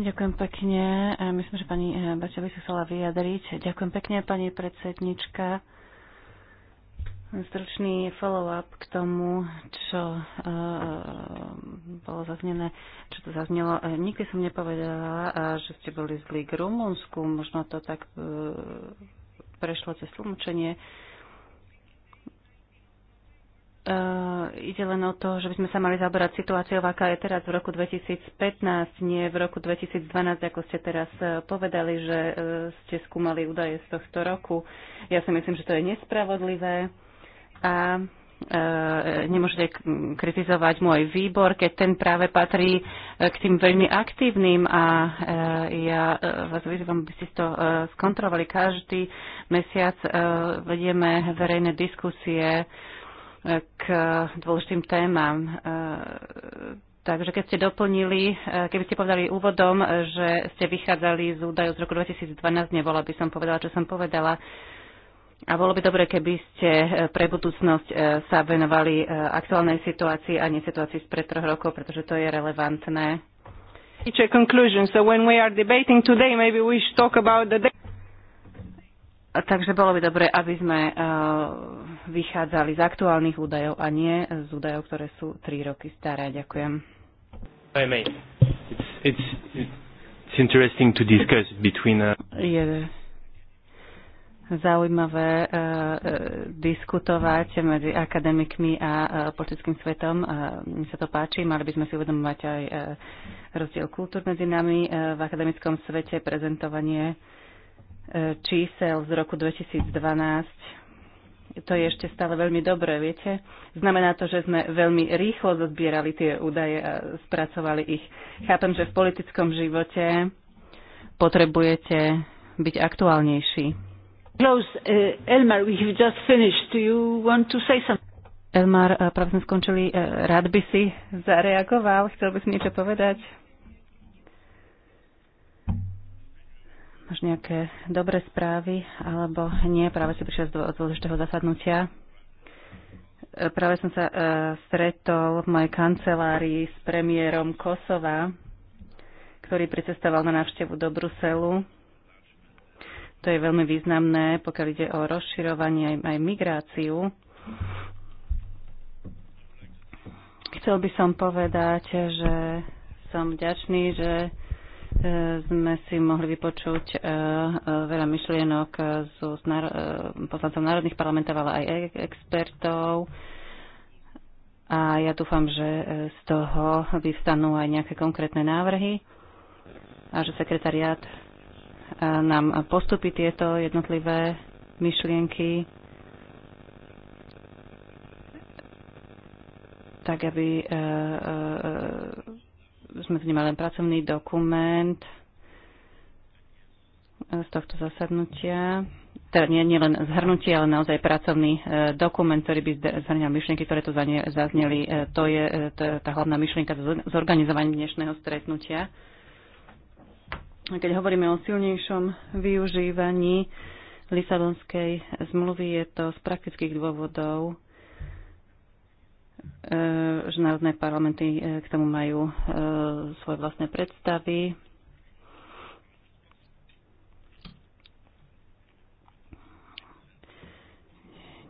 Ďakujem pekne. Myslím, že pani by sa chcela vyjadriť. Ďakujem pekne, pani predsednička. Stručný follow-up k tomu, čo uh, bolo zaznené, čo to zaznelo. Eh, nikdy som nepovedala, eh, že ste boli zlí k Rumunsku. Možno to tak uh, prešlo cez tlmočenie. Uh, ide len o to, že by sme sa mali zaoberať situáciou, aká je teraz v roku 2015, nie v roku 2012, ako ste teraz povedali, že uh, ste skúmali údaje z tohto roku. Ja si myslím, že to je nespravodlivé. Uh, a e, nemôžete kritizovať môj výbor, keď ten práve patrí e, k tým veľmi aktívnym a e, ja vás vyzývam, aby ste to skontrolovali. Každý mesiac vedieme verejné diskusie k dôležitým témam. Takže keď ste doplnili, keby ste povedali úvodom, že ste vychádzali z údajov z roku 2012, nebola by som povedala, čo som povedala, a bolo by dobre, keby ste e, pre budúcnosť e, sa venovali e, aktuálnej situácii a nie situácii spred troch rokov, pretože to je relevantné. Takže bolo by dobre, aby sme vychádzali z aktuálnych údajov a nie z údajov, ktoré sú tri roky staré. Ďakujem. It's, it's, it's interesting to discuss between... Uh... Yeah zaujímavé e, e, diskutovať medzi akademikmi a e, politickým svetom. Mi sa to páči, mali by sme si uvedomovať aj rozdiel kultúr medzi nami v akademickom svete, prezentovanie čísel z roku 2012. To je ešte stále veľmi dobré, viete? Znamená to, že sme veľmi rýchlo zozbierali tie údaje a spracovali ich. Chápem, že v politickom živote potrebujete byť aktuálnejší Close, uh, Elmar, we have just finished. Do you want to say something? Elmar, uh, práve sme skončili. Uh, rád by si zareagoval. Chcel by si niečo povedať? Máš nejaké dobré správy, alebo nie? Práve si prišiel z dôležitého zasadnutia. E, práve som sa e, stretol v mojej kancelárii s premiérom Kosova, ktorý pricestoval na návštevu do Bruselu to je veľmi významné, pokiaľ ide o rozširovanie aj, aj migráciu. Chcel by som povedať, že som vďačný, že e, sme si mohli vypočuť e, e, veľa myšlienok z poslancov národných parlamentov, ale aj expertov. A ja dúfam, že z toho vyvstanú aj nejaké konkrétne návrhy a že sekretariát nám postupí tieto jednotlivé myšlienky, tak aby e, e, e, sme vnímali len pracovný dokument z tohto zasadnutia. Teda nie, nie len zhrnutie, ale naozaj pracovný dokument, ktorý by zhrňal myšlienky, ktoré tu zazneli. To je tá hlavná myšlienka zorganizovania dnešného stretnutia. Keď hovoríme o silnejšom využívaní Lisabonskej zmluvy, je to z praktických dôvodov, e, že národné parlamenty e, k tomu majú e, svoje vlastné predstavy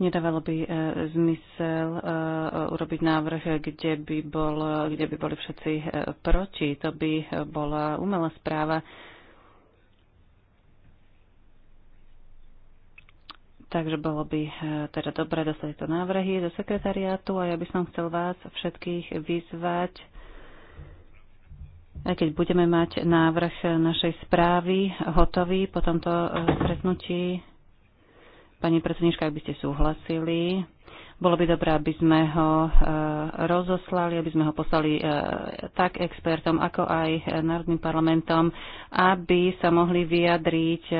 Nedávalo by e, zmysel e, urobiť návrh, kde by, bol, kde by boli všetci e, proti. To by bola umelá správa. Takže bolo by teda dobré dostať to návrhy zo sekretariátu a ja by som chcel vás všetkých vyzvať, aj keď budeme mať návrh našej správy hotový po tomto stretnutí, Pani predsednička, ak by ste súhlasili, bolo by dobré, aby sme ho e, rozoslali, aby sme ho poslali e, tak expertom, ako aj národným parlamentom, aby sa mohli vyjadriť, e,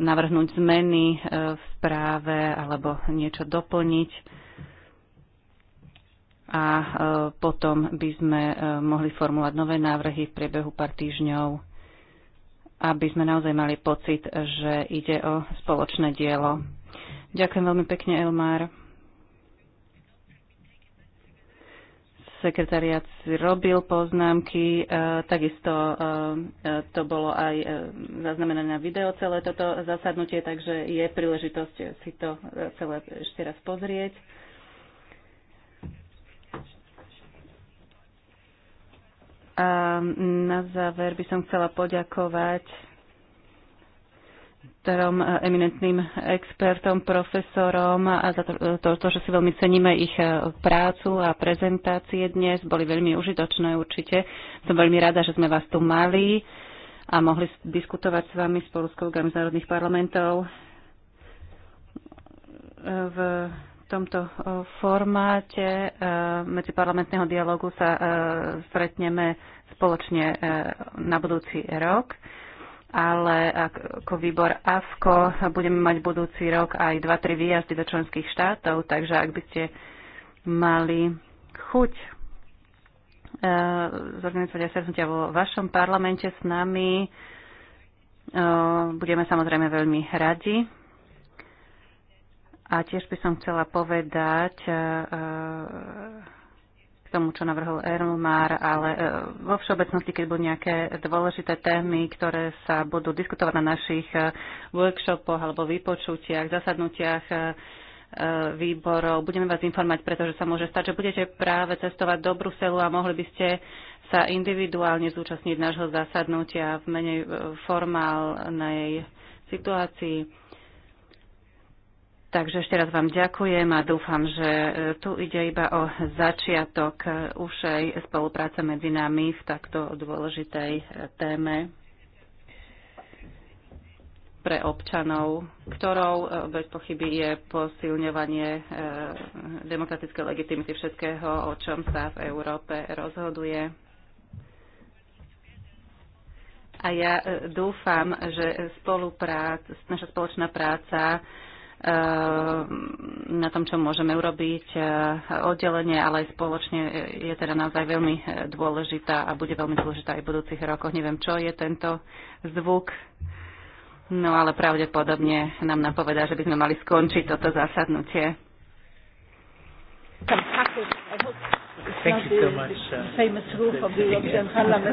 navrhnúť zmeny v správe alebo niečo doplniť. A potom by sme mohli formulovať nové návrhy v priebehu pár týždňov aby sme naozaj mali pocit, že ide o spoločné dielo. Ďakujem veľmi pekne, Elmar. sekretariat si robil poznámky, e, takisto e, e, to bolo aj zaznamenané na video celé toto zasadnutie, takže je príležitosť si to celé ešte raz pozrieť. A na záver by som chcela poďakovať ktorom e, eminentným expertom, profesorom a za to, e, to, to, že si veľmi ceníme ich e, prácu a prezentácie dnes. Boli veľmi užitočné určite. Som veľmi rada, že sme vás tu mali a mohli diskutovať s vami spolu s kolegami z národných parlamentov v tomto e, formáte e, medziparlamentného dialogu sa e, stretneme spoločne na budúci rok, ale ako výbor AFKO budeme mať budúci rok aj 2-3 výjazdy do členských štátov, takže ak by ste mali chuť zorganizovať aj srdnutia vo vašom parlamente s nami, budeme samozrejme veľmi radi a tiež by som chcela povedať e, e, k tomu, čo navrhol Erlmar, ale e, vo všeobecnosti, keď budú nejaké dôležité témy, ktoré sa budú diskutovať na našich workshopoch alebo vypočutiach, zasadnutiach výborov, budeme vás informovať, pretože sa môže stať, že budete práve cestovať do Bruselu a mohli by ste sa individuálne zúčastniť nášho zasadnutia v menej formálnej situácii. Takže ešte raz vám ďakujem a dúfam, že e, tu ide iba o začiatok e, ušej spolupráce medzi nami v takto dôležitej e, téme pre občanov, ktorou bez pochyby je posilňovanie demokratickej legitimity všetkého, o čom sa v Európe rozhoduje. A ja dúfam, že spoluprác, naša spoločná práca na tom, čo môžeme urobiť e, oddelenie, ale aj spoločne je teda naozaj veľmi e, dôležitá a bude veľmi dôležitá aj v budúcich rokoch. Neviem, čo je tento zvuk, no ale pravdepodobne nám napovedá, že by sme mali skončiť toto zasadnutie. Thank you so much. Uh,